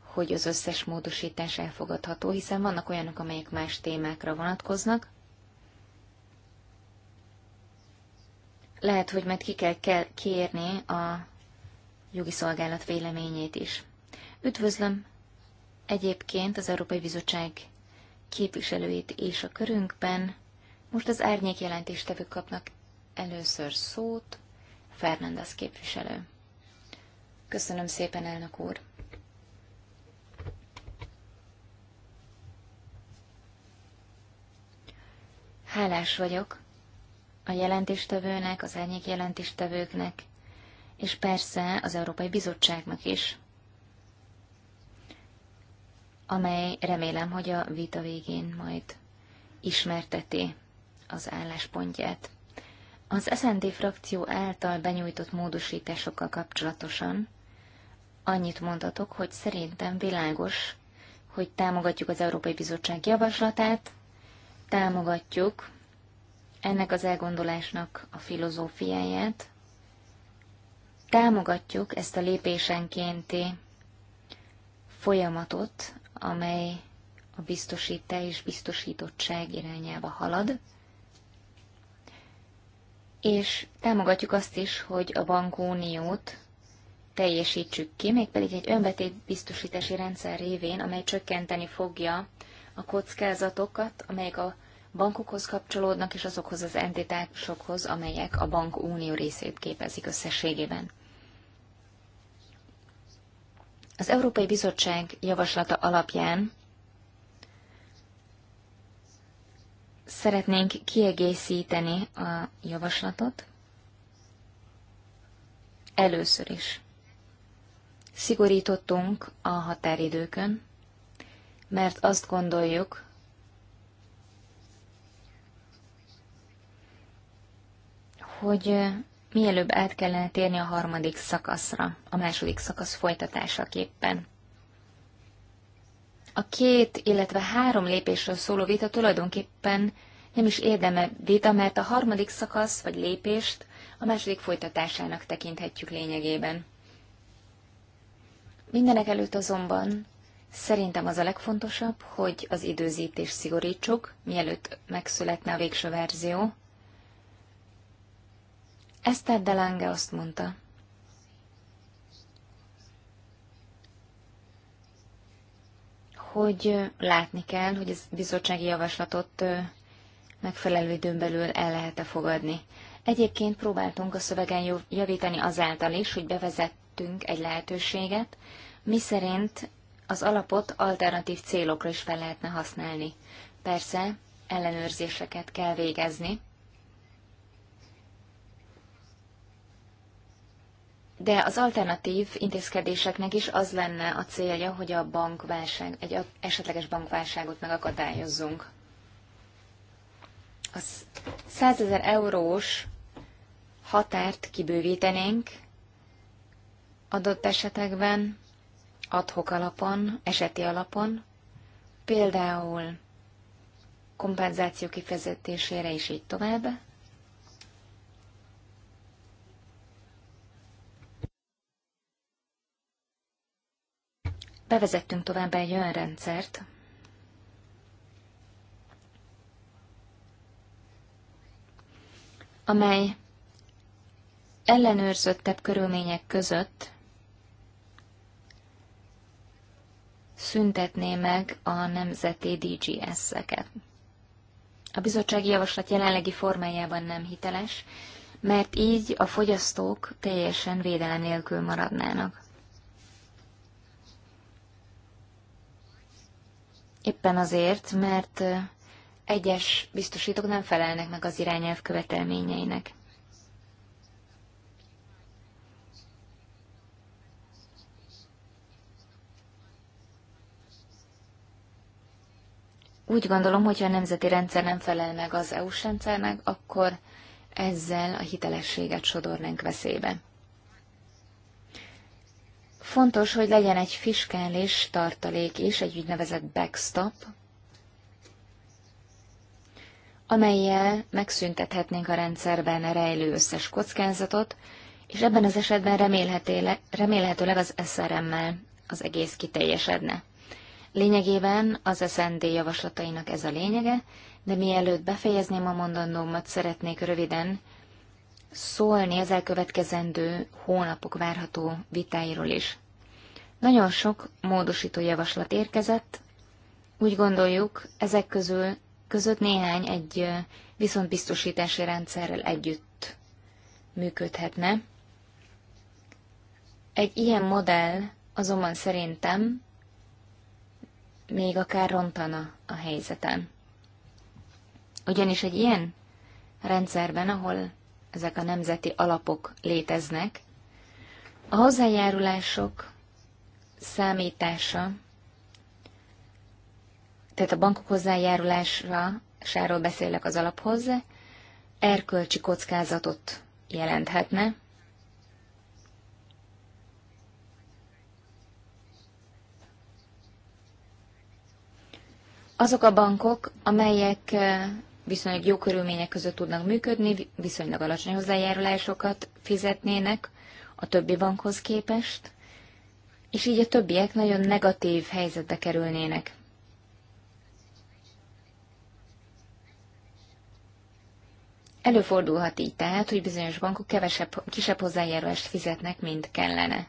hogy az összes módosítás elfogadható, hiszen vannak olyanok, amelyek más témákra vonatkoznak. Lehet, hogy majd ki kell kérni a jogi szolgálat véleményét is. Üdvözlöm egyébként az Európai Bizottság képviselőit és a körünkben. Most az árnyék jelentéstevők kapnak először szót, Fernandez képviselő. Köszönöm szépen, elnök úr! Hálás vagyok a jelentéstevőnek, az árnyék jelentéstevőknek, és persze az Európai Bizottságnak is, amely remélem, hogy a vita végén majd ismerteti az álláspontját. Az SND frakció által benyújtott módosításokkal kapcsolatosan annyit mondhatok, hogy szerintem világos, hogy támogatjuk az Európai Bizottság javaslatát, támogatjuk ennek az elgondolásnak a filozófiáját, Támogatjuk ezt a lépésenkénti folyamatot, amely a biztosítás és biztosítottság irányába halad, és támogatjuk azt is, hogy a bankuniót teljesítsük ki, mégpedig egy önbetét biztosítási rendszer révén, amely csökkenteni fogja a kockázatokat, amelyek a bankokhoz kapcsolódnak, és azokhoz az entitásokhoz, amelyek a bankunió részét képezik összességében. Az Európai Bizottság javaslata alapján szeretnénk kiegészíteni a javaslatot. Először is szigorítottunk a határidőkön, mert azt gondoljuk, hogy mielőbb át kellene térni a harmadik szakaszra, a második szakasz folytatásaképpen. A két, illetve három lépésről szóló vita tulajdonképpen nem is érdeme vita, mert a harmadik szakasz vagy lépést a második folytatásának tekinthetjük lényegében. Mindenek előtt azonban szerintem az a legfontosabb, hogy az időzítés szigorítsuk, mielőtt megszületne a végső verzió, Eszter Lange azt mondta, hogy látni kell, hogy ez bizottsági javaslatot megfelelő időn belül el lehet-e fogadni. Egyébként próbáltunk a szövegen javítani azáltal is, hogy bevezettünk egy lehetőséget, miszerint az alapot alternatív célokra is fel lehetne használni. Persze, ellenőrzéseket kell végezni, de az alternatív intézkedéseknek is az lenne a célja, hogy a bankválság, egy esetleges bankválságot megakadályozzunk. A 100 ezer eurós határt kibővítenénk adott esetekben, adhok alapon, eseti alapon, például kompenzáció kifizetésére is így tovább, bevezettünk továbbá egy olyan rendszert, amely ellenőrzöttebb körülmények között szüntetné meg a nemzeti DGS-eket. A bizottsági javaslat jelenlegi formájában nem hiteles, mert így a fogyasztók teljesen védelem nélkül maradnának. Éppen azért, mert egyes biztosítók nem felelnek meg az irányelv követelményeinek. Úgy gondolom, hogyha a nemzeti rendszer nem felel meg az EU-s rendszernek, akkor ezzel a hitelességet sodornánk veszélybe. Fontos, hogy legyen egy fiskelés tartalék is, egy úgynevezett backstop, amelyel megszüntethetnénk a rendszerben rejlő összes kockázatot, és ebben az esetben remélhetőleg az SRM-mel az egész kiteljesedne. Lényegében az SND javaslatainak ez a lényege, de mielőtt befejezném a mondandómat, szeretnék röviden szólni az elkövetkezendő hónapok várható vitáiról is. Nagyon sok módosító javaslat érkezett, úgy gondoljuk, ezek közül között néhány egy viszontbiztosítási rendszerrel együtt működhetne. Egy ilyen modell azonban szerintem még akár rontana a helyzeten. Ugyanis egy ilyen rendszerben, ahol ezek a nemzeti alapok léteznek. A hozzájárulások számítása, tehát a bankok hozzájárulásra, hozzájárulásáról beszélek az alaphoz, erkölcsi kockázatot jelenthetne. Azok a bankok, amelyek viszonylag jó körülmények között tudnak működni, viszonylag alacsony hozzájárulásokat fizetnének a többi bankhoz képest, és így a többiek nagyon negatív helyzetbe kerülnének. Előfordulhat így tehát, hogy bizonyos bankok kevesebb, kisebb hozzájárulást fizetnek, mint kellene.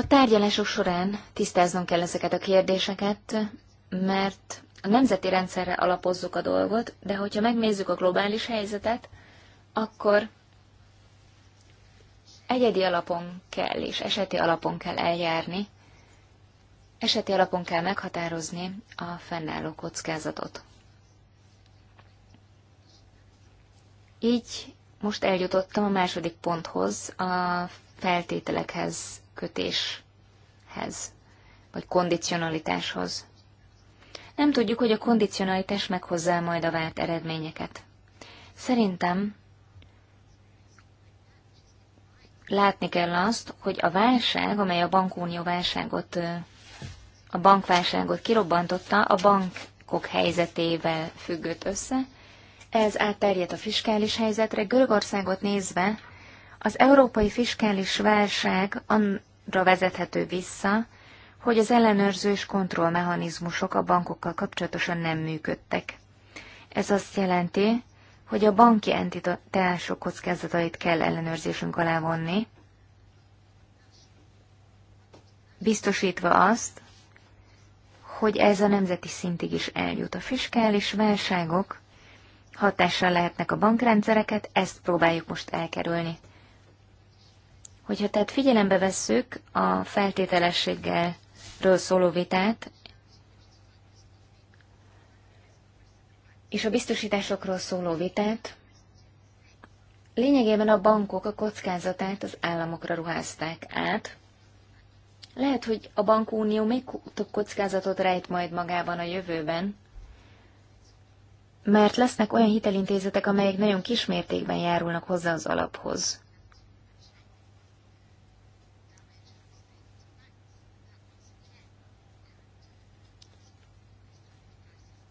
A tárgyalások során tisztáznunk kell ezeket a kérdéseket, mert a nemzeti rendszerre alapozzuk a dolgot, de hogyha megnézzük a globális helyzetet, akkor egyedi alapon kell és eseti alapon kell eljárni, eseti alapon kell meghatározni a fennálló kockázatot. Így most eljutottam a második ponthoz, a feltételekhez, kötéshez, vagy kondicionalitáshoz. Nem tudjuk, hogy a kondicionalitás meghozzá majd a várt eredményeket. Szerintem látni kell azt, hogy a válság, amely a bankunió válságot, a bankválságot kirobbantotta, a bankok helyzetével függött össze, ez átterjed a fiskális helyzetre. Görögországot nézve az európai fiskális válság arra vezethető vissza, hogy az ellenőrző és kontrollmechanizmusok a bankokkal kapcsolatosan nem működtek. Ez azt jelenti, hogy a banki entitások kockázatait kell ellenőrzésünk alá vonni, biztosítva azt, hogy ez a nemzeti szintig is eljut. A fiskális válságok hatással lehetnek a bankrendszereket, ezt próbáljuk most elkerülni. Hogyha tehát figyelembe vesszük a feltételességgel ről szóló vitát, és a biztosításokról szóló vitát, lényegében a bankok a kockázatát az államokra ruházták át. Lehet, hogy a bankunió még több kockázatot rejt majd magában a jövőben, mert lesznek olyan hitelintézetek, amelyek nagyon kismértékben járulnak hozzá az alaphoz.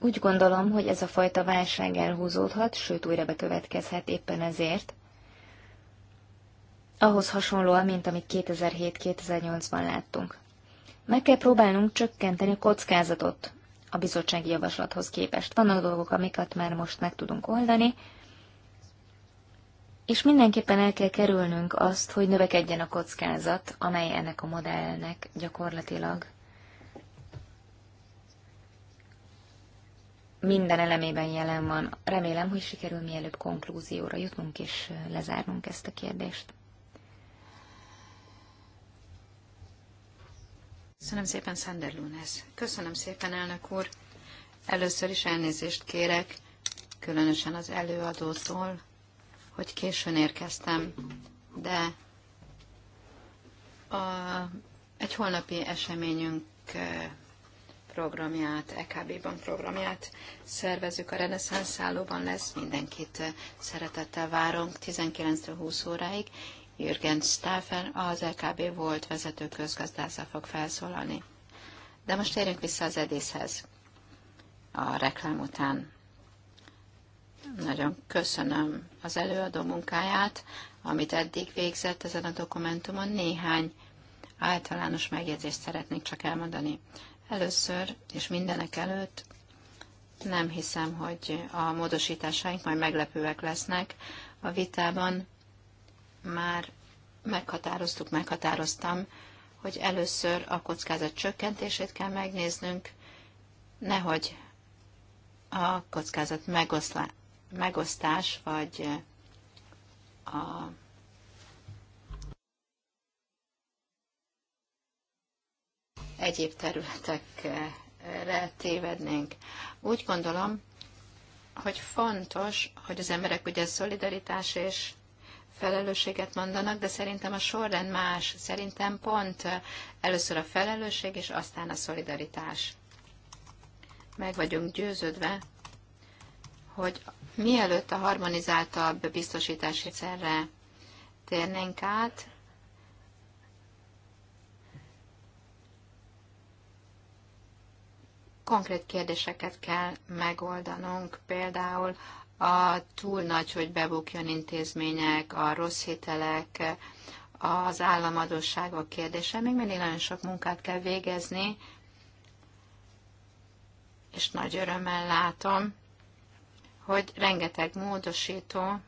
Úgy gondolom, hogy ez a fajta válság elhúzódhat, sőt újra bekövetkezhet éppen ezért. Ahhoz hasonlóan, mint amit 2007-2008-ban láttunk. Meg kell próbálnunk csökkenteni a kockázatot, a bizottsági javaslathoz képest. Vannak dolgok, amiket már most meg tudunk oldani, és mindenképpen el kell kerülnünk azt, hogy növekedjen a kockázat, amely ennek a modellnek gyakorlatilag minden elemében jelen van. Remélem, hogy sikerül mielőbb konklúzióra jutnunk és lezárnunk ezt a kérdést. Köszönöm szépen, Sander Lunes. Köszönöm szépen, elnök úr. Először is elnézést kérek, különösen az előadótól, hogy későn érkeztem, de a, egy holnapi eseményünk programját, EKB ban programját szervezük A Reneszánsz szállóban lesz, mindenkit szeretettel várunk 19-20 óráig, Jürgen Staffen, az LKB volt vezető közgazdásza fog felszólalni. De most térjünk vissza az Edishez a reklám után. Nagyon köszönöm az előadó munkáját, amit eddig végzett ezen a dokumentumon. Néhány általános megjegyzést szeretnék csak elmondani. Először és mindenek előtt nem hiszem, hogy a módosításaink majd meglepőek lesznek a vitában már meghatároztuk, meghatároztam, hogy először a kockázat csökkentését kell megnéznünk, nehogy a kockázat megoszlá, megosztás vagy a egyéb területekre tévednénk. Úgy gondolom, hogy fontos, hogy az emberek ugye szolidaritás és felelősséget mondanak, de szerintem a sorrend más. Szerintem pont először a felelősség, és aztán a szolidaritás. Meg vagyunk győződve, hogy mielőtt a harmonizáltabb biztosítási szerre térnénk át, konkrét kérdéseket kell megoldanunk, például a túl nagy, hogy bebukjon intézmények, a rossz hitelek, az államadóságok kérdése. Még mindig nagyon sok munkát kell végezni, és nagy örömmel látom, hogy rengeteg módosító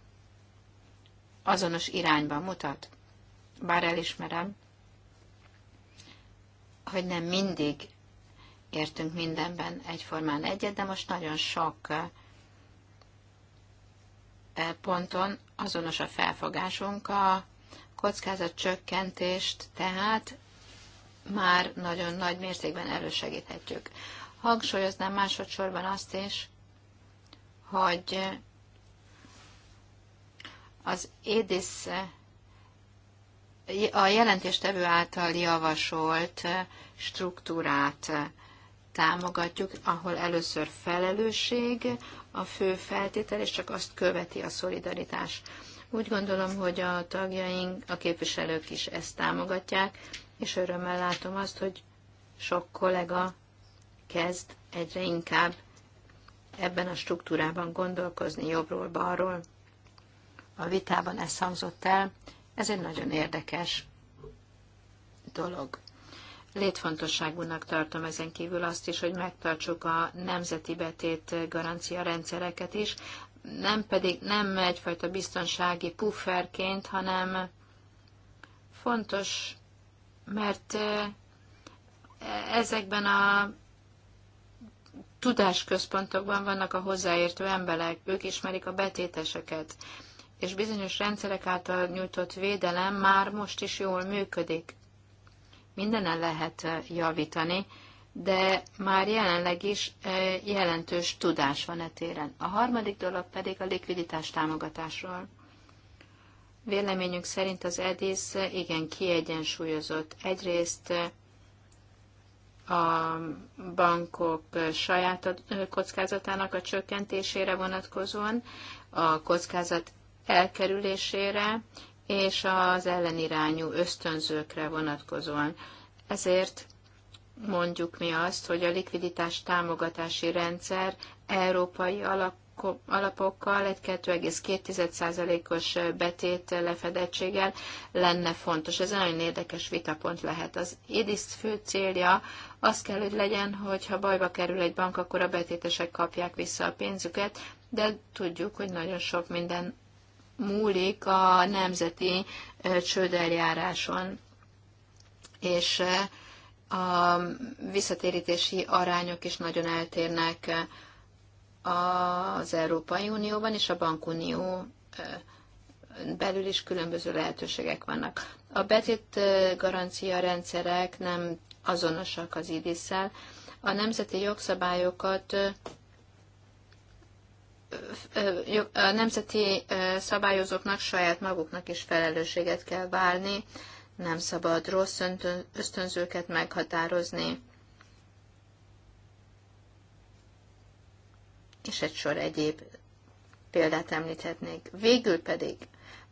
azonos irányba mutat. Bár elismerem, hogy nem mindig értünk mindenben egyformán egyet, de most nagyon sok ponton azonos a felfogásunk, a kockázat csökkentést tehát már nagyon nagy mértékben elősegíthetjük. Hangsúlyoznám másodszorban azt is, hogy az EDIS a jelentéstevő által javasolt struktúrát támogatjuk, ahol először felelősség, a fő feltétel, és csak azt követi a szolidaritás. Úgy gondolom, hogy a tagjaink, a képviselők is ezt támogatják, és örömmel látom azt, hogy sok kollega kezd egyre inkább ebben a struktúrában gondolkozni jobbról-balról. A vitában ez hangzott el, ez egy nagyon érdekes dolog. Létfontosságúnak tartom ezen kívül azt is, hogy megtartsuk a nemzeti betét garancia rendszereket is, nem pedig nem egyfajta biztonsági pufferként, hanem fontos, mert eh, ezekben a tudásközpontokban vannak a hozzáértő emberek, ők ismerik a betéteseket, és bizonyos rendszerek által nyújtott védelem már most is jól működik. Mindenen lehet eh, javítani, de már jelenleg is eh, jelentős tudás van e téren. A harmadik dolog pedig a likviditás támogatásról. Véleményünk szerint az EDIS eh, igen kiegyensúlyozott. Egyrészt a bankok saját kockázatának a csökkentésére vonatkozóan, a kockázat elkerülésére és az ellenirányú ösztönzőkre vonatkozóan. Ezért mondjuk mi azt, hogy a likviditás támogatási rendszer európai alap alapokkal egy 2,2%-os betét lefedettséggel lenne fontos. Ez nagyon érdekes vitapont lehet. Az IDIS fő célja az kell, hogy legyen, hogy ha bajba kerül egy bank, akkor a betétesek kapják vissza a pénzüket, de tudjuk, hogy nagyon sok minden múlik a nemzeti csődeljáráson, és a visszatérítési arányok is nagyon eltérnek az Európai Unióban, és a bankunió belül is különböző lehetőségek vannak. A betét garancia rendszerek nem azonosak az idis A nemzeti jogszabályokat a nemzeti szabályozóknak saját maguknak is felelősséget kell válni, nem szabad rossz ösztönzőket meghatározni. És egy sor egyéb példát említhetnék. Végül pedig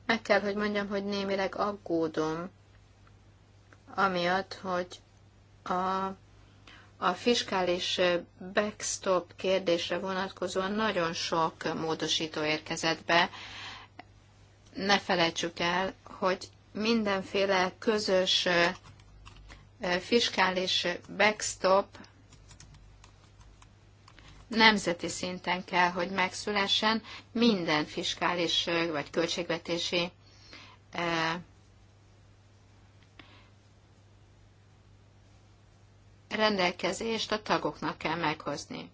meg kell, hogy mondjam, hogy némileg aggódom, amiatt, hogy a a fiskális backstop kérdésre vonatkozóan nagyon sok módosító érkezett be. Ne felejtsük el, hogy mindenféle közös fiskális backstop nemzeti szinten kell, hogy megszülessen minden fiskális vagy költségvetési rendelkezést a tagoknak kell meghozni.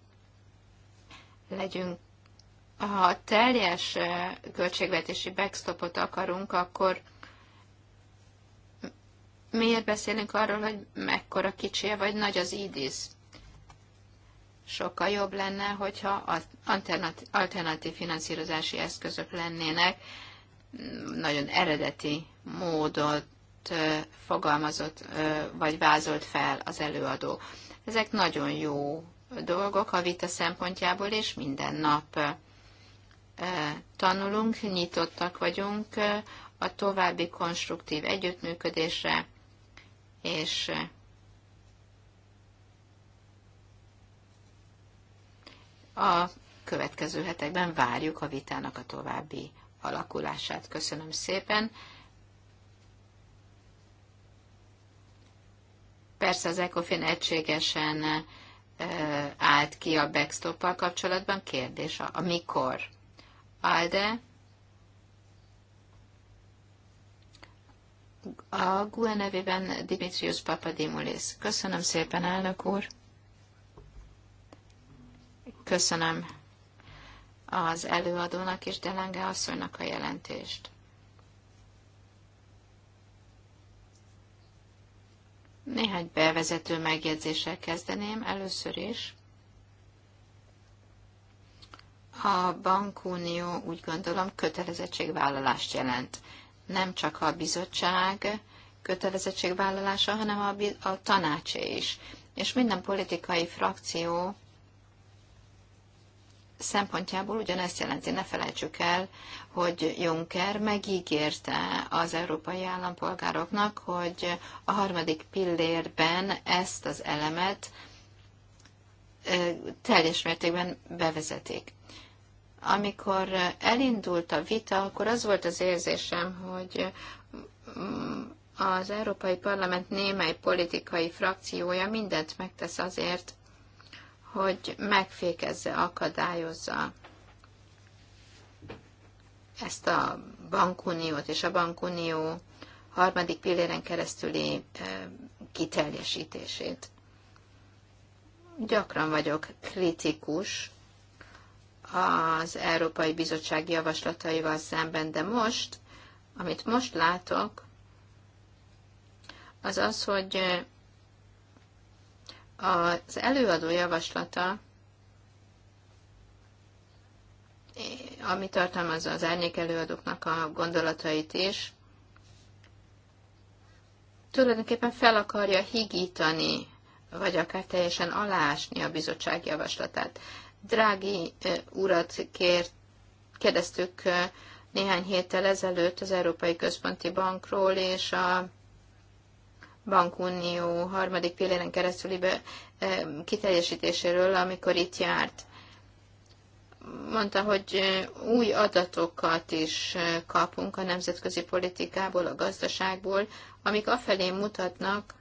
Legyünk, ha teljes költségvetési backstopot akarunk, akkor miért beszélünk arról, hogy mekkora kicsi vagy nagy az IDIS? Sokkal jobb lenne, hogyha alternatív finanszírozási eszközök lennének, nagyon eredeti módot fogalmazott vagy vázolt fel az előadó. Ezek nagyon jó dolgok a vita szempontjából, és minden nap tanulunk, nyitottak vagyunk a további konstruktív együttműködésre, és a következő hetekben várjuk a vitának a további alakulását. Köszönöm szépen! Persze az ECOFIN egységesen állt ki a backstop kapcsolatban. Kérdés, a, a mikor? Alde? A GUE nevében Dimitrius Papadimulis. Köszönöm szépen, elnök úr. Köszönöm az előadónak és Delenge asszonynak a jelentést. Néhány bevezető megjegyzéssel kezdeném. Először is a bankunió úgy gondolom kötelezettségvállalást jelent. Nem csak a bizottság kötelezettségvállalása, hanem a, a tanácsé is. És minden politikai frakció szempontjából ugyanezt jelenti, ne felejtsük el, hogy Juncker megígérte az európai állampolgároknak, hogy a harmadik pillérben ezt az elemet teljes mértékben bevezetik. Amikor elindult a vita, akkor az volt az érzésem, hogy mm, az Európai Parlament némely politikai frakciója mindent megtesz azért, hogy megfékezze, akadályozza ezt a bankuniót és a bankunió harmadik pilléren keresztüli kiteljesítését. Gyakran vagyok kritikus az Európai Bizottság javaslataival szemben, de most, amit most látok, az az, hogy az előadó javaslata, ami tartalmazza az árnyék előadóknak a gondolatait is, tulajdonképpen fel akarja higítani, vagy akár teljesen alásni a bizottság javaslatát. Drági urat kért, kérdeztük néhány héttel ezelőtt az Európai Központi Bankról és a bankunió harmadik pilléren keresztüli be, e, kiteljesítéséről, amikor itt járt. Mondta, hogy e, új adatokat is e, kapunk a nemzetközi politikából, a gazdaságból, amik afelé mutatnak,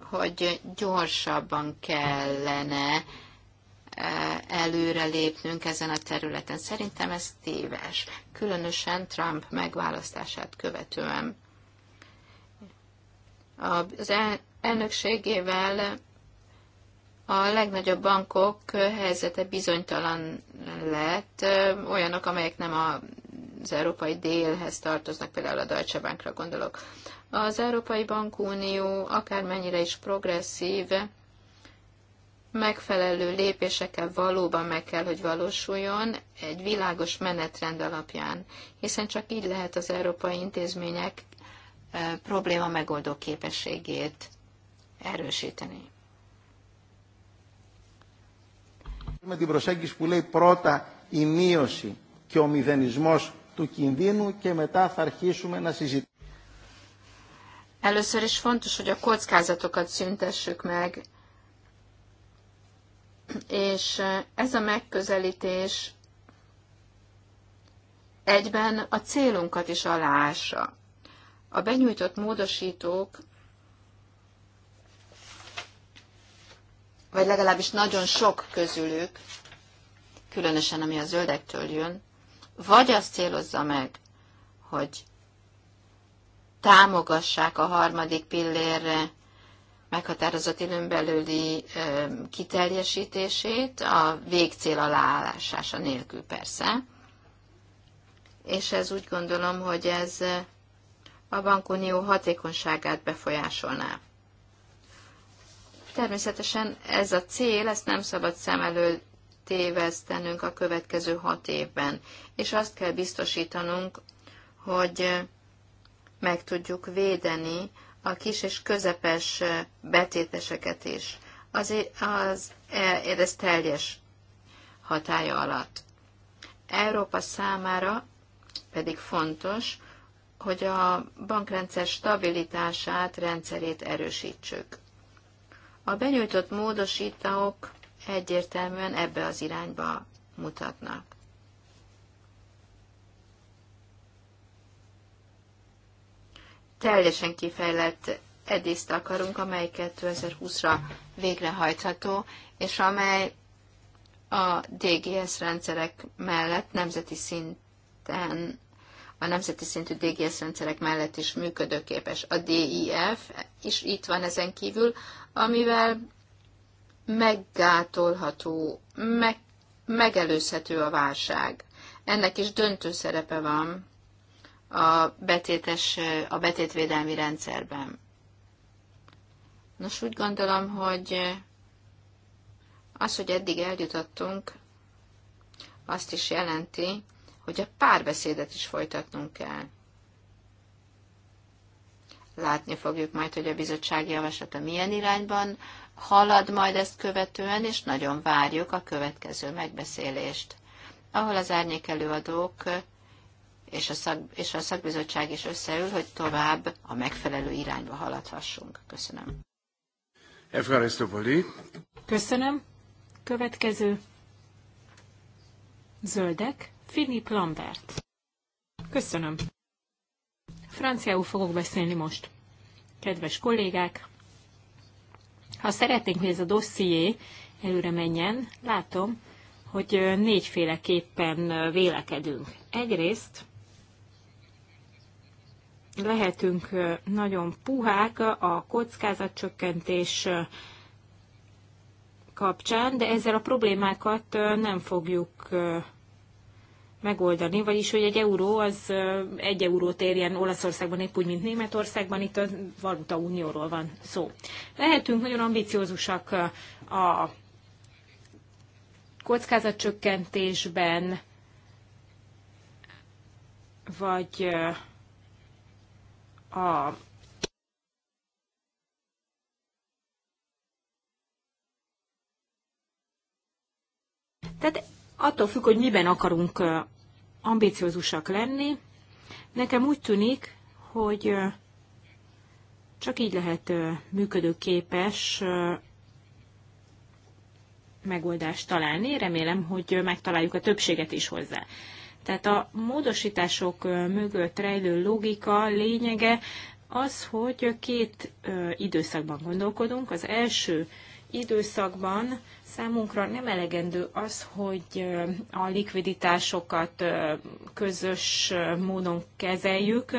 hogy gyorsabban kellene előrelépnünk ezen a területen. Szerintem ez téves, különösen Trump megválasztását követően az elnökségével a legnagyobb bankok helyzete bizonytalan lett, olyanok, amelyek nem az európai délhez tartoznak, például a Deutsche Bankra gondolok. Az Európai Bankunió akármennyire is progresszív, megfelelő lépésekkel valóban meg kell, hogy valósuljon egy világos menetrend alapján, hiszen csak így lehet az európai intézmények probléma megoldó képességét erősíteni. Με την προσέγγιση που λέει πρώτα η μείωση και ο μηδενισμός του κινδύνου και μετά θα αρχίσουμε να συζητήσουμε. Először is fontos, hogy a kockázatokat szüntessük meg, és ez a megközelítés egyben a célunkat is aláássa. A benyújtott módosítók, vagy legalábbis nagyon sok közülük, különösen ami a zöldektől jön, vagy azt célozza meg, hogy támogassák a harmadik pillérre meghatározott időn belüli kiteljesítését, a végcél aláállásása nélkül persze. És ez úgy gondolom, hogy ez a bankunió hatékonyságát befolyásolná. Természetesen ez a cél, ezt nem szabad szem elől tévesztenünk a következő hat évben, és azt kell biztosítanunk, hogy meg tudjuk védeni a kis és közepes betéteseket is. Az, az e- ez teljes hatája alatt. Európa számára pedig fontos, hogy a bankrendszer stabilitását, rendszerét erősítsük. A benyújtott módosítók egyértelműen ebbe az irányba mutatnak. Teljesen kifejlett edészt akarunk, amely 2020-ra végrehajtható, és amely a DGS rendszerek mellett nemzeti szinten a nemzeti szintű DGS rendszerek mellett is működőképes. A DIF is itt van ezen kívül, amivel meggátolható, meg, megelőzhető a válság. Ennek is döntő szerepe van a, betétes, a betétvédelmi rendszerben. Nos, úgy gondolom, hogy az, hogy eddig eljutottunk, azt is jelenti, hogy a párbeszédet is folytatnunk kell. Látni fogjuk majd, hogy a bizottsági javaslata milyen irányban halad majd ezt követően, és nagyon várjuk a következő megbeszélést, ahol az árnyék előadók és a, szak, és a szakbizottság is összeül, hogy tovább a megfelelő irányba haladhassunk. Köszönöm. Köszönöm. Következő. Zöldek. Philip Lambert. Köszönöm. Franciául fogok beszélni most. Kedves kollégák, ha szeretnénk, hogy ez a dosszié előre menjen, látom, hogy négyféleképpen vélekedünk. Egyrészt lehetünk nagyon puhák a kockázatcsökkentés kapcsán, de ezzel a problémákat nem fogjuk megoldani, vagyis hogy egy euró az egy eurót érjen Olaszországban épp úgy, mint Németországban, itt a valuta unióról van szó. Lehetünk nagyon ambiciózusak a kockázatcsökkentésben, vagy a Tehát attól függ, hogy miben akarunk ambiciózusak lenni. Nekem úgy tűnik, hogy csak így lehet működőképes megoldást találni. Remélem, hogy megtaláljuk a többséget is hozzá. Tehát a módosítások mögött rejlő logika lényege az, hogy két időszakban gondolkodunk. Az első időszakban Számunkra nem elegendő az, hogy a likviditásokat közös módon kezeljük,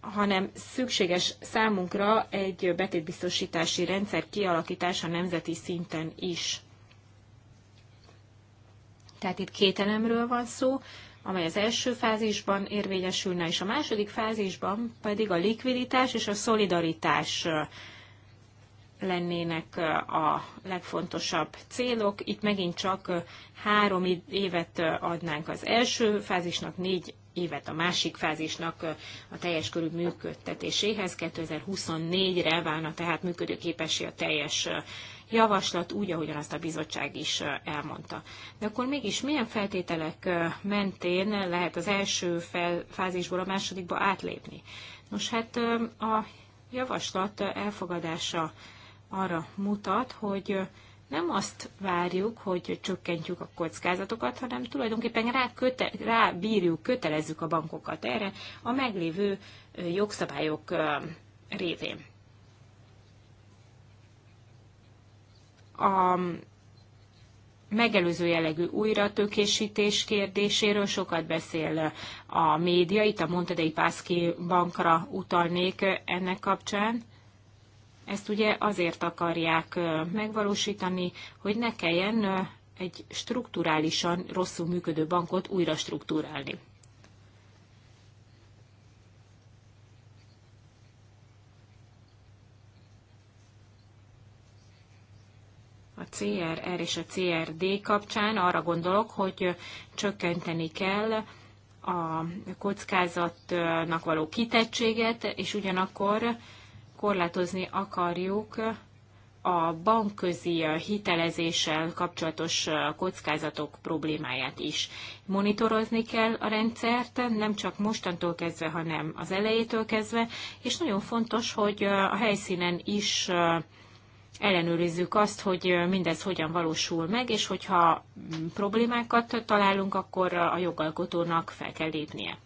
hanem szükséges számunkra egy betétbiztosítási rendszer kialakítása nemzeti szinten is. Tehát itt két elemről van szó, amely az első fázisban érvényesülne, és a második fázisban pedig a likviditás és a szolidaritás lennének a legfontosabb célok. Itt megint csak három évet adnánk az első fázisnak, négy évet a másik fázisnak a teljes körű működtetéséhez. 2024-re válna tehát működőképessé a teljes javaslat, úgy, ahogyan azt a bizottság is elmondta. De akkor mégis milyen feltételek mentén lehet az első fel, fázisból a másodikba átlépni? Nos, hát a javaslat elfogadása arra mutat, hogy nem azt várjuk, hogy csökkentjük a kockázatokat, hanem tulajdonképpen rá, köte, rá bírjuk, kötelezzük a bankokat erre a meglévő jogszabályok révén. A megelőző jellegű újratökésítés kérdéséről sokat beszél a média, itt a Montedei Pászki bankra utalnék ennek kapcsán. Ezt ugye azért akarják megvalósítani, hogy ne kelljen egy strukturálisan rosszul működő bankot újra struktúrálni. a CRR és a CRD kapcsán arra gondolok, hogy csökkenteni kell a kockázatnak való kitettséget, és ugyanakkor korlátozni akarjuk a bankközi hitelezéssel kapcsolatos kockázatok problémáját is. Monitorozni kell a rendszert, nem csak mostantól kezdve, hanem az elejétől kezdve, és nagyon fontos, hogy a helyszínen is ellenőrizzük azt, hogy mindez hogyan valósul meg, és hogyha problémákat találunk, akkor a jogalkotónak fel kell lépnie.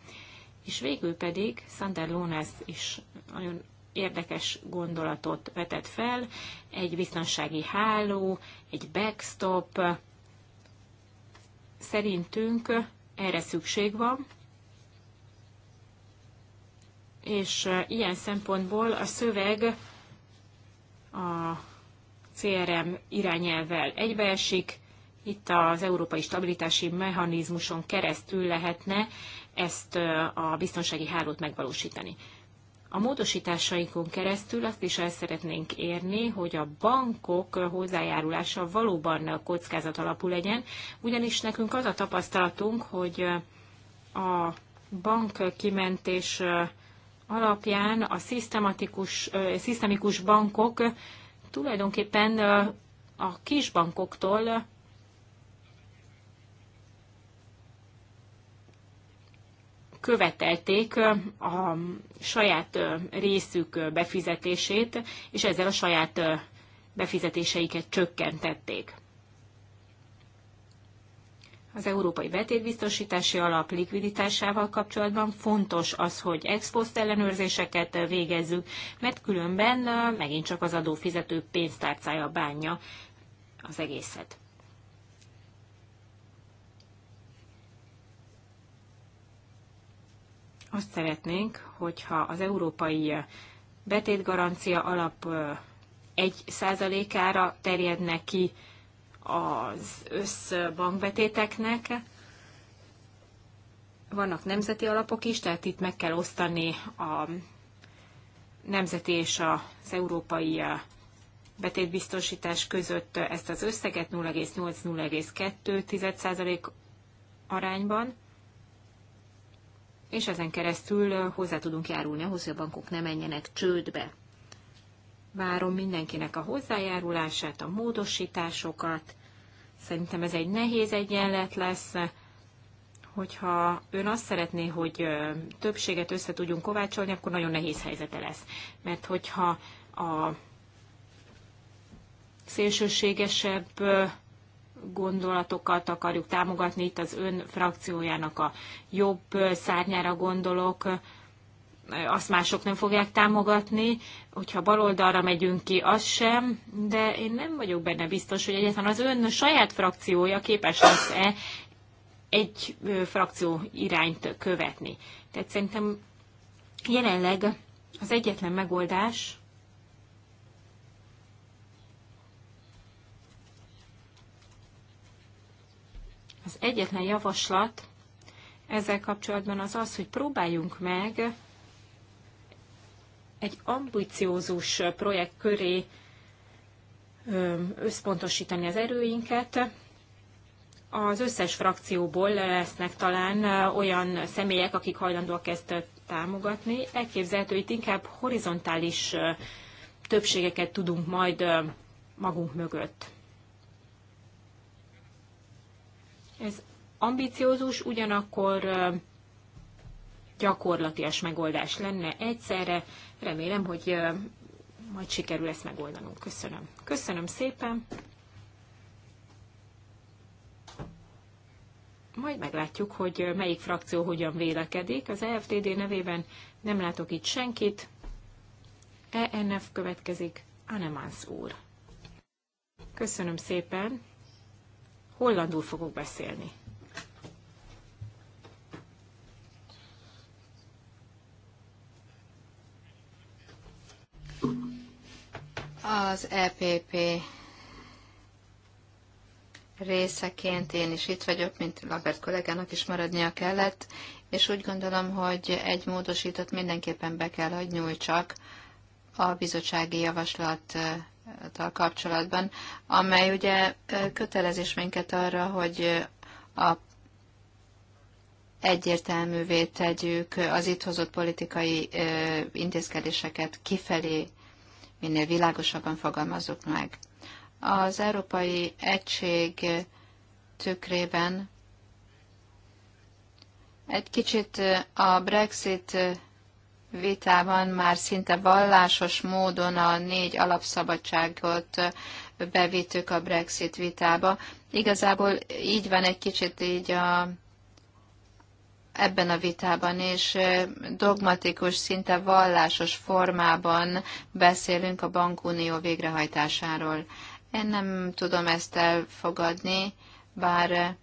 És végül pedig Sander Lónász is nagyon érdekes gondolatot vetett fel, egy biztonsági háló, egy backstop. Szerintünk erre szükség van, és e, ilyen szempontból a szöveg a CRM irányelvvel egybeesik, itt az európai stabilitási mechanizmuson keresztül lehetne ezt e, a biztonsági hálót megvalósítani. A módosításainkon keresztül azt is el szeretnénk érni, hogy a bankok hozzájárulása valóban kockázat alapú legyen, ugyanis nekünk az a tapasztalatunk, hogy a bank kimentés alapján a szisztematikus, szisztemikus bankok tulajdonképpen a kisbankoktól követelték a saját részük befizetését, és ezzel a saját befizetéseiket csökkentették. Az Európai Betétbiztosítási Alap likviditásával kapcsolatban fontos az, hogy ex post ellenőrzéseket végezzük, mert különben megint csak az adófizető pénztárcája bánja az egészet. azt szeretnénk, hogyha az európai betétgarancia alap 1%-ára terjedne ki az összbankbetéteknek. Vannak nemzeti alapok is, tehát itt meg kell osztani a nemzeti és az európai betétbiztosítás között ezt az összeget 0,8-0,2% arányban és ezen keresztül hozzá tudunk járulni ahhoz, hogy a bankok ne menjenek csődbe. Várom mindenkinek a hozzájárulását, a módosításokat. Szerintem ez egy nehéz egyenlet lesz, hogyha ön azt szeretné, hogy többséget össze tudjunk kovácsolni, akkor nagyon nehéz helyzete lesz. Mert hogyha a szélsőségesebb gondolatokat akarjuk támogatni, itt az ön frakciójának a jobb szárnyára gondolok, azt mások nem fogják támogatni, hogyha baloldalra megyünk ki, az sem, de én nem vagyok benne biztos, hogy egyáltalán az ön saját frakciója képes lesz-e egy frakció irányt követni. Tehát szerintem jelenleg az egyetlen megoldás Az egyetlen javaslat ezzel kapcsolatban az az, hogy próbáljunk meg egy ambiciózus projekt köré összpontosítani az erőinket. Az összes frakcióból lesznek talán olyan személyek, akik hajlandóak ezt támogatni. Elképzelhető, itt inkább horizontális többségeket tudunk majd magunk mögött Ez ambiciózus, ugyanakkor gyakorlatias megoldás lenne egyszerre. Remélem, hogy majd sikerül ezt megoldanunk. Köszönöm. Köszönöm szépen. Majd meglátjuk, hogy melyik frakció hogyan vélekedik. Az EFTD nevében nem látok itt senkit. ENF következik. Anemans úr. Köszönöm szépen hollandul fogok beszélni. Az EPP részeként én is itt vagyok, mint Labert kollégának is maradnia kellett, és úgy gondolom, hogy egy módosított mindenképpen be kell, hogy nyújtsak a bizottsági javaslat kapcsolatban, amely ugye kötelezés minket arra, hogy a egyértelművé tegyük az itt hozott politikai intézkedéseket kifelé, minél világosabban fogalmazzuk meg. Az Európai Egység tükrében egy kicsit a Brexit vitában már szinte vallásos módon a négy alapszabadságot bevittük a Brexit vitába. Igazából így van egy kicsit így a, ebben a vitában, és dogmatikus, szinte vallásos formában beszélünk a bankunió végrehajtásáról. Én nem tudom ezt elfogadni, bár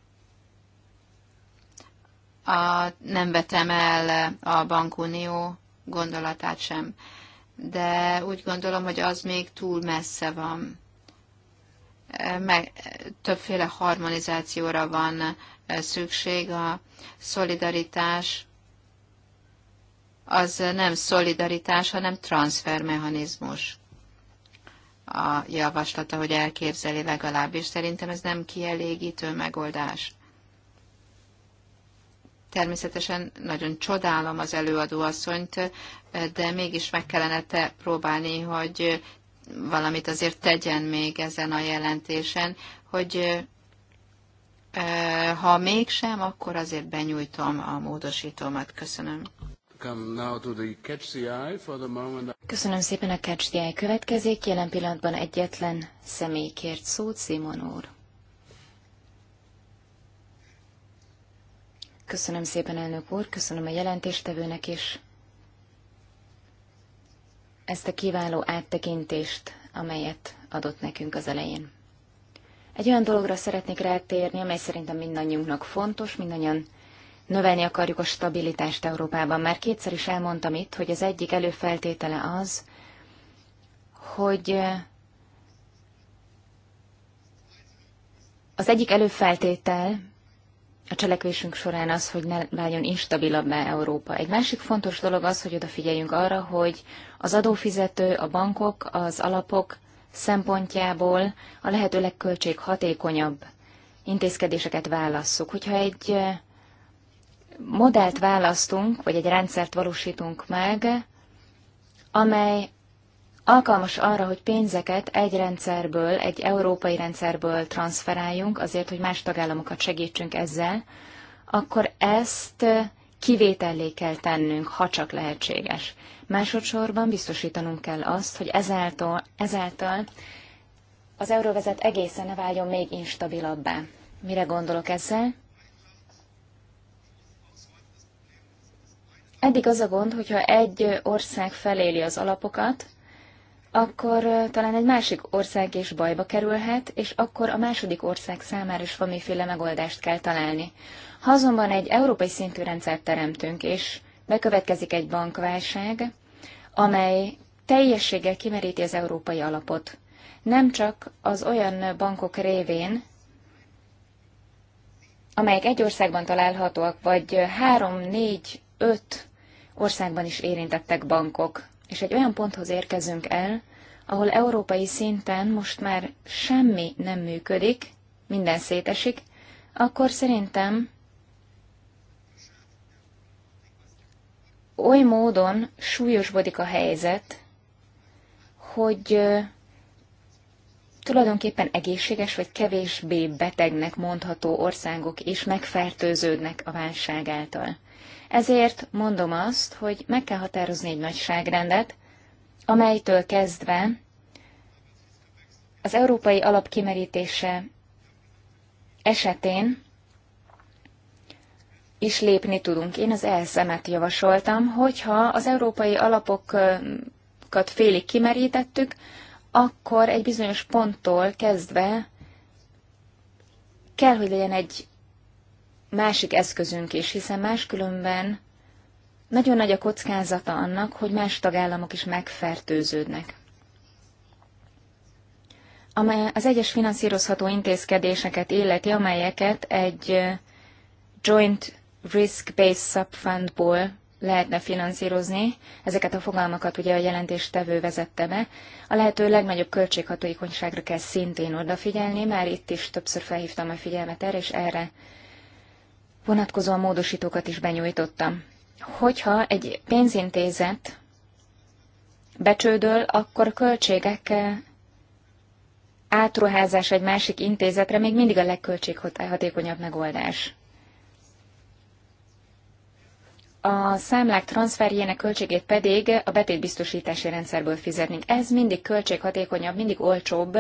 a, nem vetem el a bankunió gondolatát sem. De úgy gondolom, hogy az még túl messze van. E, Meg, többféle harmonizációra van e, szükség. A szolidaritás az nem szolidaritás, hanem transfermechanizmus a javaslata, hogy elképzeli legalábbis. Szerintem ez nem kielégítő megoldás. Természetesen nagyon csodálom az előadóasszonyt, de mégis meg kellene te próbálni, hogy valamit azért tegyen még ezen a jelentésen, hogy ha mégsem, akkor azért benyújtom a módosítómat. Köszönöm. Köszönöm szépen a Catch the Eye következik. Jelen pillanatban egyetlen személy kért szót, Simon úr. Köszönöm szépen, elnök úr, köszönöm a jelentéstevőnek is ezt a kiváló áttekintést, amelyet adott nekünk az elején. Egy olyan dologra szeretnék rátérni, amely szerintem mindannyiunknak fontos, mindannyian növelni akarjuk a stabilitást Európában. Már kétszer is elmondtam itt, hogy az egyik előfeltétele az, hogy az egyik előfeltétel a cselekvésünk során az, hogy ne váljon instabilabbá Európa. Egy másik fontos dolog az, hogy odafigyeljünk arra, hogy az adófizető, a bankok, az alapok szempontjából a lehető legköltséghatékonyabb intézkedéseket válasszuk. Hogyha egy eh, modellt választunk, vagy egy rendszert valósítunk meg, amely alkalmas arra, hogy pénzeket egy rendszerből, egy európai rendszerből transferáljunk, azért, hogy más tagállamokat segítsünk ezzel, akkor ezt kivétellé kell tennünk, ha csak lehetséges. Másodszorban biztosítanunk kell azt, hogy ezáltal, ezáltal az euróvezet egészen ne váljon még instabilabbá. Mire gondolok ezzel? Eddig az a gond, hogyha egy ország feléli az alapokat, akkor talán egy másik ország is bajba kerülhet, és akkor a második ország számára is valamiféle megoldást kell találni. Ha azonban egy európai szintű rendszert teremtünk, és bekövetkezik egy bankválság, amely teljességgel kimeríti az európai alapot, nem csak az olyan bankok révén, amelyek egy országban találhatóak, vagy három, négy, öt országban is érintettek bankok és egy olyan ponthoz érkezünk el, ahol európai szinten most már semmi nem működik, minden szétesik, akkor szerintem oly módon súlyosbodik a helyzet, hogy tulajdonképpen egészséges vagy kevésbé betegnek mondható országok is megfertőződnek a válság által. Ezért mondom azt, hogy meg kell határozni egy nagyságrendet, amelytől kezdve az európai alap kimerítése esetén is lépni tudunk. Én az ESM-et javasoltam, hogyha az európai alapokat félig kimerítettük, akkor egy bizonyos ponttól kezdve kell, hogy legyen egy másik eszközünk is, hiszen máskülönben nagyon nagy a kockázata annak, hogy más tagállamok is megfertőződnek. Amely az egyes finanszírozható intézkedéseket illeti, amelyeket egy Joint Risk-Based Subfundból lehetne finanszírozni, ezeket a fogalmakat ugye a jelentéstevő vezette be, a lehető legnagyobb költséghatóikonyságra kell szintén odafigyelni, már itt is többször felhívtam a figyelmet erre, és erre vonatkozó módosítókat is benyújtottam. Hogyha egy pénzintézet becsődöl, akkor a költségek eh, átruházás egy másik intézetre még mindig a legköltséghatékonyabb megoldás. A számlák transferjének költségét pedig a betétbiztosítási rendszerből fizetnénk. Ez mindig költséghatékonyabb, mindig olcsóbb,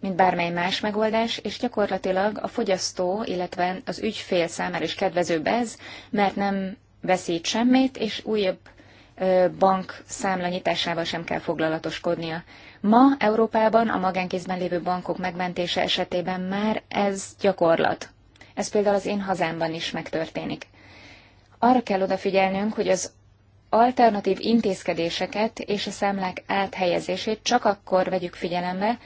mint bármely más megoldás, és gyakorlatilag a fogyasztó, illetve az ügyfél számára is kedvezőbb ez, mert nem veszít semmit, és újabb bank nyitásával sem kell foglalatoskodnia. Ma Európában a magánkézben lévő bankok megmentése esetében már ez gyakorlat. Ez például az én hazámban is megtörténik. Arra kell odafigyelnünk, hogy az alternatív intézkedéseket és a számlák áthelyezését csak akkor vegyük figyelembe,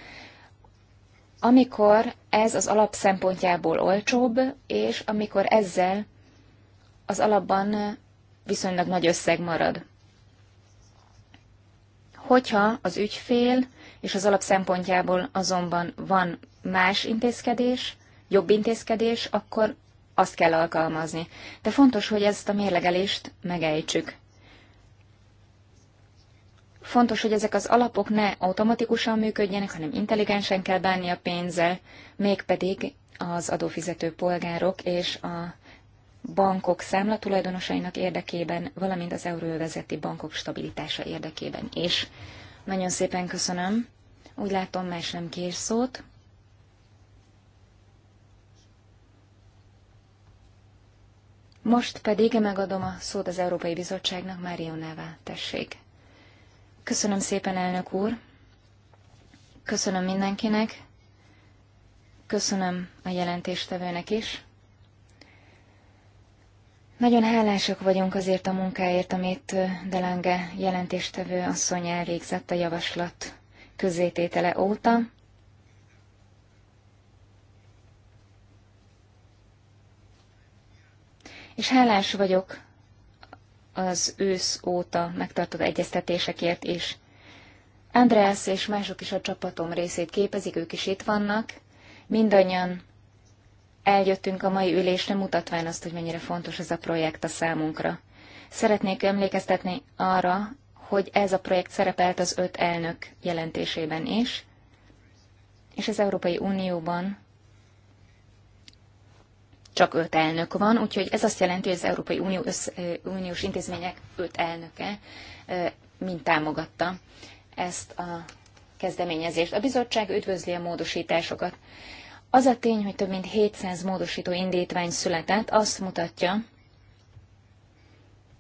amikor ez az alap szempontjából olcsóbb, és amikor ezzel az alapban viszonylag nagy összeg marad. Hogyha az ügyfél és az alap szempontjából azonban van más intézkedés, jobb intézkedés, akkor azt kell alkalmazni. De fontos, hogy ezt a mérlegelést megejtsük. Fontos, hogy ezek az alapok ne automatikusan működjenek, hanem intelligensen kell bánni a pénzzel, mégpedig az adófizető polgárok és a bankok számla tulajdonosainak érdekében, valamint az euróvezeti bankok stabilitása érdekében is. Nagyon szépen köszönöm. Úgy látom, más nem kér szót. Most pedig megadom a szót az Európai Bizottságnak, Márionává, tessék. Köszönöm szépen, elnök úr. Köszönöm mindenkinek. Köszönöm a jelentéstevőnek is. Nagyon hálásak vagyunk azért a munkáért, amit Delange jelentéstevő asszony elvégzett a javaslat közzététele óta. És hálás vagyok az ősz óta megtartott egyeztetésekért is. Andreas és mások is a csapatom részét képezik, ők is itt vannak. Mindannyian eljöttünk a mai ülésre, mutatván azt, hogy mennyire fontos ez a projekt a számunkra. Szeretnék emlékeztetni arra, hogy ez a projekt szerepelt az öt elnök jelentésében is, és az Európai Unióban csak öt elnök van, úgyhogy ez azt jelenti, hogy az Európai Unió össz, Uniós intézmények öt elnöke mind támogatta ezt a kezdeményezést. A bizottság üdvözli a módosításokat. Az a tény, hogy több mint 700 módosító indítvány született, azt mutatja,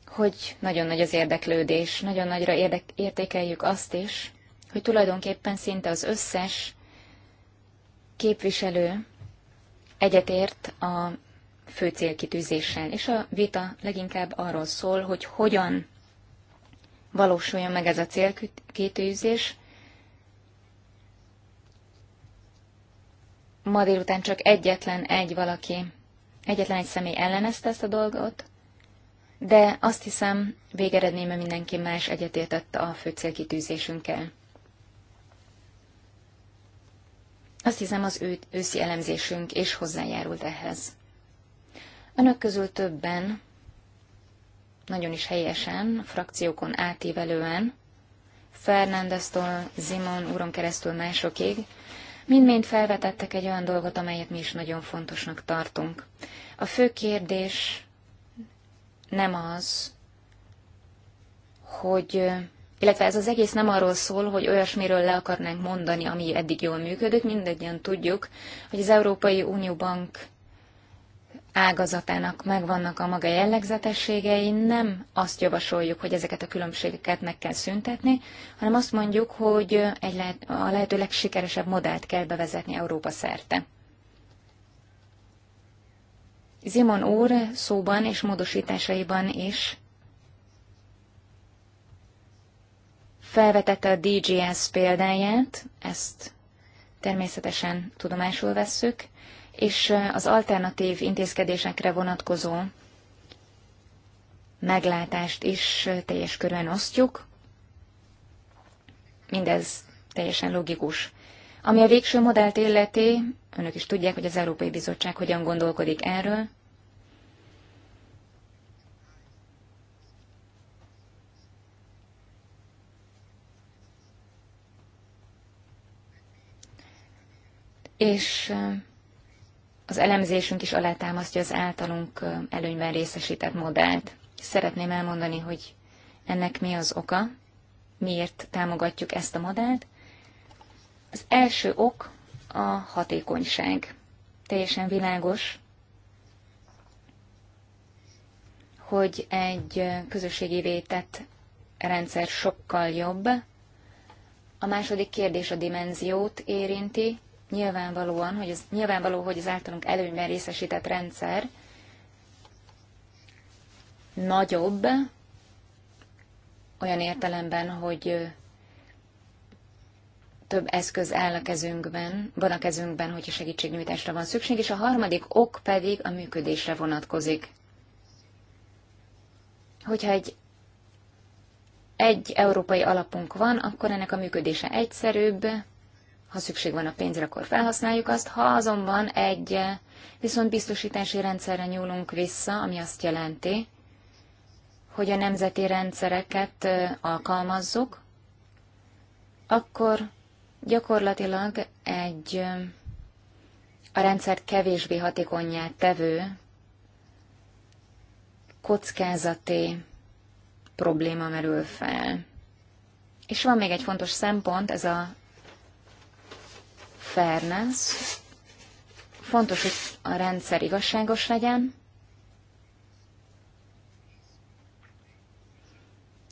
hogy nagyon nagy az érdeklődés, nagyon nagyra érdek, értékeljük azt is, hogy tulajdonképpen szinte az összes képviselő egyetért a fő célkitűzéssel, és a vita leginkább arról szól, hogy hogyan valósuljon meg ez a célkitűzés. Ma délután csak egyetlen egy valaki, egyetlen egy személy ellenezte ezt a dolgot, de azt hiszem végeredményben mindenki más egyetértett a fő célkitűzésünkkel. Azt hiszem, az ő, őszi elemzésünk is hozzájárult ehhez. Önök közül többen, nagyon is helyesen, frakciókon átívelően, Fernándeztól, Zimon úron keresztül másokig, mind-mind felvetettek egy olyan dolgot, amelyet mi is nagyon fontosnak tartunk. A fő kérdés nem az, hogy illetve ez az egész nem arról szól, hogy olyasmiről le akarnánk mondani, ami eddig jól működött, mindegyen tudjuk, hogy az Európai Unió Bank ágazatának megvannak a maga jellegzetességei, nem azt javasoljuk, hogy ezeket a különbségeket meg kell szüntetni, hanem azt mondjuk, hogy egy lehet, a lehető legsikeresebb modellt kell bevezetni Európa szerte. Zimon úr szóban és módosításaiban is Felvetette a DGS példáját, ezt természetesen tudomásul vesszük, és az alternatív intézkedésekre vonatkozó meglátást is teljes körön osztjuk. Mindez teljesen logikus. Ami a végső modellt illeti, önök is tudják, hogy az Európai Bizottság hogyan gondolkodik erről. és az elemzésünk is alátámasztja az általunk előnyben részesített modellt. Szeretném elmondani, hogy ennek mi az oka, miért támogatjuk ezt a modellt. Az első ok a hatékonyság. Teljesen világos, hogy egy közösségi vétett rendszer sokkal jobb. A második kérdés a dimenziót érinti, nyilvánvalóan, hogy az, nyilvánvaló, hogy az általunk előnyben részesített rendszer nagyobb, olyan értelemben, hogy több eszköz áll a kezünkben, van a kezünkben, hogyha segítségnyújtásra van szükség, és a harmadik ok pedig a működésre vonatkozik. Hogyha egy, egy európai alapunk van, akkor ennek a működése egyszerűbb, ha szükség van a pénzre, akkor felhasználjuk azt. Ha azonban egy viszont biztosítási rendszerre nyúlunk vissza, ami azt jelenti, hogy a nemzeti rendszereket alkalmazzuk, akkor gyakorlatilag egy a rendszer kevésbé hatékonyát tevő kockázati probléma merül fel. És van még egy fontos szempont, ez a fairness, fontos, hogy a rendszer igazságos legyen,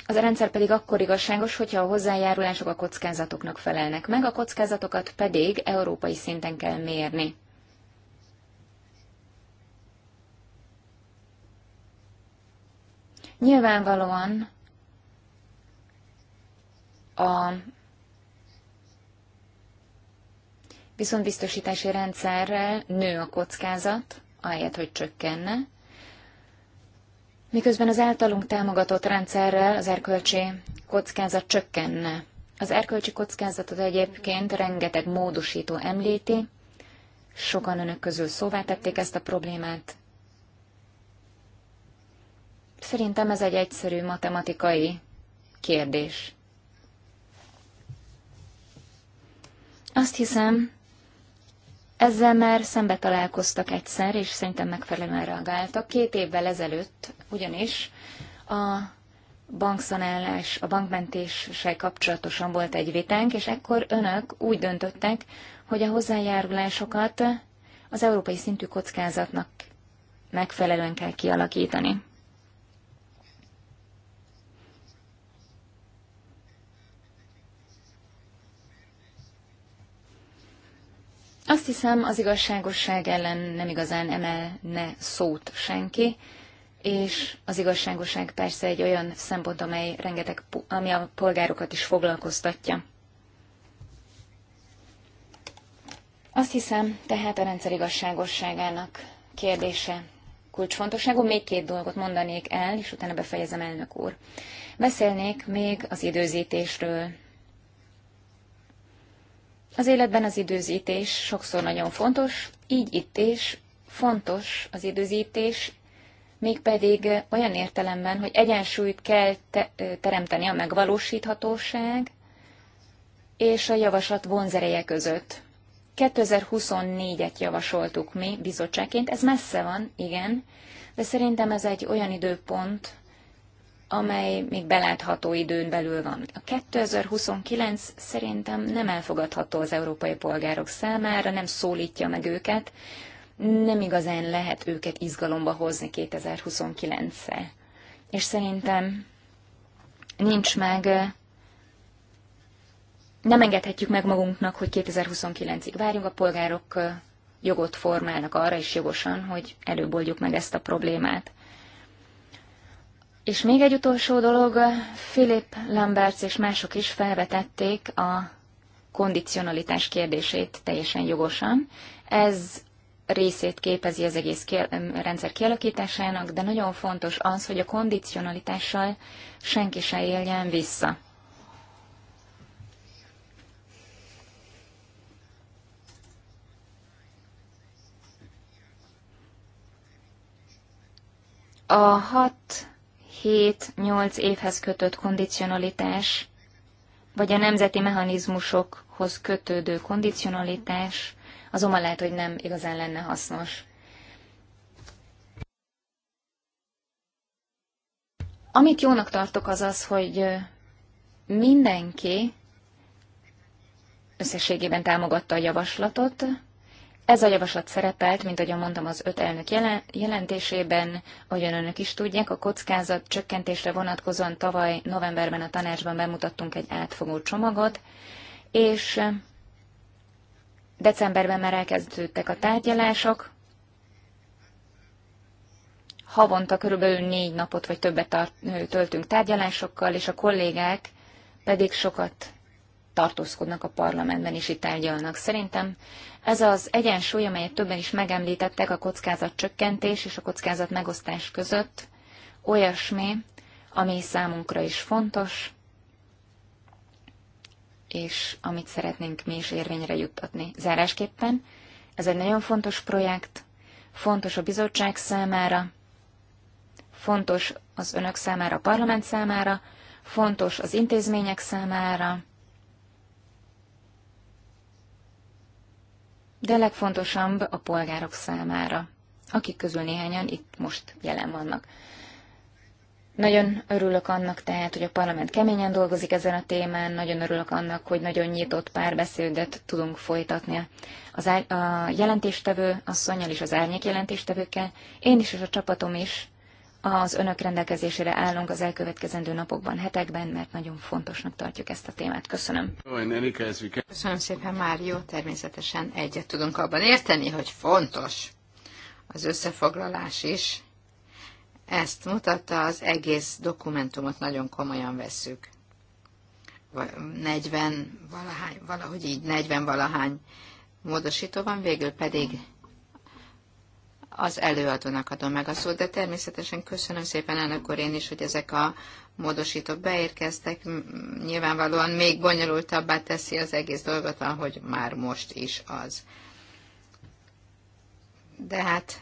Az a rendszer pedig akkor igazságos, hogyha a hozzájárulások a kockázatoknak felelnek meg, a kockázatokat pedig európai szinten kell mérni. Nyilvánvalóan a viszont biztosítási rendszerrel nő a kockázat, ahelyett, hogy csökkenne, miközben az általunk támogatott rendszerrel az erkölcsi kockázat csökkenne. Az erkölcsi kockázatot egyébként rengeteg módosító említi, sokan önök közül szóvá tették ezt a problémát. Szerintem ez egy egyszerű matematikai kérdés. Azt hiszem, ezzel már szembe találkoztak egyszer, és szerintem megfelelően reagáltak. Két évvel ezelőtt ugyanis a bankszanálás, a bankmentéssel kapcsolatosan volt egy vitánk, és ekkor önök úgy döntöttek, hogy a hozzájárulásokat az európai szintű kockázatnak megfelelően kell kialakítani. Azt hiszem, az igazságosság ellen nem igazán emelne szót senki, és az igazságosság persze egy olyan szempont, amely rengeteg, ami a polgárokat is foglalkoztatja. Azt hiszem, tehát a rendszer igazságosságának kérdése kulcsfontosságú. Még két dolgot mondanék el, és utána befejezem, elnök úr. Beszélnék még az időzítésről, az életben az időzítés sokszor nagyon fontos, így itt is fontos az időzítés, mégpedig olyan értelemben, hogy egyensúlyt kell te- teremteni a megvalósíthatóság és a javaslat vonzereje között. 2024-et javasoltuk mi bizottságként, ez messze van, igen, de szerintem ez egy olyan időpont, amely még belátható időn belül van. A 2029 szerintem nem elfogadható az európai polgárok számára, nem szólítja meg őket, nem igazán lehet őket izgalomba hozni 2029-re. És szerintem nincs meg, nem engedhetjük meg magunknak, hogy 2029-ig várjunk, a polgárok jogot formálnak arra is jogosan, hogy előboldjuk meg ezt a problémát. És még egy utolsó dolog, Philip Lamberts és mások is felvetették a kondicionalitás kérdését teljesen jogosan. Ez részét képezi az egész kiel- rendszer kialakításának, de nagyon fontos az, hogy a kondicionalitással senki se éljen vissza. A hat 7-8 évhez kötött kondicionalitás, vagy a nemzeti mechanizmusokhoz kötődő kondicionalitás, azonban lehet, hogy nem igazán lenne hasznos. Amit jónak tartok az az, hogy mindenki összességében támogatta a javaslatot, ez a javaslat szerepelt, mint ahogy mondtam, az öt elnök jelentésében, ahogyan önök is tudják, a kockázat csökkentésre vonatkozóan tavaly novemberben a tanácsban bemutattunk egy átfogó csomagot, és eh, decemberben már elkezdődtek a tárgyalások, havonta körülbelül négy napot vagy többet töltünk tárgyalásokkal, és a kollégák pedig sokat tartózkodnak a parlamentben, és itt tárgyalnak. Szerintem ez az egyensúly, amelyet többen is megemlítettek a kockázat csökkentés és a kockázat megosztás között, olyasmi, ami számunkra is fontos, és amit szeretnénk mi is érvényre juttatni. Zárásképpen ez egy nagyon fontos projekt, fontos a bizottság számára, fontos az önök számára, a parlament számára, fontos az intézmények számára, de legfontosabb a polgárok számára, akik közül néhányan itt most jelen vannak. Nagyon örülök annak tehát, hogy a parlament keményen dolgozik ezen a témán, nagyon örülök annak, hogy nagyon nyitott párbeszédet tudunk folytatni az á- a jelentéstevő asszonyjal és az árnyék jelentéstevőkkel. Én is és a csapatom is az önök rendelkezésére állunk az elkövetkezendő napokban, hetekben, mert nagyon fontosnak tartjuk ezt a témát. Köszönöm. Köszönöm szépen, Mário. Természetesen egyet tudunk abban érteni, hogy fontos az összefoglalás is. Ezt mutatta, az egész dokumentumot nagyon komolyan vesszük. 40 valahány, valahogy így 40 valahány módosító van, végül pedig az előadónak adom meg a szót, de természetesen köszönöm szépen elnök úr én is, hogy ezek a módosítók beérkeztek. Nyilvánvalóan még bonyolultabbá teszi az egész dolgot, ahogy már most is az. De hát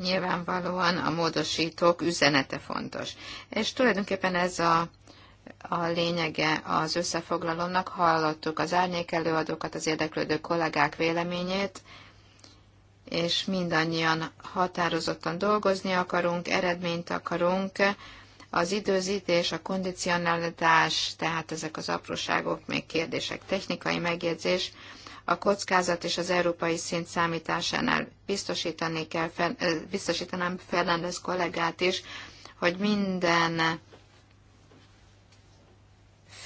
nyilvánvalóan a módosítók üzenete fontos. És tulajdonképpen ez a, a lényege az összefoglalónak Hallottuk az árnyék előadókat, az érdeklődő kollégák véleményét, és mindannyian határozottan dolgozni akarunk, eredményt akarunk. Az időzítés, a kondicionalitás, tehát ezek az apróságok, még kérdések, technikai megjegyzés, a kockázat és az európai szint számításánál biztosítani kell, biztosítanám Fernández kollégát is, hogy minden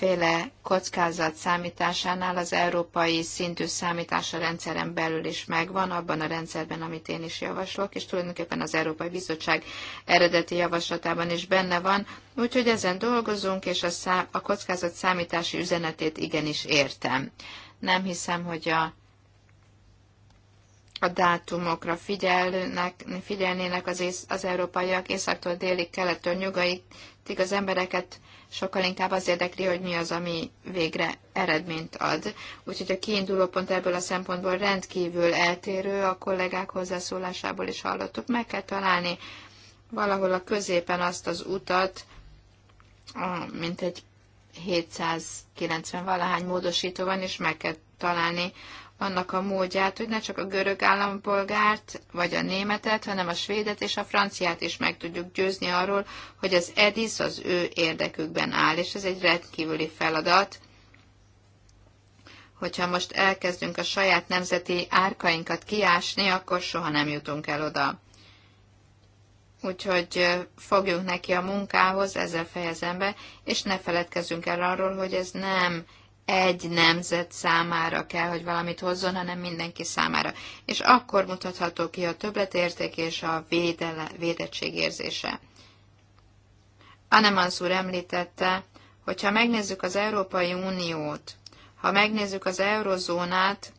mindenféle kockázat számításánál az európai szintű számítása rendszeren belül is megvan, abban a rendszerben, amit én is javaslok, és tulajdonképpen az Európai Bizottság eredeti javaslatában is benne van, úgyhogy ezen dolgozunk, és a, szám, a kockázat számítási üzenetét igenis értem. Nem hiszem, hogy a a dátumokra figyelnek, figyelnének az, ész, az európaiak északtól délig, kelettől nyugatig az embereket sokkal inkább az érdekli, hogy mi az, ami végre eredményt ad. Úgyhogy a kiinduló pont ebből a szempontból rendkívül eltérő, a kollégák hozzászólásából is hallottuk. Meg kell találni valahol a középen azt az utat, mint egy 790 valahány módosító van, és meg kell találni annak a módját, hogy ne csak a görög állampolgárt, vagy a németet, hanem a svédet és a franciát is meg tudjuk győzni arról, hogy az EDIS az ő érdekükben áll, és ez egy rendkívüli feladat, hogyha most elkezdünk a saját nemzeti árkainkat kiásni, akkor soha nem jutunk el oda. Úgyhogy fogjunk neki a munkához, ezzel fejezem be, és ne feledkezzünk el arról, hogy ez nem egy nemzet számára kell, hogy valamit hozzon, hanem mindenki számára. És akkor mutatható ki a többletérték és a védele, védettség érzése. Anemans úr említette, hogyha megnézzük az Európai Uniót, ha megnézzük az eurozónát,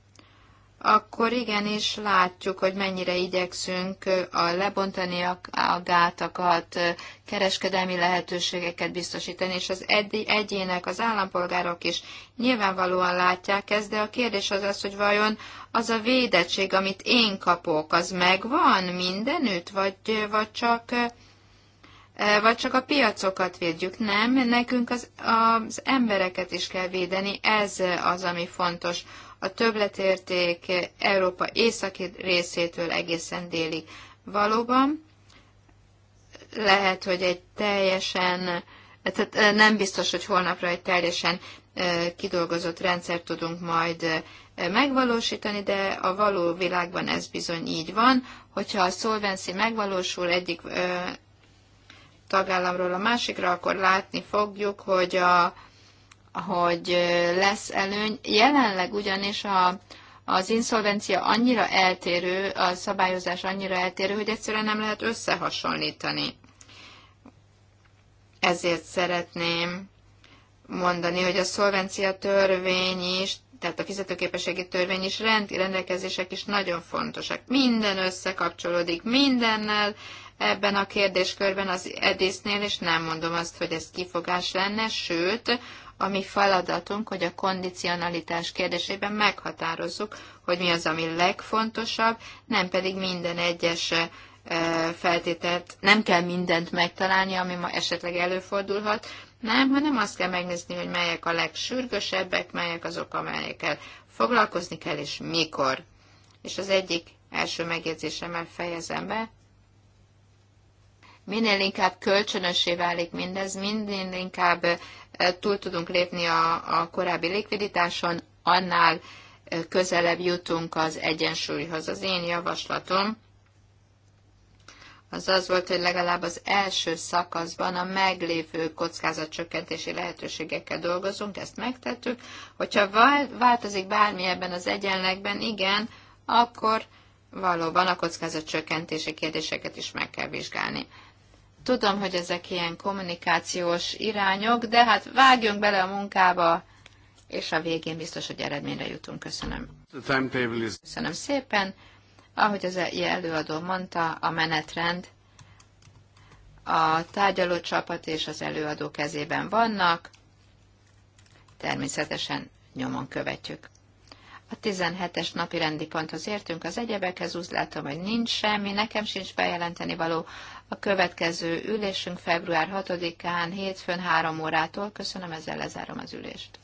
akkor igenis látjuk, hogy mennyire igyekszünk a lebontani a gátakat, kereskedelmi lehetőségeket biztosítani, és az egyének, az állampolgárok is nyilvánvalóan látják ezt, de a kérdés az az, hogy vajon az a védettség, amit én kapok, az megvan mindenütt, vagy, vagy csak vagy csak a piacokat védjük. Nem, nekünk az, az embereket is kell védeni, ez az, ami fontos a többletérték Európa északi részétől egészen délig. Valóban lehet, hogy egy teljesen, tehát nem biztos, hogy holnapra egy teljesen kidolgozott rendszert tudunk majd megvalósítani, de a való világban ez bizony így van. Hogyha a szolvenci megvalósul egyik tagállamról a másikra, akkor látni fogjuk, hogy a hogy lesz előny. Jelenleg ugyanis a, az inszolvencia annyira eltérő, a szabályozás annyira eltérő, hogy egyszerűen nem lehet összehasonlítani. Ezért szeretném mondani, hogy a szolvencia törvény is, tehát a fizetőképességi törvény is, rendi rendelkezések is nagyon fontosak. Minden összekapcsolódik mindennel ebben a kérdéskörben az edésznél, és nem mondom azt, hogy ez kifogás lenne, sőt, a mi feladatunk, hogy a kondicionalitás kérdésében meghatározzuk, hogy mi az, ami legfontosabb, nem pedig minden egyes feltételt, nem kell mindent megtalálni, ami ma esetleg előfordulhat, nem, hanem azt kell megnézni, hogy melyek a legsürgősebbek, melyek azok, amelyekkel foglalkozni kell, és mikor. És az egyik első megjegyzésemmel fejezem be. Minél inkább kölcsönösé válik mindez, minél inkább túl tudunk lépni a, a korábbi likviditáson, annál közelebb jutunk az egyensúlyhoz. Az én javaslatom az az volt, hogy legalább az első szakaszban a meglévő kockázatcsökkentési lehetőségekkel dolgozunk, ezt megtettük. Hogyha változik bármi ebben az egyenlegben, igen, akkor valóban a kockázatcsökkentési kérdéseket is meg kell vizsgálni. Tudom, hogy ezek ilyen kommunikációs irányok, de hát vágjunk bele a munkába, és a végén biztos, hogy eredményre jutunk. Köszönöm. Is... Köszönöm szépen. Ahogy az e-, előadó mondta, a menetrend a tárgyaló csapat és az előadó kezében vannak. Természetesen nyomon követjük. A 17-es napi rendi ponthoz értünk, az egyebekhez úgy látom, hogy nincs semmi, nekem sincs bejelenteni való. A következő ülésünk február 6-án, hétfőn 3 órától. Köszönöm, ezzel lezárom az ülést.